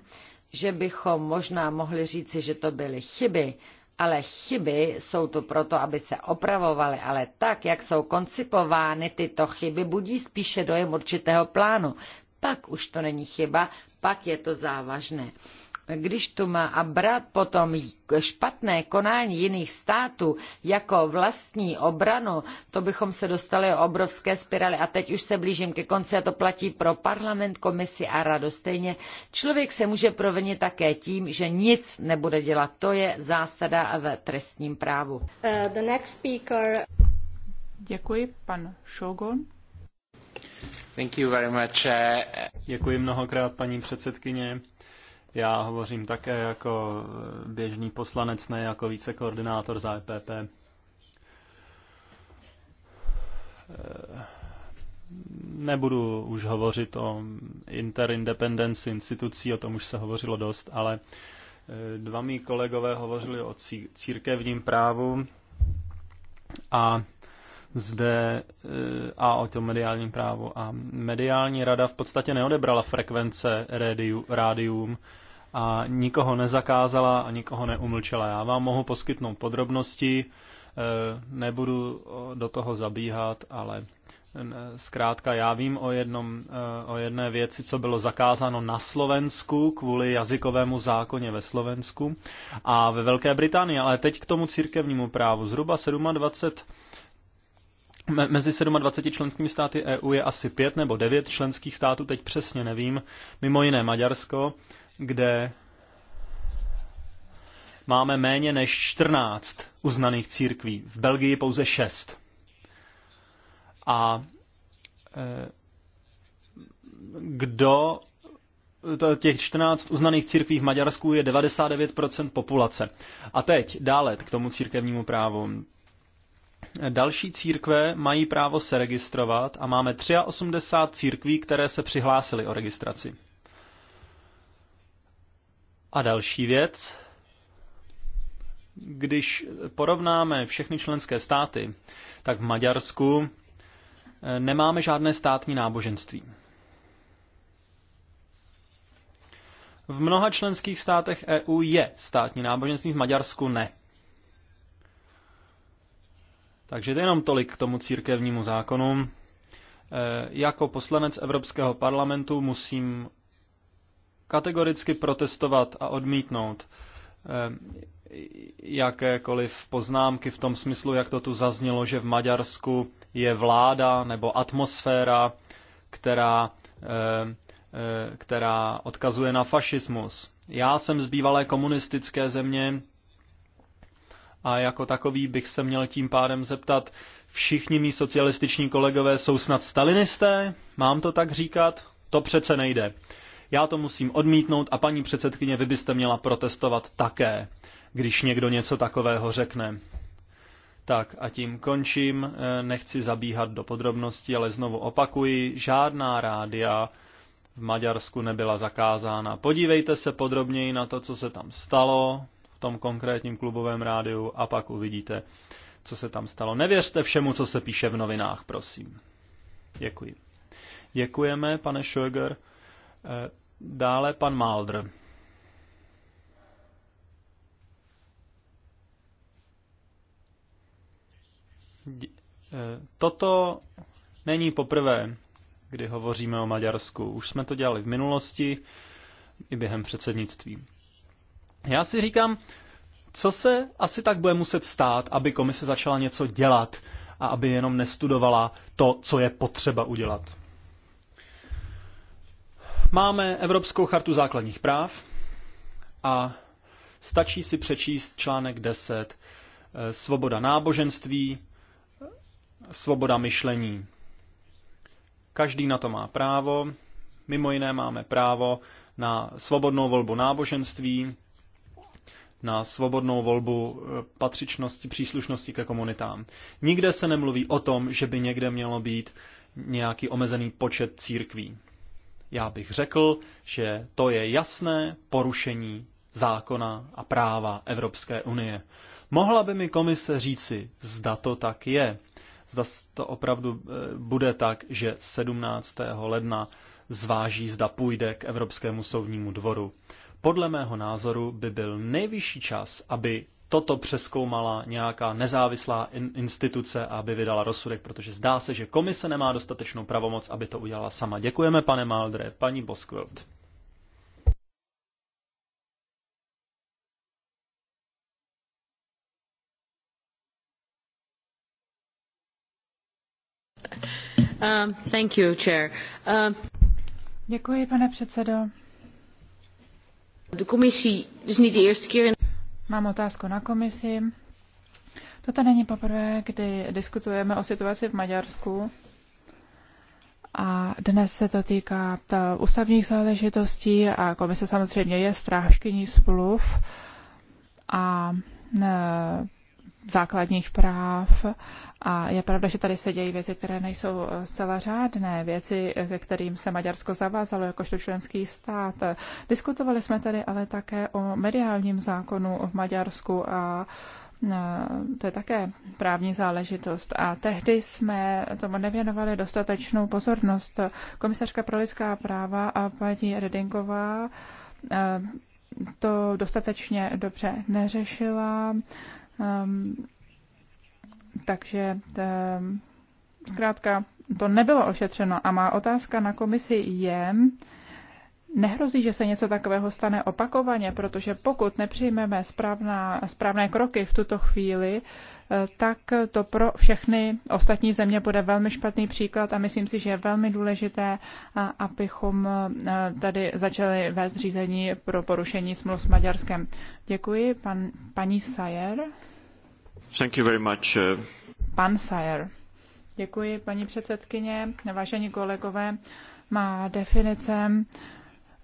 že bychom možná mohli říci, že to byly chyby, ale chyby jsou tu proto, aby se opravovaly, ale tak, jak jsou koncipovány tyto chyby, budí spíše dojem určitého plánu pak už to není chyba, pak je to závažné. Když to má a brát potom špatné konání jiných států jako vlastní obranu, to bychom se dostali o obrovské spirály. A teď už se blížím ke konci a to platí pro parlament, komisi a radu. Stejně člověk se může provinit také tím, že nic nebude dělat. To je zásada v trestním právu. Uh, the next speaker... Děkuji, pan Shogun. Eh, Děkuji mnohokrát, paní předsedkyně. Já hovořím také jako eh, běžný poslanec, ne jako vícekoordinátor za EPP. Eh, nebudu už hovořit o interindependenci institucí, o tom už se hovořilo dost, ale dva mý kolegové hovořili o církevním právu a zde eh, a o tom mediálním právu. A mediální rada v podstatě neodebrala frekvence rádiu, rádium a nikoho nezakázala a nikoho neumlčela. Já vám mohu poskytnout podrobnosti, eh, nebudu do toho zabíhat, ale eh, zkrátka já vím o, jednom, o jedné věci, co bylo zakázáno na Slovensku kvůli jazykovému zákoně ve Slovensku a ve Velké Británii, ale teď k tomu církevnímu právu. Zhruba 27 Mezi 27 členskými státy EU je asi pět nebo devět členských států, teď přesně nevím, mimo jiné Maďarsko, kde máme méně než 14 uznaných církví, v Belgii pouze 6. A eh, kdo těch 14 uznaných církví v Maďarsku je 99% populace. A teď dále k tomu církevnímu právu. Další církve mají právo se registrovat a máme 83 církví, které se přihlásily o registraci. A další věc, když porovnáme všechny členské státy, tak v Maďarsku eh, nemáme žádné státní náboženství. V mnoha členských státech EU je státní náboženství, v Maďarsku ne. Takže to jenom tolik k tomu církevnímu zákonu. E, jako poslanec Evropského parlamentu musím kategoricky protestovat a odmítnout e, jakékoliv poznámky v tom smyslu, jak to tu zaznělo, že v Maďarsku je vláda nebo atmosféra, která, e, která odkazuje na fašismus. Já jsem z bývalé komunistické země, a jako takový bych se měl tím pádem zeptat, všichni mý socialističní kolegové jsou snad stalinisté? Mám to tak říkat? To přece nejde. Já to musím odmítnout a paní předsedkyně, vy byste měla protestovat také, když někdo něco takového řekne. Tak a tím končím, eh, nechci zabíhat do podrobností, ale znovu opakuji, žádná rádia v Maďarsku nebyla zakázána. Podívejte se podrobněji na to, co se tam stalo, v tom konkrétním klubovém rádiu a pak uvidíte, co se tam stalo. Nevěřte všemu, co se píše v novinách, prosím. Děkuji. Děkujeme, pane Schöger. Eh, dále pan Maldr. Eh, toto není poprvé, kdy hovoříme o Maďarsku. Už jsme to dělali v minulosti i během předsednictví. Já si říkám, co se asi tak bude muset stát, aby komise začala něco dělat a aby jenom nestudovala to, co je potřeba udělat. Máme Evropskou chartu základních práv a stačí si přečíst článek 10. Eh, svoboda náboženství, svoboda myšlení. Každý na to má právo. Mimo jiné máme právo na svobodnou volbu náboženství, na svobodnou volbu eh, patřičnosti, příslušnosti ke komunitám. Nikde se nemluví o tom, že by někde mělo být nějaký omezený počet církví. Já bych řekl, že to je jasné porušení zákona a práva Evropské unie. Mohla by mi komise říci, zda to tak je. Zda to opravdu eh, bude tak, že 17. ledna zváží, zda půjde k Evropskému soudnímu dvoru. Podle mého názoru by byl nejvyšší čas, aby toto přeskoumala nějaká nezávislá in- instituce, aby vydala rozsudek, protože zdá se, že komise nemá dostatečnou pravomoc, aby to udělala sama. Děkujeme, pane Maldre, paní Bosquilt. Uh, thank you, chair. Uh... Děkuji, pane předsedo. Mám otázku na komisi. Toto není poprvé, kdy diskutujeme o situaci v Maďarsku. A dnes se to týká ta ústavních záležitostí a komise samozřejmě je strážkyní spoluv. A základních práv. A je pravda, že tady se dějí věci, které nejsou eh, zcela řádné, věci, eh, ke kterým se Maďarsko zavázalo jakožto členský stát. Diskutovali jsme tady ale také o mediálním zákonu v Maďarsku a eh, to je také právní záležitost. A tehdy jsme tomu nevěnovali dostatečnou pozornost. Komisařka pro lidská práva a paní Redinková to dostatečně dobře neřešila. Um, takže um, zkrátka to nebylo ošetřeno. A má otázka na komisi je, Nehrozí, že se něco takového stane opakovaně, protože pokud nepřijmeme správná, správné kroky v tuto chvíli, eh, tak to pro všechny ostatní země bude velmi špatný příklad a myslím si, že je velmi důležité, abychom eh, tady začali vést řízení pro porušení smluv s Maďarskem. Děkuji. Pan, paní Sayer. Thank you very much. Eh. Pan Sayer. Děkuji, paní předsedkyně, vážení kolegové. Má definice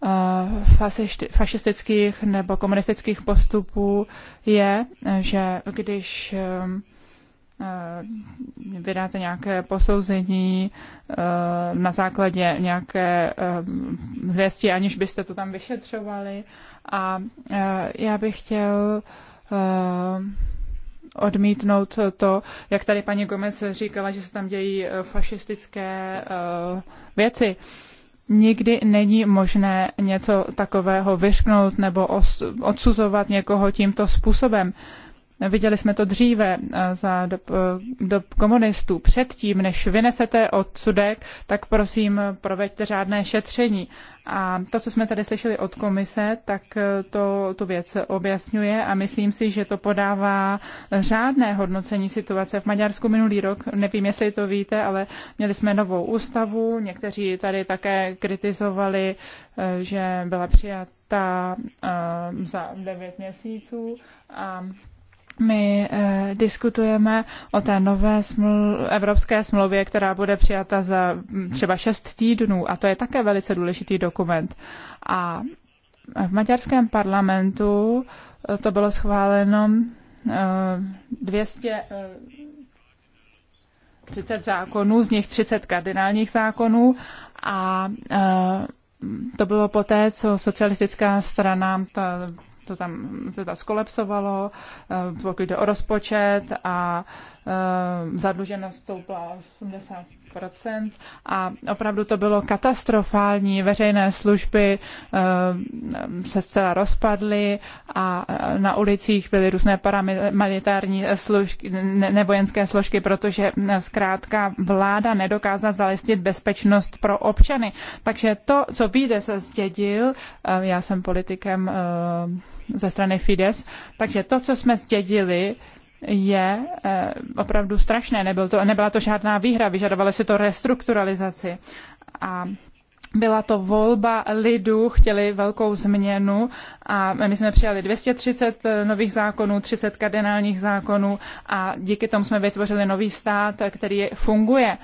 Eh, fašistických nebo komunistických postupů je, že když eh, eh, vydáte nějaké posouzení na základě nějaké zvěstí, aniž byste to tam vyšetřovali. A já bych chtěl odmítnout to, jak tady paní Gomez říkala, že se tam dějí fašistické věci nikdy není možné něco takového vyšknout nebo odsuzovat někoho tímto způsobem. Viděli jsme to dříve eh, za dob, eh, dob komunistů. Předtím, než vynesete od tak prosím proveďte řádné šetření. A to, co jsme tady slyšeli od komise, tak eh, to tu věc objasňuje a myslím si, že to podává řádné hodnocení situace. V Maďarsku minulý rok, nevím, jestli to víte, ale měli jsme novou ústavu, někteří tady také kritizovali, že byla přijata za devět měsíců a my eh, diskutujeme o té nové sml- evropské smlouvě, která bude přijata za hm, třeba šest týdnů a to je také velice důležitý dokument. A v maďarském parlamentu eh, to bylo schváleno eh, 200, eh, 30 zákonů, z nich 30 kardinálních zákonů a eh, to bylo poté, co socialistická strana ta to tam to tam skolapsovalo, eh, pokud jde o rozpočet a eh, zadluženost stoupla 80 a opravdu to bylo katastrofální. Veřejné služby eh, se zcela rozpadly a eh, na ulicích byly různé paramilitární služky, nevojenské složky, protože hm, zkrátka vláda nedokázala zalestit bezpečnost pro občany. Takže to, co se zdědil, eh, já jsem politikem ze strany Fides, takže to, co jsme zdědili, je eh, opravdu strašné. Nebyl to, nebyla to žádná výhra, vyžadovala se to restrukturalizaci. A byla to volba lidu, chtěli velkou změnu a my jsme přijali 230 eh, nových zákonů, 30 kardinálních zákonů a díky tomu jsme vytvořili nový stát, který funguje.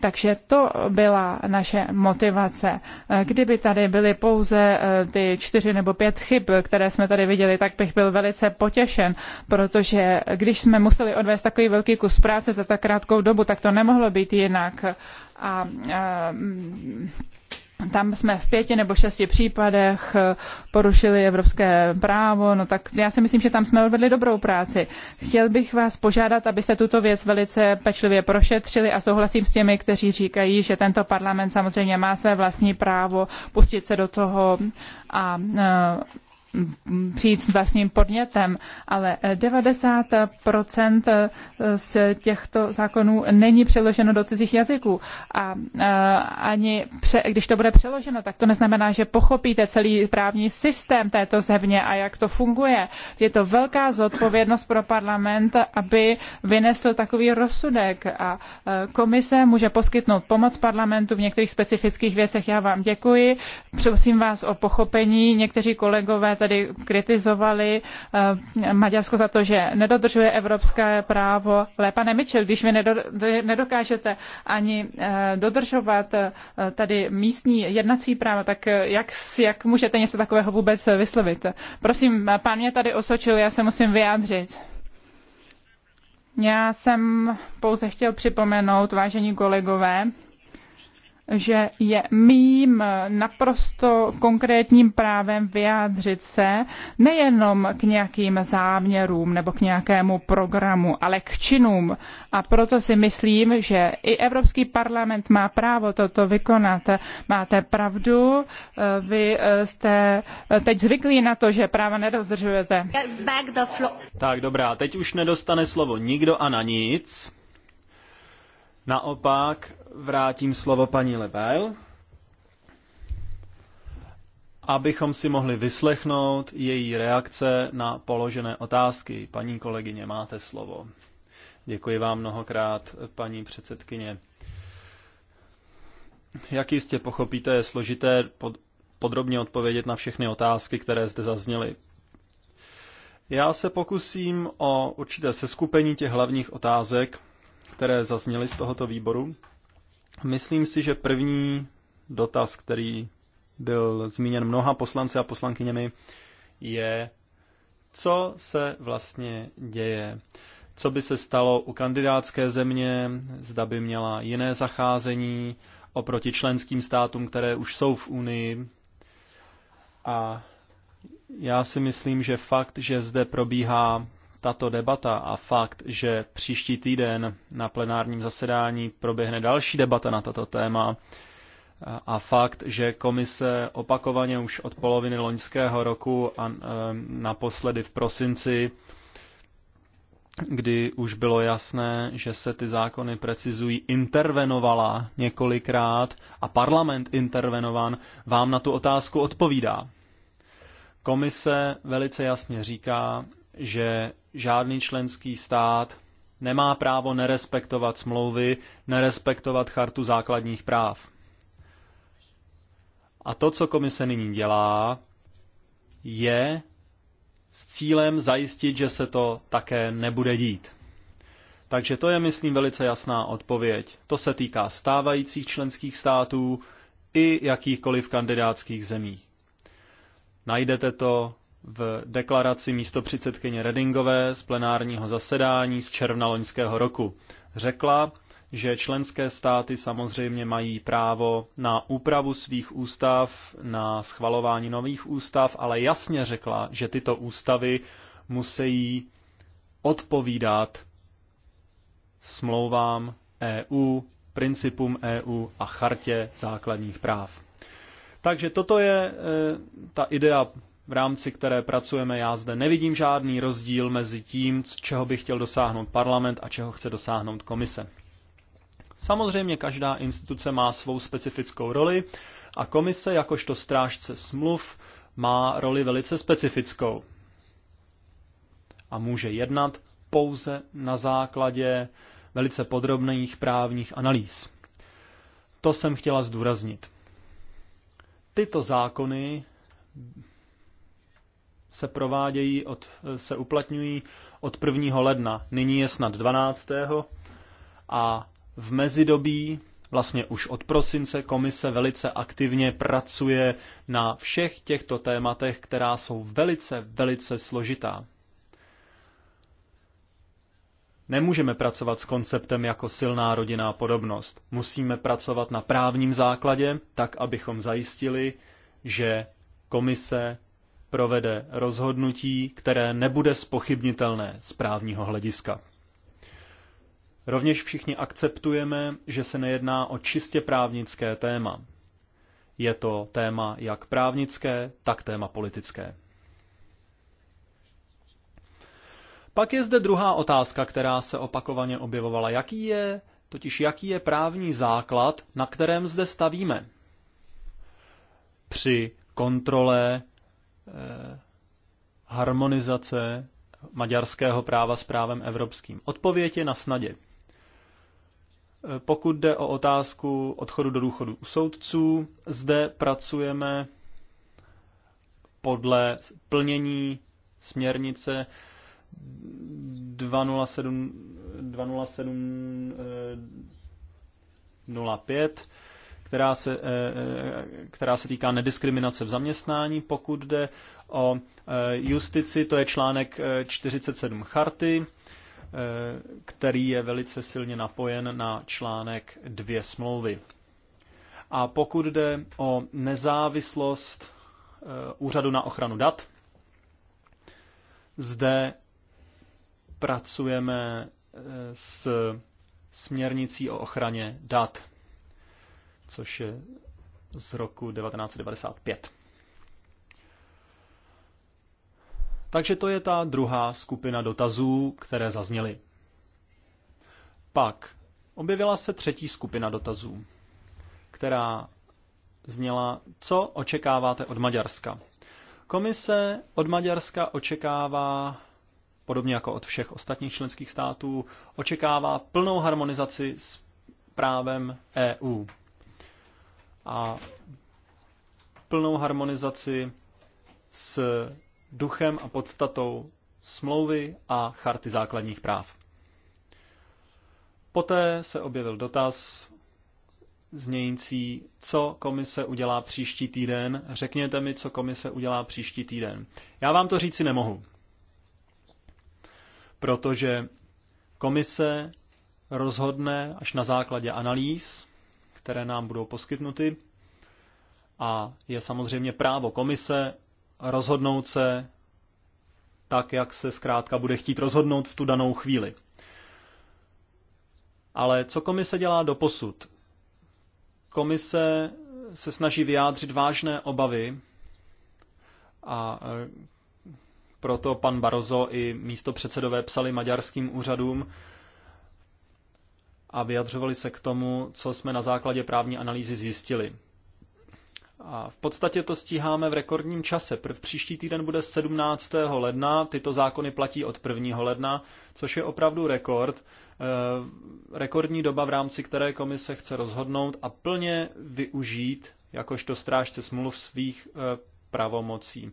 Takže to byla naše motivace. Eh, kdyby tady byly pouze eh, ty čtyři nebo pět chyb, které jsme tady viděli, tak bych byl velice potěšen, protože když jsme museli odvést takový velký kus práce za tak krátkou dobu, tak to nemohlo být jinak. A, a eh, tam jsme v pěti nebo šesti případech eh, porušili evropské právo, no tak já si myslím, že tam jsme odvedli dobrou práci. Chtěl bych vás požádat, abyste tuto věc velice pečlivě prošetřili a souhlasím s těmi, kteří říkají, že tento parlament samozřejmě má své vlastní právo pustit se do toho a eh, přijít s vlastním podnětem, ale 90% z těchto zákonů není přeloženo do cizích jazyků a e, ani pře, když to bude přeloženo, tak to neznamená, že pochopíte celý právní systém této země a jak to funguje. Je to velká zodpovědnost pro parlament, aby vynesl takový rozsudek a e, komise může poskytnout pomoc parlamentu v některých specifických věcech. Já vám děkuji, prosím vás o pochopení. Někteří kolegové tady tedy kritizovali eh, Maďarsko za to, že nedodržuje evropské právo. Ale pane Mitchell, když vy nedokážete ani eh, dodržovat eh, tady místní jednací práva, tak jak, jak můžete něco takového vůbec vyslovit? Prosím, pán mě tady osočil, já se musím vyjádřit. Já jsem pouze chtěl připomenout, vážení kolegové, že je mým naprosto konkrétním právem vyjádřit se nejenom k nějakým záměrům nebo k nějakému programu, ale k činům. A proto si myslím, že i Evropský parlament má právo toto vykonat. Máte pravdu, vy jste teď zvyklí na to, že práva nedozržujete. Tak dobrá, teď už nedostane slovo nikdo a na nic. Naopak, vrátím slovo paní Lebel, abychom si mohli vyslechnout její reakce na položené otázky. Paní kolegyně, máte slovo. Děkuji vám mnohokrát, paní předsedkyně. Jak jistě pochopíte, je složité podrobně odpovědět na všechny otázky, které zde zazněly. Já se pokusím o určité seskupení těch hlavních otázek, které zazněly z tohoto výboru Myslím si, že první dotaz, který byl zmíněn mnoha poslanci a poslankyněmi, je, co se vlastně děje. Co by se stalo u kandidátské země, zda by měla jiné zacházení oproti členským státům, které už jsou v Unii. A já si myslím, že fakt, že zde probíhá tato debata a fakt, že příští týden na plenárním zasedání proběhne další debata na tato téma a fakt, že komise opakovaně už od poloviny loňského roku a e, naposledy v prosinci kdy už bylo jasné, že se ty zákony precizují, intervenovala několikrát a parlament intervenovan vám na tu otázku odpovídá. Komise velice jasně říká, že žádný členský stát nemá právo nerespektovat smlouvy, nerespektovat chartu základních práv. A to, co komise nyní dělá, je s cílem zajistit, že se to také nebude dít. Takže to je, myslím, velice jasná odpověď. To se týká stávajících členských států i jakýchkoliv kandidátských zemí. Najdete to v deklaraci místo předsedkyně Redingové z plenárního zasedání z června loňského roku. Řekla, že členské státy samozřejmě mají právo na úpravu svých ústav, na schvalování nových ústav, ale jasně řekla, že tyto ústavy musí odpovídat smlouvám EU, principům EU a chartě základních práv. Takže toto je e, ta idea v rámci které pracujeme. Já zde nevidím žádný rozdíl mezi tím, čeho by chtěl dosáhnout parlament a čeho chce dosáhnout komise. Samozřejmě každá instituce má svou specifickou roli a komise jakožto strážce smluv má roli velice specifickou a může jednat pouze na základě velice podrobných právních analýz. To jsem chtěla zdůraznit. Tyto zákony se provádějí, od, se uplatňují od 1. ledna. Nyní je snad 12. a v mezidobí, vlastně už od prosince, komise velice aktivně pracuje na všech těchto tématech, která jsou velice, velice složitá. Nemůžeme pracovat s konceptem jako silná rodinná podobnost. Musíme pracovat na právním základě, tak abychom zajistili, že komise provede rozhodnutí, které nebude spochybnitelné z právního hlediska. Rovněž všichni akceptujeme, že se nejedná o čistě právnické téma. Je to téma jak právnické, tak téma politické. Pak je zde druhá otázka, která se opakovaně objevovala. Jaký je, totiž jaký je právní základ, na kterém zde stavíme? Při kontrole Eh, harmonizace maďarského práva s právem evropským. Odpověď je na snadě. Eh, pokud jde o otázku odchodu do důchodu u soudců, zde pracujeme podle plnění směrnice 207, 207 05 která se, eh, eh, která se týká nediskriminace v zaměstnání. Pokud jde o eh, justici, to je článek 47 charty, který je velice silně napojen na článek 2 smlouvy. A pokud jde o nezávislost Úřadu na ochranu dat, zde pracujeme s směrnicí o ochraně dat což je z roku 1995. Takže to je ta druhá skupina dotazů, které zazněly. Pak objevila se třetí skupina dotazů, která zněla, co očekáváte od Maďarska. Komise od Maďarska očekává, podobně jako od všech ostatních členských států, očekává plnou harmonizaci s právem EU a plnou harmonizaci s duchem a podstatou smlouvy a charty základních práv. Poté se objevil dotaz znějící, co komise udělá příští týden. Řekněte mi, co komise udělá příští týden. Já vám to říci nemohu, protože komise rozhodne až na základě analýz, které nám budou poskytnuty. A je samozřejmě právo komise rozhodnout se tak, jak se zkrátka bude chtít rozhodnout v tu danou chvíli. Ale co komise dělá do posud? Komise se snaží vyjádřit vážné obavy a e, proto pan Barozo i místo předsedové psali maďarským úřadům, a vyjadřovali se k tomu, co jsme na základě právní analýzy zjistili. A v podstatě to stíháme v rekordním čase. Prv příští týden bude 17. ledna, tyto zákony platí od 1. ledna, což je opravdu rekord. E, rekordní doba, v rámci které komise chce rozhodnout a plně využít, jakožto strážce smluv svých e, pravomocí.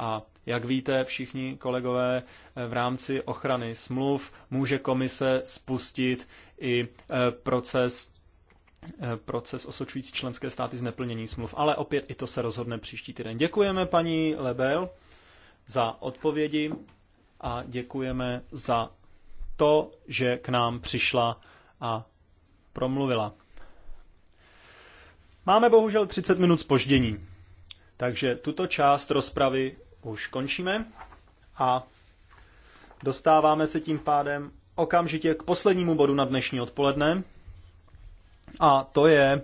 A jak víte všichni kolegové, eh, v rámci ochrany smluv může komise spustit i eh, proces eh, proces osočující členské státy z neplnění smluv. Ale opět i to se rozhodne příští týden. Děkujeme paní Lebel za odpovědi a děkujeme za to, že k nám přišla a promluvila. Máme bohužel 30 minut spoždění, takže tuto část rozpravy už končíme a dostáváme se tím pádem okamžitě k poslednímu bodu na dnešní odpoledne. A to je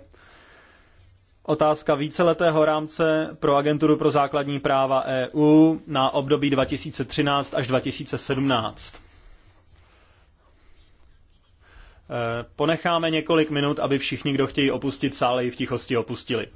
otázka víceletého rámce pro agenturu pro základní práva EU na období 2013 až 2017. E, ponecháme několik minut, aby všichni, kdo chtějí opustit sále, v tichosti opustili.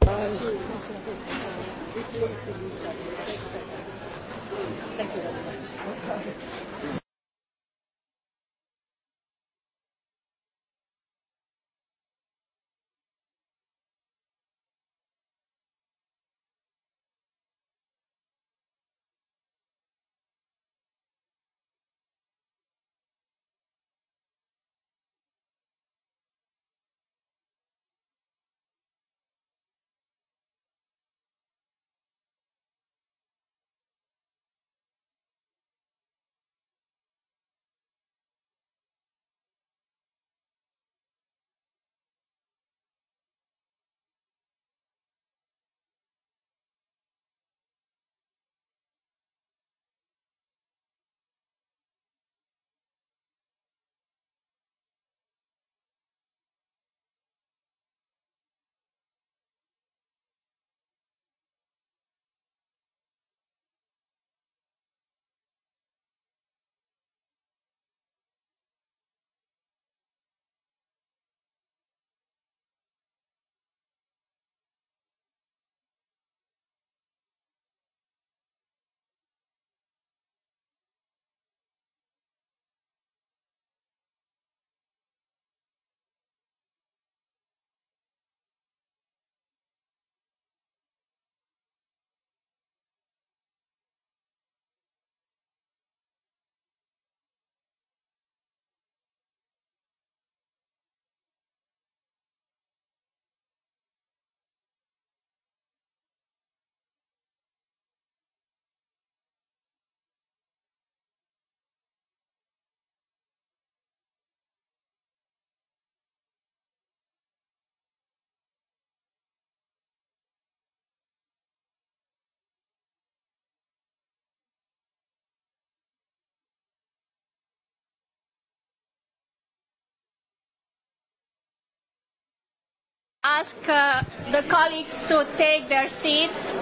ask uh, the colleagues to take their seats.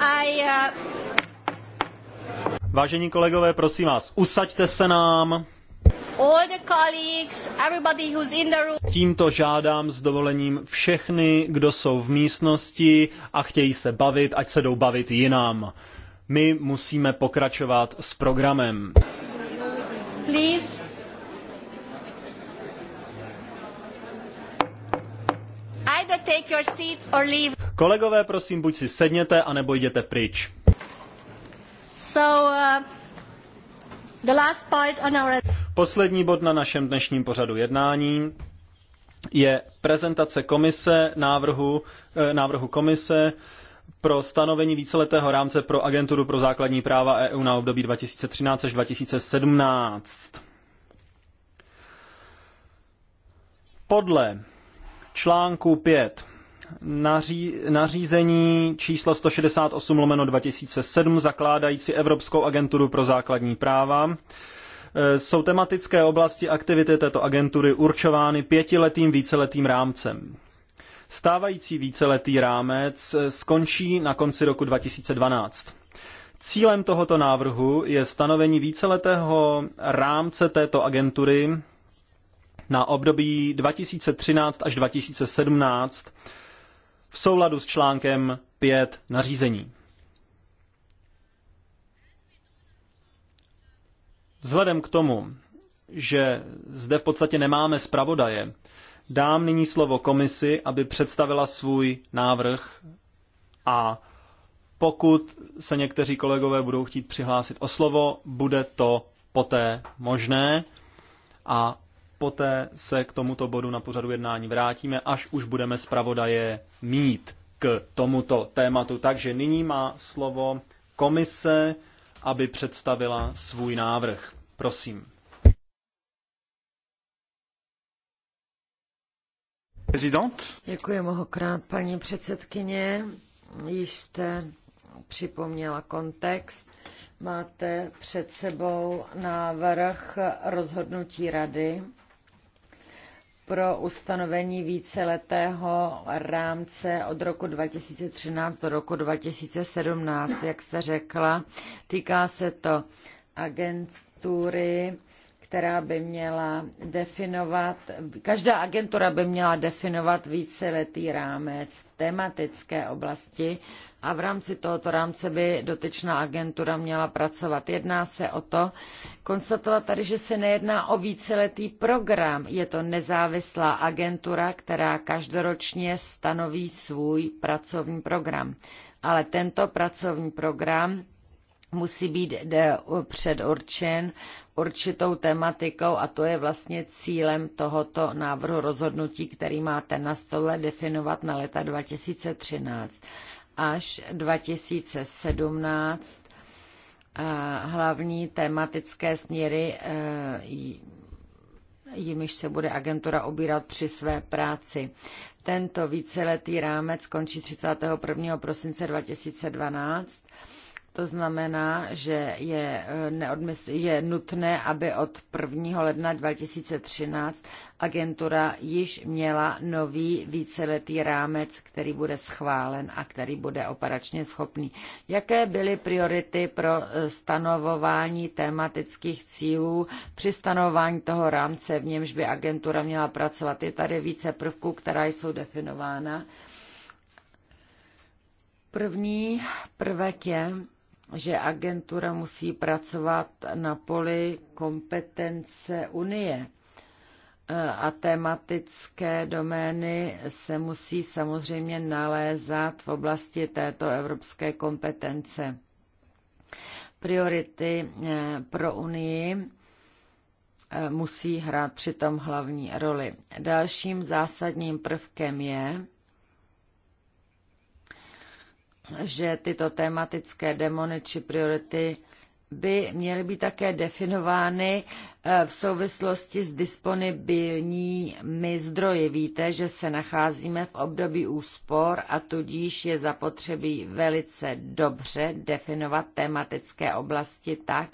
I, uh... Vážení kolegové, prosím vás, usaďte se nám. All the colleagues, everybody who's in the room. Tímto žádám s dovolením všechny, kdo jsou v místnosti a chtějí se bavit, ať se jdou bavit jinam. My musíme pokračovat s programem. Please take your seats or leave. Kolegové, prosím, buď si sedněte, anebo jděte pryč. So, uh, the last on our... Poslední bod na našem dnešním pořadu jednání je prezentace komise návrhu, eh, návrhu komise pro stanovení víceletého rámce pro agenturu pro základní práva EU na období 2013 až 2017. Podle článku 5 naří, nařízení číslo 168 lomeno 2007 zakládající Evropskou agenturu pro základní práva. E, jsou tematické oblasti aktivity této agentury určovány pětiletým víceletým rámcem. Stávající víceletý rámec e, skončí na konci roku 2012. Cílem tohoto návrhu je stanovení víceletého rámce této agentury na období 2013 až 2017 v souladu s článkem 5 nařízení. Vzhledem k tomu, že zde v podstatě nemáme zpravodaje, dám nyní slovo komisi, aby představila svůj návrh a pokud se někteří kolegové budou chtít přihlásit o slovo, bude to poté možné a poté se k tomuto bodu na pořadu jednání vrátíme, až už budeme zpravodaje mít k tomuto tématu. Takže nyní má slovo komise, aby představila svůj návrh. Prosím. Prezident. Děkuji mnohokrát, paní předsedkyně. Již jste připomněla kontext. Máte před sebou návrh rozhodnutí rady pro ustanovení víceletého rámce od roku 2013 do roku 2017, jak jste řekla. Týká se to agentury která by měla definovat, každá agentura by měla definovat víceletý rámec v tematické oblasti a v rámci tohoto rámce by dotyčná agentura měla pracovat. Jedná se o to konstatovat tady, že se nejedná o víceletý program. Je to nezávislá agentura, která každoročně stanoví svůj pracovní program. Ale tento pracovní program musí být předurčen určitou tematikou a to je vlastně cílem tohoto návrhu rozhodnutí, který máte na stole definovat na leta 2013 až 2017. Hlavní tematické směry, e, jimiž se bude agentura obírat při své práci. Tento víceletý rámec končí 31. prosince 2012 to znamená, že je, eh, neodmysl, je nutné, aby od 1. ledna 2013 agentura již měla nový víceletý rámec, který bude schválen a který bude operačně schopný. Jaké byly priority pro eh, stanovování tematických cílů při stanovování toho rámce, v němž by agentura měla pracovat? Je tady více prvků, která jsou definována. První prvek je, že agentura musí pracovat na poli kompetence Unie e, a tematické domény se musí samozřejmě nalézat v oblasti této evropské kompetence. Priority e, pro Unii e, musí hrát přitom hlavní roli. Dalším zásadním prvkem je, že tyto tematické demony či priority by měly být také definovány eh, v souvislosti s disponibilními zdroji. Víte, že se nacházíme v období úspor a tudíž je zapotřebí velice dobře definovat tematické oblasti tak,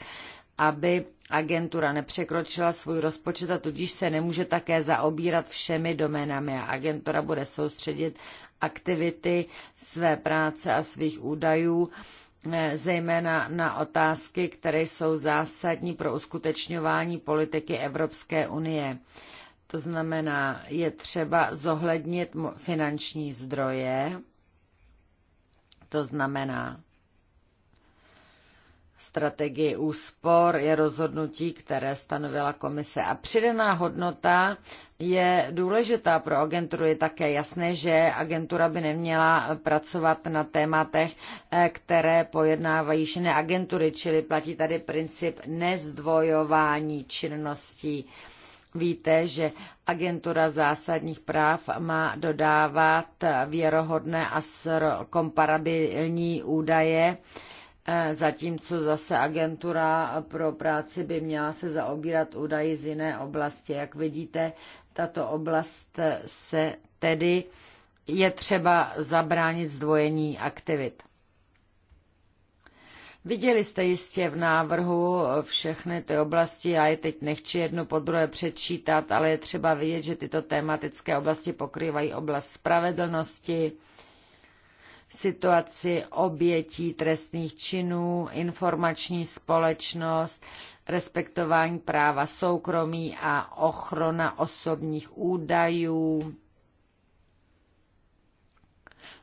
aby agentura nepřekročila svůj rozpočet a tudíž se nemůže také zaobírat všemi doménami a agentura bude soustředit aktivity, své práce a svých údajů, eh, zejména na otázky, které jsou zásadní pro uskutečňování politiky Evropské unie. To znamená, je třeba zohlednit finanční zdroje, to znamená, strategii úspor je rozhodnutí, které stanovila komise. A přidaná hodnota je důležitá pro agenturu. Je také jasné, že agentura by neměla pracovat na tématech, eh, které pojednávají jiné agentury, čili platí tady princip nezdvojování činností. Víte, že agentura zásadních práv má dodávat věrohodné a komparabilní údaje, Eh, zatímco zase agentura pro práci by měla se zaobírat údaji z jiné oblasti. Jak vidíte, tato oblast se tedy je třeba zabránit zdvojení aktivit. Viděli jste jistě v návrhu všechny ty oblasti, já je teď nechci jednu po druhé přečítat, ale je třeba vidět, že tyto tematické oblasti pokrývají oblast spravedlnosti, situaci obětí trestných činů, informační společnost, respektování práva soukromí a ochrona osobních údajů,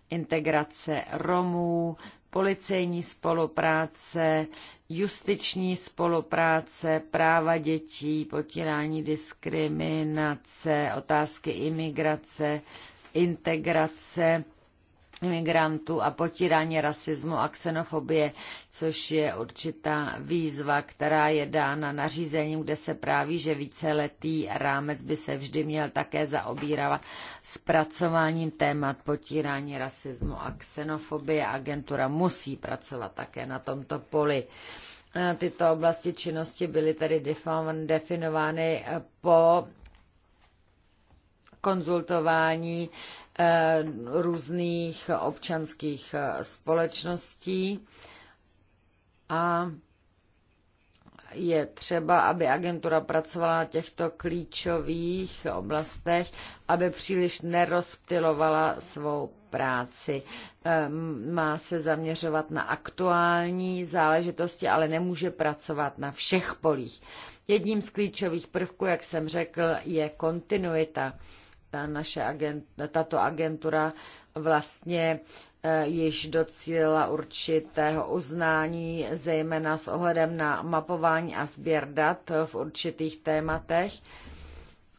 integrace Romů, policejní spolupráce, justiční spolupráce, práva dětí, potírání diskriminace, otázky imigrace, integrace migrantů a potírání rasismu a xenofobie, což je určitá výzva, která je dána nařízením, kde se práví, že víceletý rámec by se vždy měl také zaobírat zpracováním témat potírání rasismu a xenofobie. Agentura musí pracovat také na tomto poli. Tyto oblasti činnosti byly tedy definovány po konzultování eh, různých občanských eh, společností a je třeba, aby agentura pracovala na těchto klíčových oblastech, aby příliš nerozptilovala svou práci. Ehm, má se zaměřovat na aktuální záležitosti, ale nemůže pracovat na všech polích. Jedním z klíčových prvků, jak jsem řekl, je kontinuita ta naše agent, tato agentura vlastně eh, již docílila určitého uznání, zejména s ohledem na mapování a sběr dat v určitých tématech,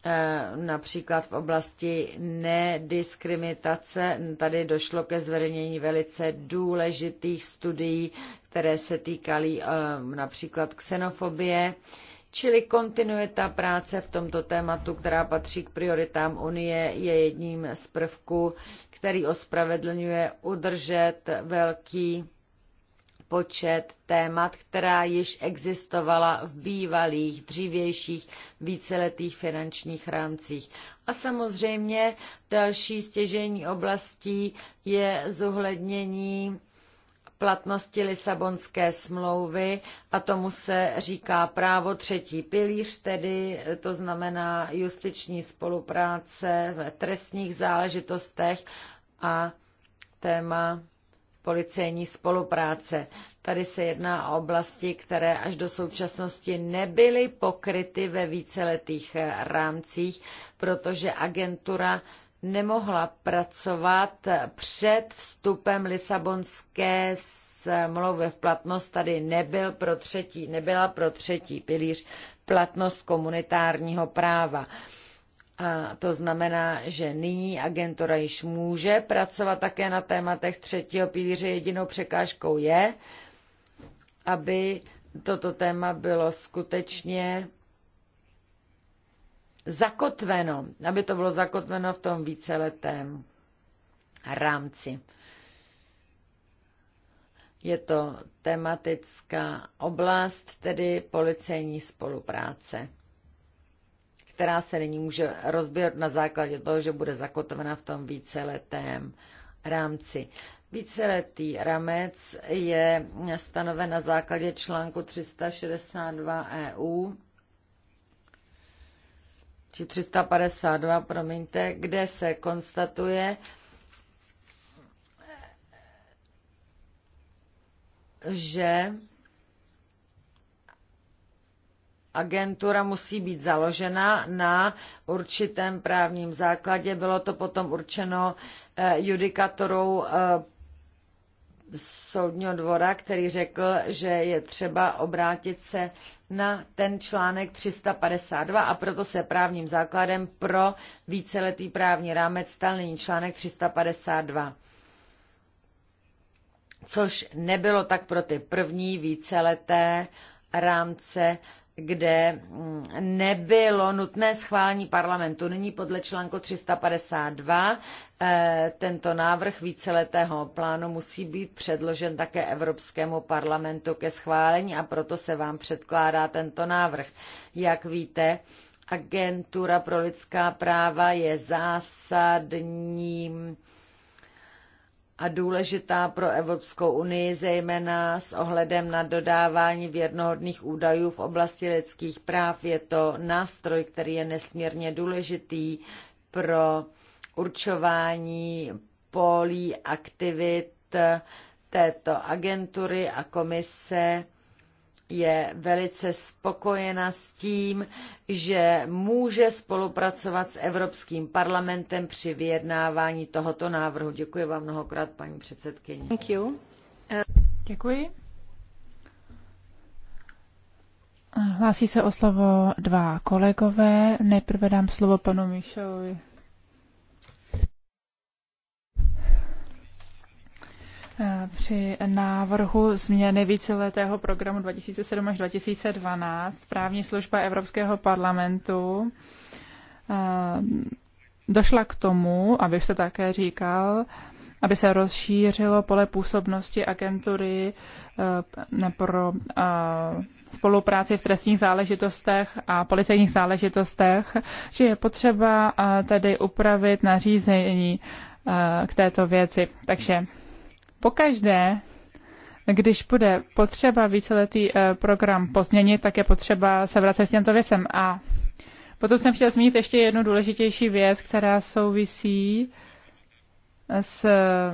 eh, například v oblasti nediskriminace. Tady došlo ke zveřejnění velice důležitých studií, které se týkaly eh, například ksenofobie. Čili kontinuita práce v tomto tématu, která patří k prioritám Unie, je jedním z prvků, který ospravedlňuje udržet velký počet témat, která již existovala v bývalých, dřívějších víceletých finančních rámcích. A samozřejmě další stěžení oblastí je zohlednění platnosti Lisabonské smlouvy a tomu se říká právo třetí pilíř, tedy to znamená justiční spolupráce v trestních záležitostech a téma policejní spolupráce. Tady se jedná o oblasti, které až do současnosti nebyly pokryty ve víceletých rámcích, protože agentura nemohla pracovat před vstupem Lisabonské smlouvy v platnost, tady nebyl pro třetí, nebyla pro třetí pilíř platnost komunitárního práva. A to znamená, že nyní agentura již může pracovat také na tématech třetího pilíře. Jedinou překážkou je, aby toto téma bylo skutečně zakotveno, aby to bylo zakotveno v tom víceletém rámci. Je to tematická oblast, tedy policejní spolupráce, která se nyní může rozbírat na základě toho, že bude zakotvena v tom víceletém rámci. Víceletý ramec je stanoven na základě článku 362 EU či 352, promiňte, kde se konstatuje, že agentura musí být založena na určitém právním základě. Bylo to potom určeno eh, judikatorou eh, soudního dvora, který řekl, že je třeba obrátit se na ten článek 352 a proto se právním základem pro víceletý právní rámec stal nyní článek 352. Což nebylo tak pro ty první víceleté rámce, kde mm, nebylo nutné schválení parlamentu. Nyní podle článku 352 eh, tento návrh víceletého plánu musí být předložen také Evropskému parlamentu ke schválení a proto se vám předkládá tento návrh. Jak víte, Agentura pro lidská práva je zásadním a důležitá pro Evropskou unii, zejména s ohledem na dodávání věrnohodných údajů v oblasti lidských práv. Je to nástroj, který je nesmírně důležitý pro určování polí aktivit této agentury a komise je velice spokojena s tím, že může spolupracovat s Evropským parlamentem při vyjednávání tohoto návrhu. Děkuji vám mnohokrát, paní předsedkyně. Thank you. Uh, Děkuji. Hlásí se o slovo dva kolegové. Nejprve dám slovo panu Mišovi. Eh, při návrhu změny víceletého programu 2007 až 2012 právní služba Evropského parlamentu eh, došla k tomu, aby se také říkal, aby se rozšířilo pole působnosti agentury eh, pro spolupráci v trestních záležitostech a policejních záležitostech, že je potřeba tedy upravit nařízení k této věci. Takže pokaždé, když bude potřeba víceletý eh, program pozměnit, tak je potřeba se vracet k těmto věcem. A potom jsem chtěla zmínit ještě jednu důležitější věc, která souvisí eh, s eh,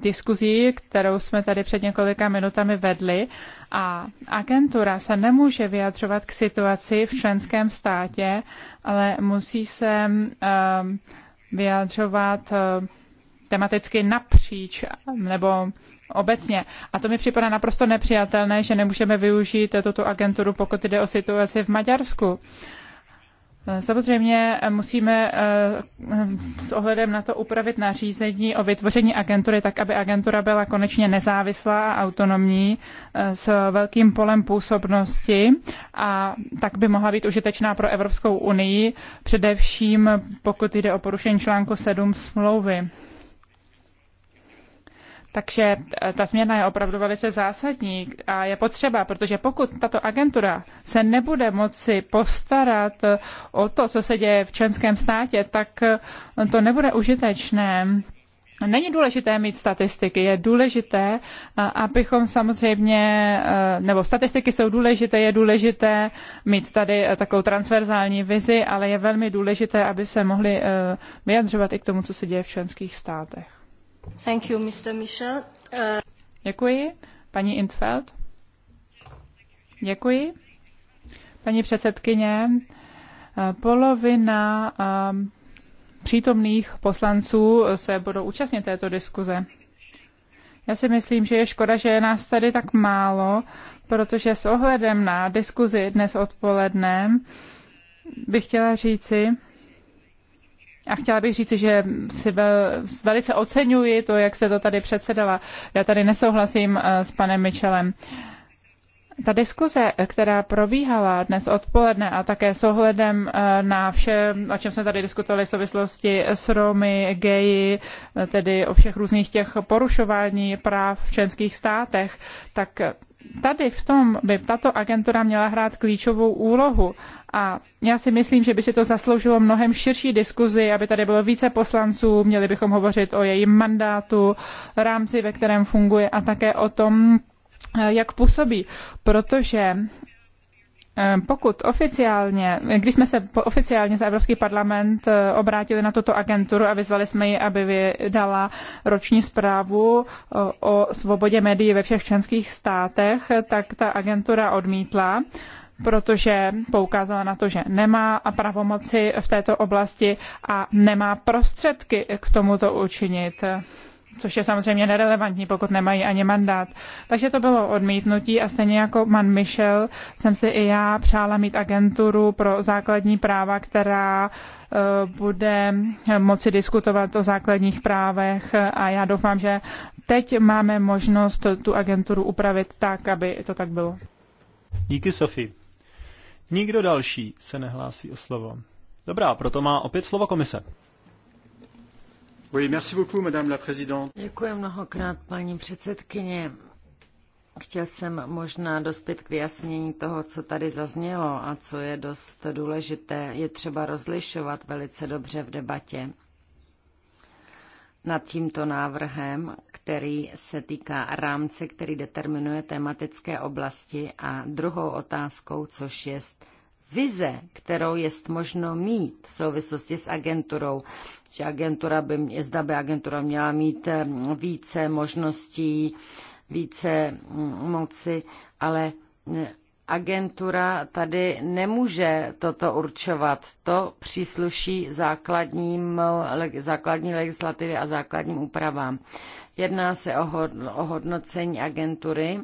diskuzí, kterou jsme tady před několika minutami vedli. A agentura se nemůže vyjadřovat k situaci v členském státě, ale musí se vyjadřovat tematicky napříč nebo obecně. A to mi připadá naprosto nepřijatelné, že nemůžeme využít tuto agenturu, pokud jde o situaci v Maďarsku. Samozřejmě musíme eh, s ohledem na to upravit nařízení o vytvoření agentury tak, aby agentura byla konečně nezávislá a autonomní eh, s velkým polem působnosti a tak by mohla být užitečná pro Evropskou unii, především pokud jde o porušení článku 7 smlouvy. Takže eh, ta změna je opravdu velice zásadní a je potřeba, protože pokud tato agentura se nebude moci postarat eh, o to, co se děje v členském státě, tak eh, to nebude užitečné. Není důležité mít statistiky, je důležité, abychom samozřejmě, nebo statistiky jsou důležité, je důležité mít tady takovou transverzální vizi, ale je velmi důležité, aby se mohli vyjadřovat i k tomu, co se děje v členských státech. Thank you, Mr. Michel. Uh... Děkuji. Paní Intfeld. Děkuji. Paní předsedkyně, eh, polovina eh, přítomných poslanců se budou účastnit této diskuze. Já si myslím, že je škoda, že je nás tady tak málo, protože s ohledem na diskuzi dnes odpoledne bych chtěla říci, a chtěla bych říci, že si velice oceňuji to, jak se to tady předsedala. Já tady nesouhlasím eh, s panem Michelem. Ta diskuze, která probíhala dnes odpoledne a také s ohledem eh, na vše, o čem jsme tady diskutovali v souvislosti s Romy, geji, eh, tedy o všech různých těch porušování práv v členských státech, tak tady v tom by tato agentura měla hrát klíčovou úlohu a já si myslím, že by si to zasloužilo mnohem širší diskuzi, aby tady bylo více poslanců, měli bychom hovořit o jejím mandátu, rámci, ve kterém funguje a také o tom, eh, jak působí, protože Eh, pokud oficiálně, když jsme se oficiálně za Evropský parlament eh, obrátili na tuto agenturu a vyzvali jsme ji, aby vydala roční zprávu eh, o svobodě médií ve všech členských státech, tak ta agentura odmítla protože poukázala na to, že nemá pravomoci v této oblasti a nemá prostředky k tomuto učinit což je samozřejmě nerelevantní, pokud nemají ani mandát. Takže to bylo odmítnutí a stejně jako man Michel jsem si i já přála mít agenturu pro základní práva, která eh, bude moci diskutovat o základních právech a já doufám, že teď máme možnost tu agenturu upravit tak, aby to tak bylo. Díky, Sofie. Nikdo další se nehlásí o slovo. Dobrá, proto má opět slovo komise. Děkuji mnohokrát, paní předsedkyně. Chtěl jsem možná dospět k vyjasnění toho, co tady zaznělo a co je dost důležité. Je třeba rozlišovat velice dobře v debatě nad tímto návrhem, který se týká rámce, který determinuje tematické oblasti a druhou otázkou, což je vize, kterou je možno mít v souvislosti s agenturou, že agentura by, mě, zda by agentura měla mít více možností, více mm, moci, ale agentura tady nemůže toto určovat. To přísluší základním, základní legislativě a základním úpravám. Jedná se o hodnocení agentury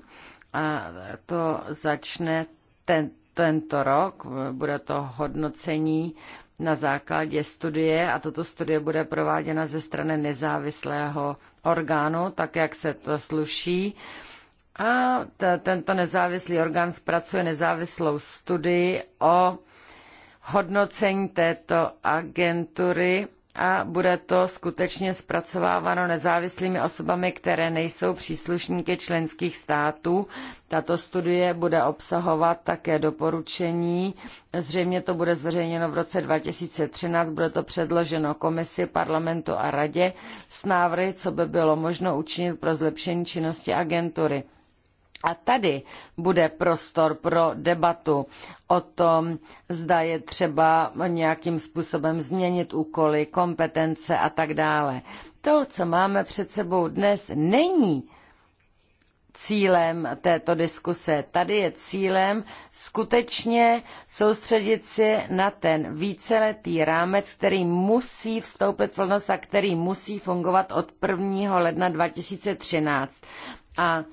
a to začne ten, tento rok. Bude to hodnocení na základě studie a toto studie bude prováděna ze strany nezávislého orgánu, tak jak se to sluší. A tento nezávislý orgán zpracuje nezávislou studii o hodnocení této agentury a bude to skutečně zpracováváno nezávislými osobami, které nejsou příslušníky členských států. Tato studie bude obsahovat také doporučení. Zřejmě to bude zveřejněno v roce 2013, bude to předloženo komisi, parlamentu a radě s návrhy, co by bylo možno učinit pro zlepšení činnosti agentury. A tady bude prostor pro debatu o tom, zda je třeba nějakým způsobem změnit úkoly, kompetence a tak dále. To, co máme před sebou dnes, není cílem této diskuse. Tady je cílem skutečně soustředit se na ten víceletý rámec, který musí vstoupit v plnost a který musí fungovat od 1. ledna 2013. A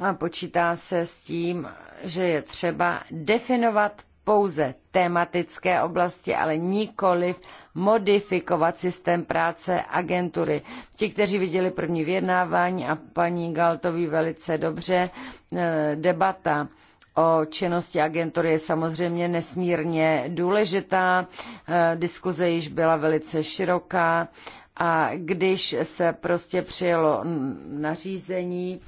a počítá se s tím, že je třeba definovat pouze tematické oblasti, ale nikoliv modifikovat systém práce agentury. Ti, kteří viděli první vyjednávání a paní Galtoví velice dobře, e, debata o činnosti agentury je samozřejmě nesmírně důležitá. E, diskuze již byla velice široká a když se prostě přijelo nařízení,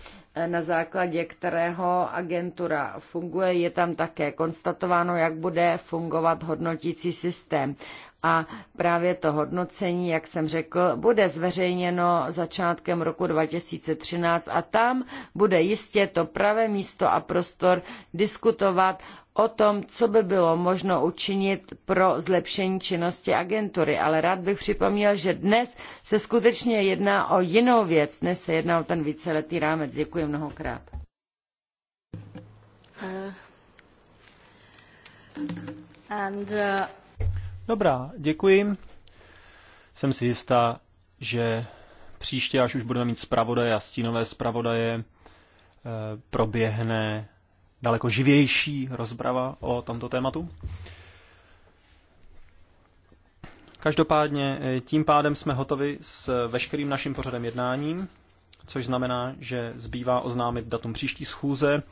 na základě kterého agentura funguje. Je tam také konstatováno, jak bude fungovat hodnotící systém. A právě to hodnocení, jak jsem řekl, bude zveřejněno začátkem roku 2013 a tam bude jistě to pravé místo a prostor diskutovat o tom, co by bylo možno učinit pro zlepšení činnosti agentury, ale rád bych připomněl, že dnes se skutečně jedná o jinou věc. Dnes se jedná o ten víceletý rámec. Děkuji mnohokrát. Uh, and, uh... Dobrá, děkuji. Jsem si jistá, že příště, až už budeme mít zpravodaje a stínové zpravodaje, eh, proběhne daleko živější rozprava o tomto tématu. Každopádně eh, tím pádem jsme hotovi s veškerým naším pořadem jednáním, což znamená, že zbývá oznámit datum příští schůze,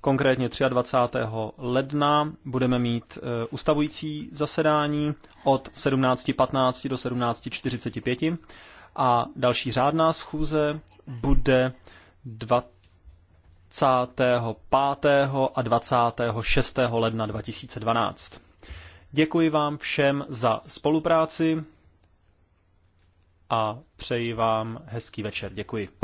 konkrétně 23. ledna budeme mít eh, ustavující zasedání od 17.15 do 17.45 a další řádná schůze bude 20. 25. a 26. ledna 2012. Děkuji vám všem za spolupráci a přeji vám hezký večer. Děkuji.